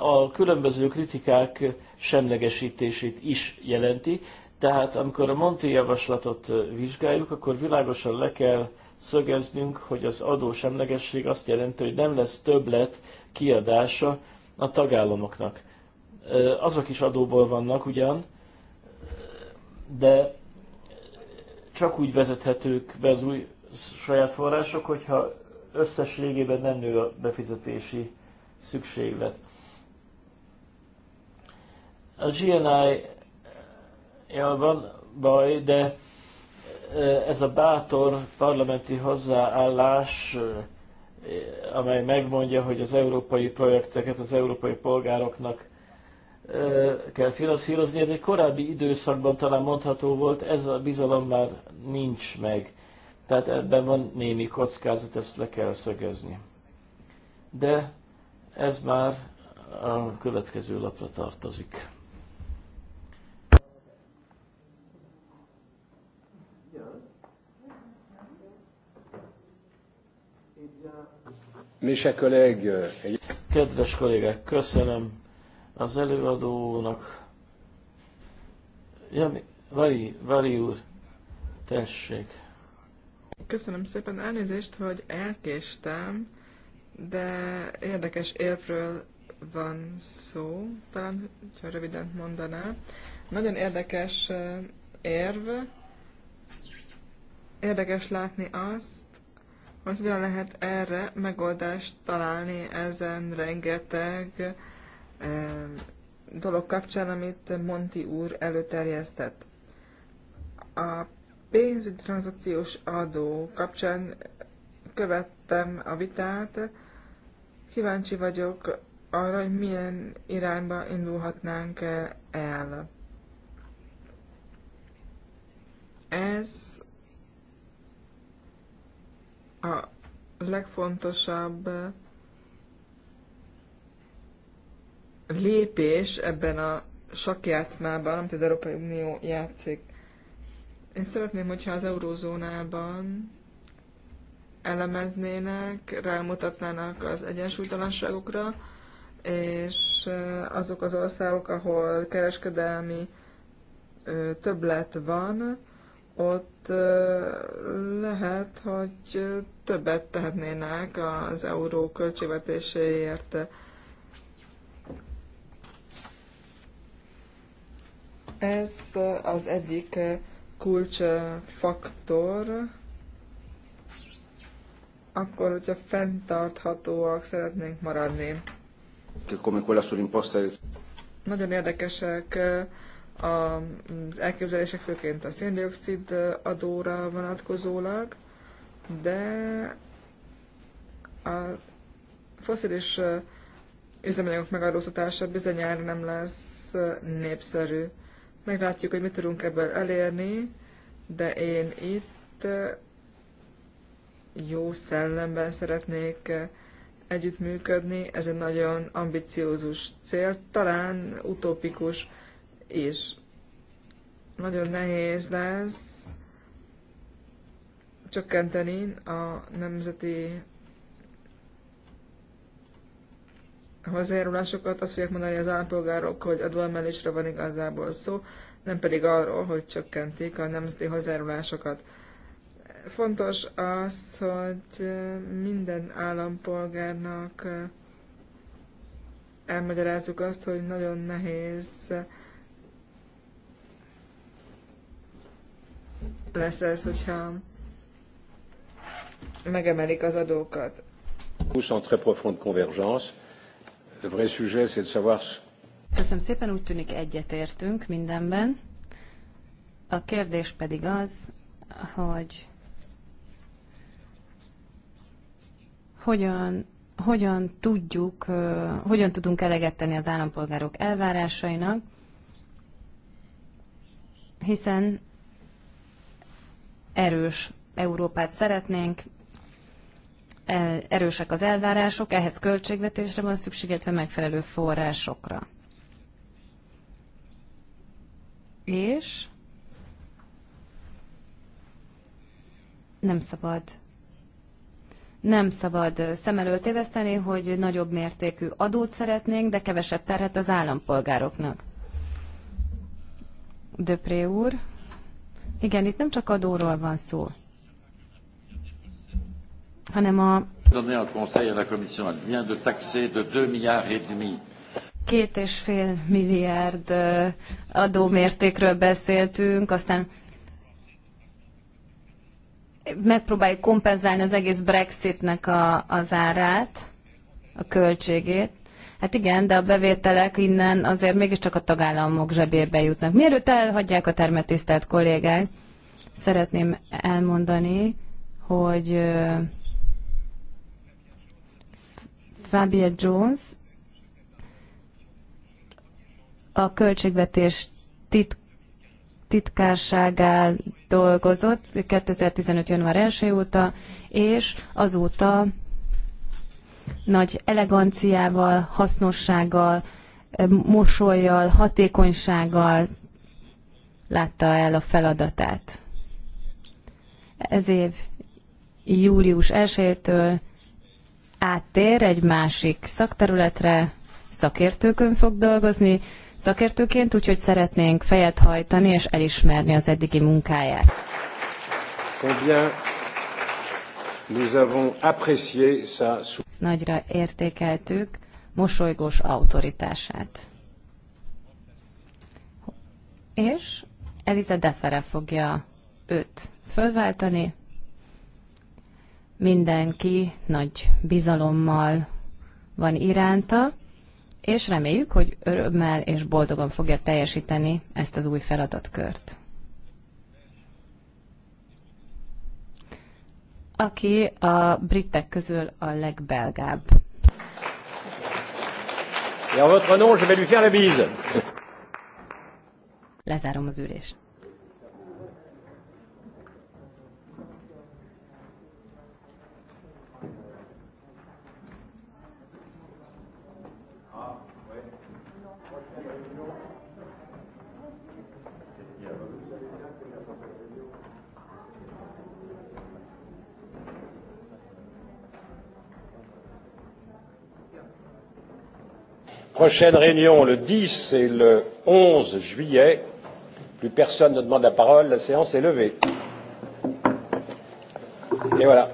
Speaker 1: a különböző kritikák semlegesítését is jelenti, tehát amikor a Monti javaslatot vizsgáljuk, akkor világosan le kell szögeznünk, hogy az adósemlegesség azt jelenti, hogy nem lesz többlet kiadása a tagállamoknak. Azok is adóból vannak ugyan, de csak úgy vezethetők be az új saját források, hogyha összességében nem nő a befizetési szükséglet. A GNI van baj, de ez a bátor parlamenti hozzáállás, amely megmondja, hogy az európai projekteket az európai polgároknak kell finanszírozni, ez egy korábbi időszakban talán mondható volt, ez a bizalom már nincs meg. Tehát ebben van némi kockázat, ezt le kell szögezni. De ez már a következő lapra tartozik. Euh, Kedves kollégák, köszönöm az előadónak. Jami, Vali Vari úr, tessék.
Speaker 3: Köszönöm szépen elnézést, hogy elkéstem, de érdekes évről van szó, talán, ha röviden mondaná. Nagyon érdekes érv. Érdekes látni azt, hogyan lehet erre megoldást találni ezen rengeteg dolog kapcsán, amit Monti úr előterjesztett. A pénzügyi tranzakciós adó kapcsán követtem a vitát, kíváncsi vagyok arra, hogy milyen irányba indulhatnánk el. Ez a legfontosabb lépés ebben a sakjátszmában, amit az Európai Unió játszik. Én szeretném, hogyha az eurózónában elemeznének, rámutatnának az egyensúlytalanságokra, és azok az országok, ahol kereskedelmi többlet van, ott lehet, hogy többet tehetnének az euró költségvetéséért. Ez az egyik kulcsfaktor, akkor, hogyha fenntarthatóak szeretnénk maradni. Nagyon érdekesek az elképzelések főként a széndiokszid adóra vonatkozólag, de a foszilis üzemanyagok megadóztatása bizonyára nem lesz népszerű. Meglátjuk, hogy mit tudunk ebből elérni, de én itt jó szellemben szeretnék együttműködni. Ez egy nagyon ambiciózus cél, talán utópikus is. Nagyon nehéz lesz csökkenteni a nemzeti hozzájárulásokat, azt fogják mondani az állampolgárok, hogy dolmelésre van igazából szó, nem pedig arról, hogy csökkentik a nemzeti hozzájárulásokat. Fontos az, hogy minden állampolgárnak elmagyarázzuk azt, hogy nagyon nehéz lesz ez, hogyha megemelik az adókat.
Speaker 2: Köszönöm szépen, úgy tűnik egyetértünk mindenben. A kérdés pedig az, hogy hogyan, hogyan tudjuk, hogyan tudunk eleget tenni az állampolgárok elvárásainak, hiszen erős Európát szeretnénk, e, erősek az elvárások, ehhez költségvetésre van szükség, illetve megfelelő forrásokra. És nem szabad nem szabad szem előtt éveszteni, hogy nagyobb mértékű adót szeretnénk, de kevesebb terhet az állampolgároknak. Döpré úr. Igen, itt nem csak adóról van szó, hanem a... 2 Két és fél milliárd adómértékről beszéltünk, aztán megpróbáljuk kompenzálni az egész Brexitnek a, az árát, a költségét. Hát igen, de a bevételek innen azért mégiscsak a tagállamok zsebébe jutnak. Mielőtt elhagyják a termet tisztelt kollégák, szeretném elmondani, hogy Fabia Jones a költségvetés tit- titkárságál dolgozott 2015. január 1 óta, és azóta nagy eleganciával, hasznossággal, mosolyjal, hatékonysággal látta el a feladatát. Ez év július 1-től áttér egy másik szakterületre, szakértőkön fog dolgozni, szakértőként, úgyhogy szeretnénk fejet hajtani és elismerni az eddigi munkáját. Nagyra értékeltük mosolygós autoritását. És Eliza Defere fogja őt fölváltani. Mindenki nagy bizalommal van iránta, és reméljük, hogy örömmel és boldogan fogja teljesíteni ezt az új feladatkört. aki a britek közül a legbelgább.
Speaker 1: Et en votre nom, je vais lui faire la bise.
Speaker 2: Lezárom az ülést.
Speaker 1: prochaine réunion le dix et le onze juillet plus personne ne demande la parole la séance est levée et voilà.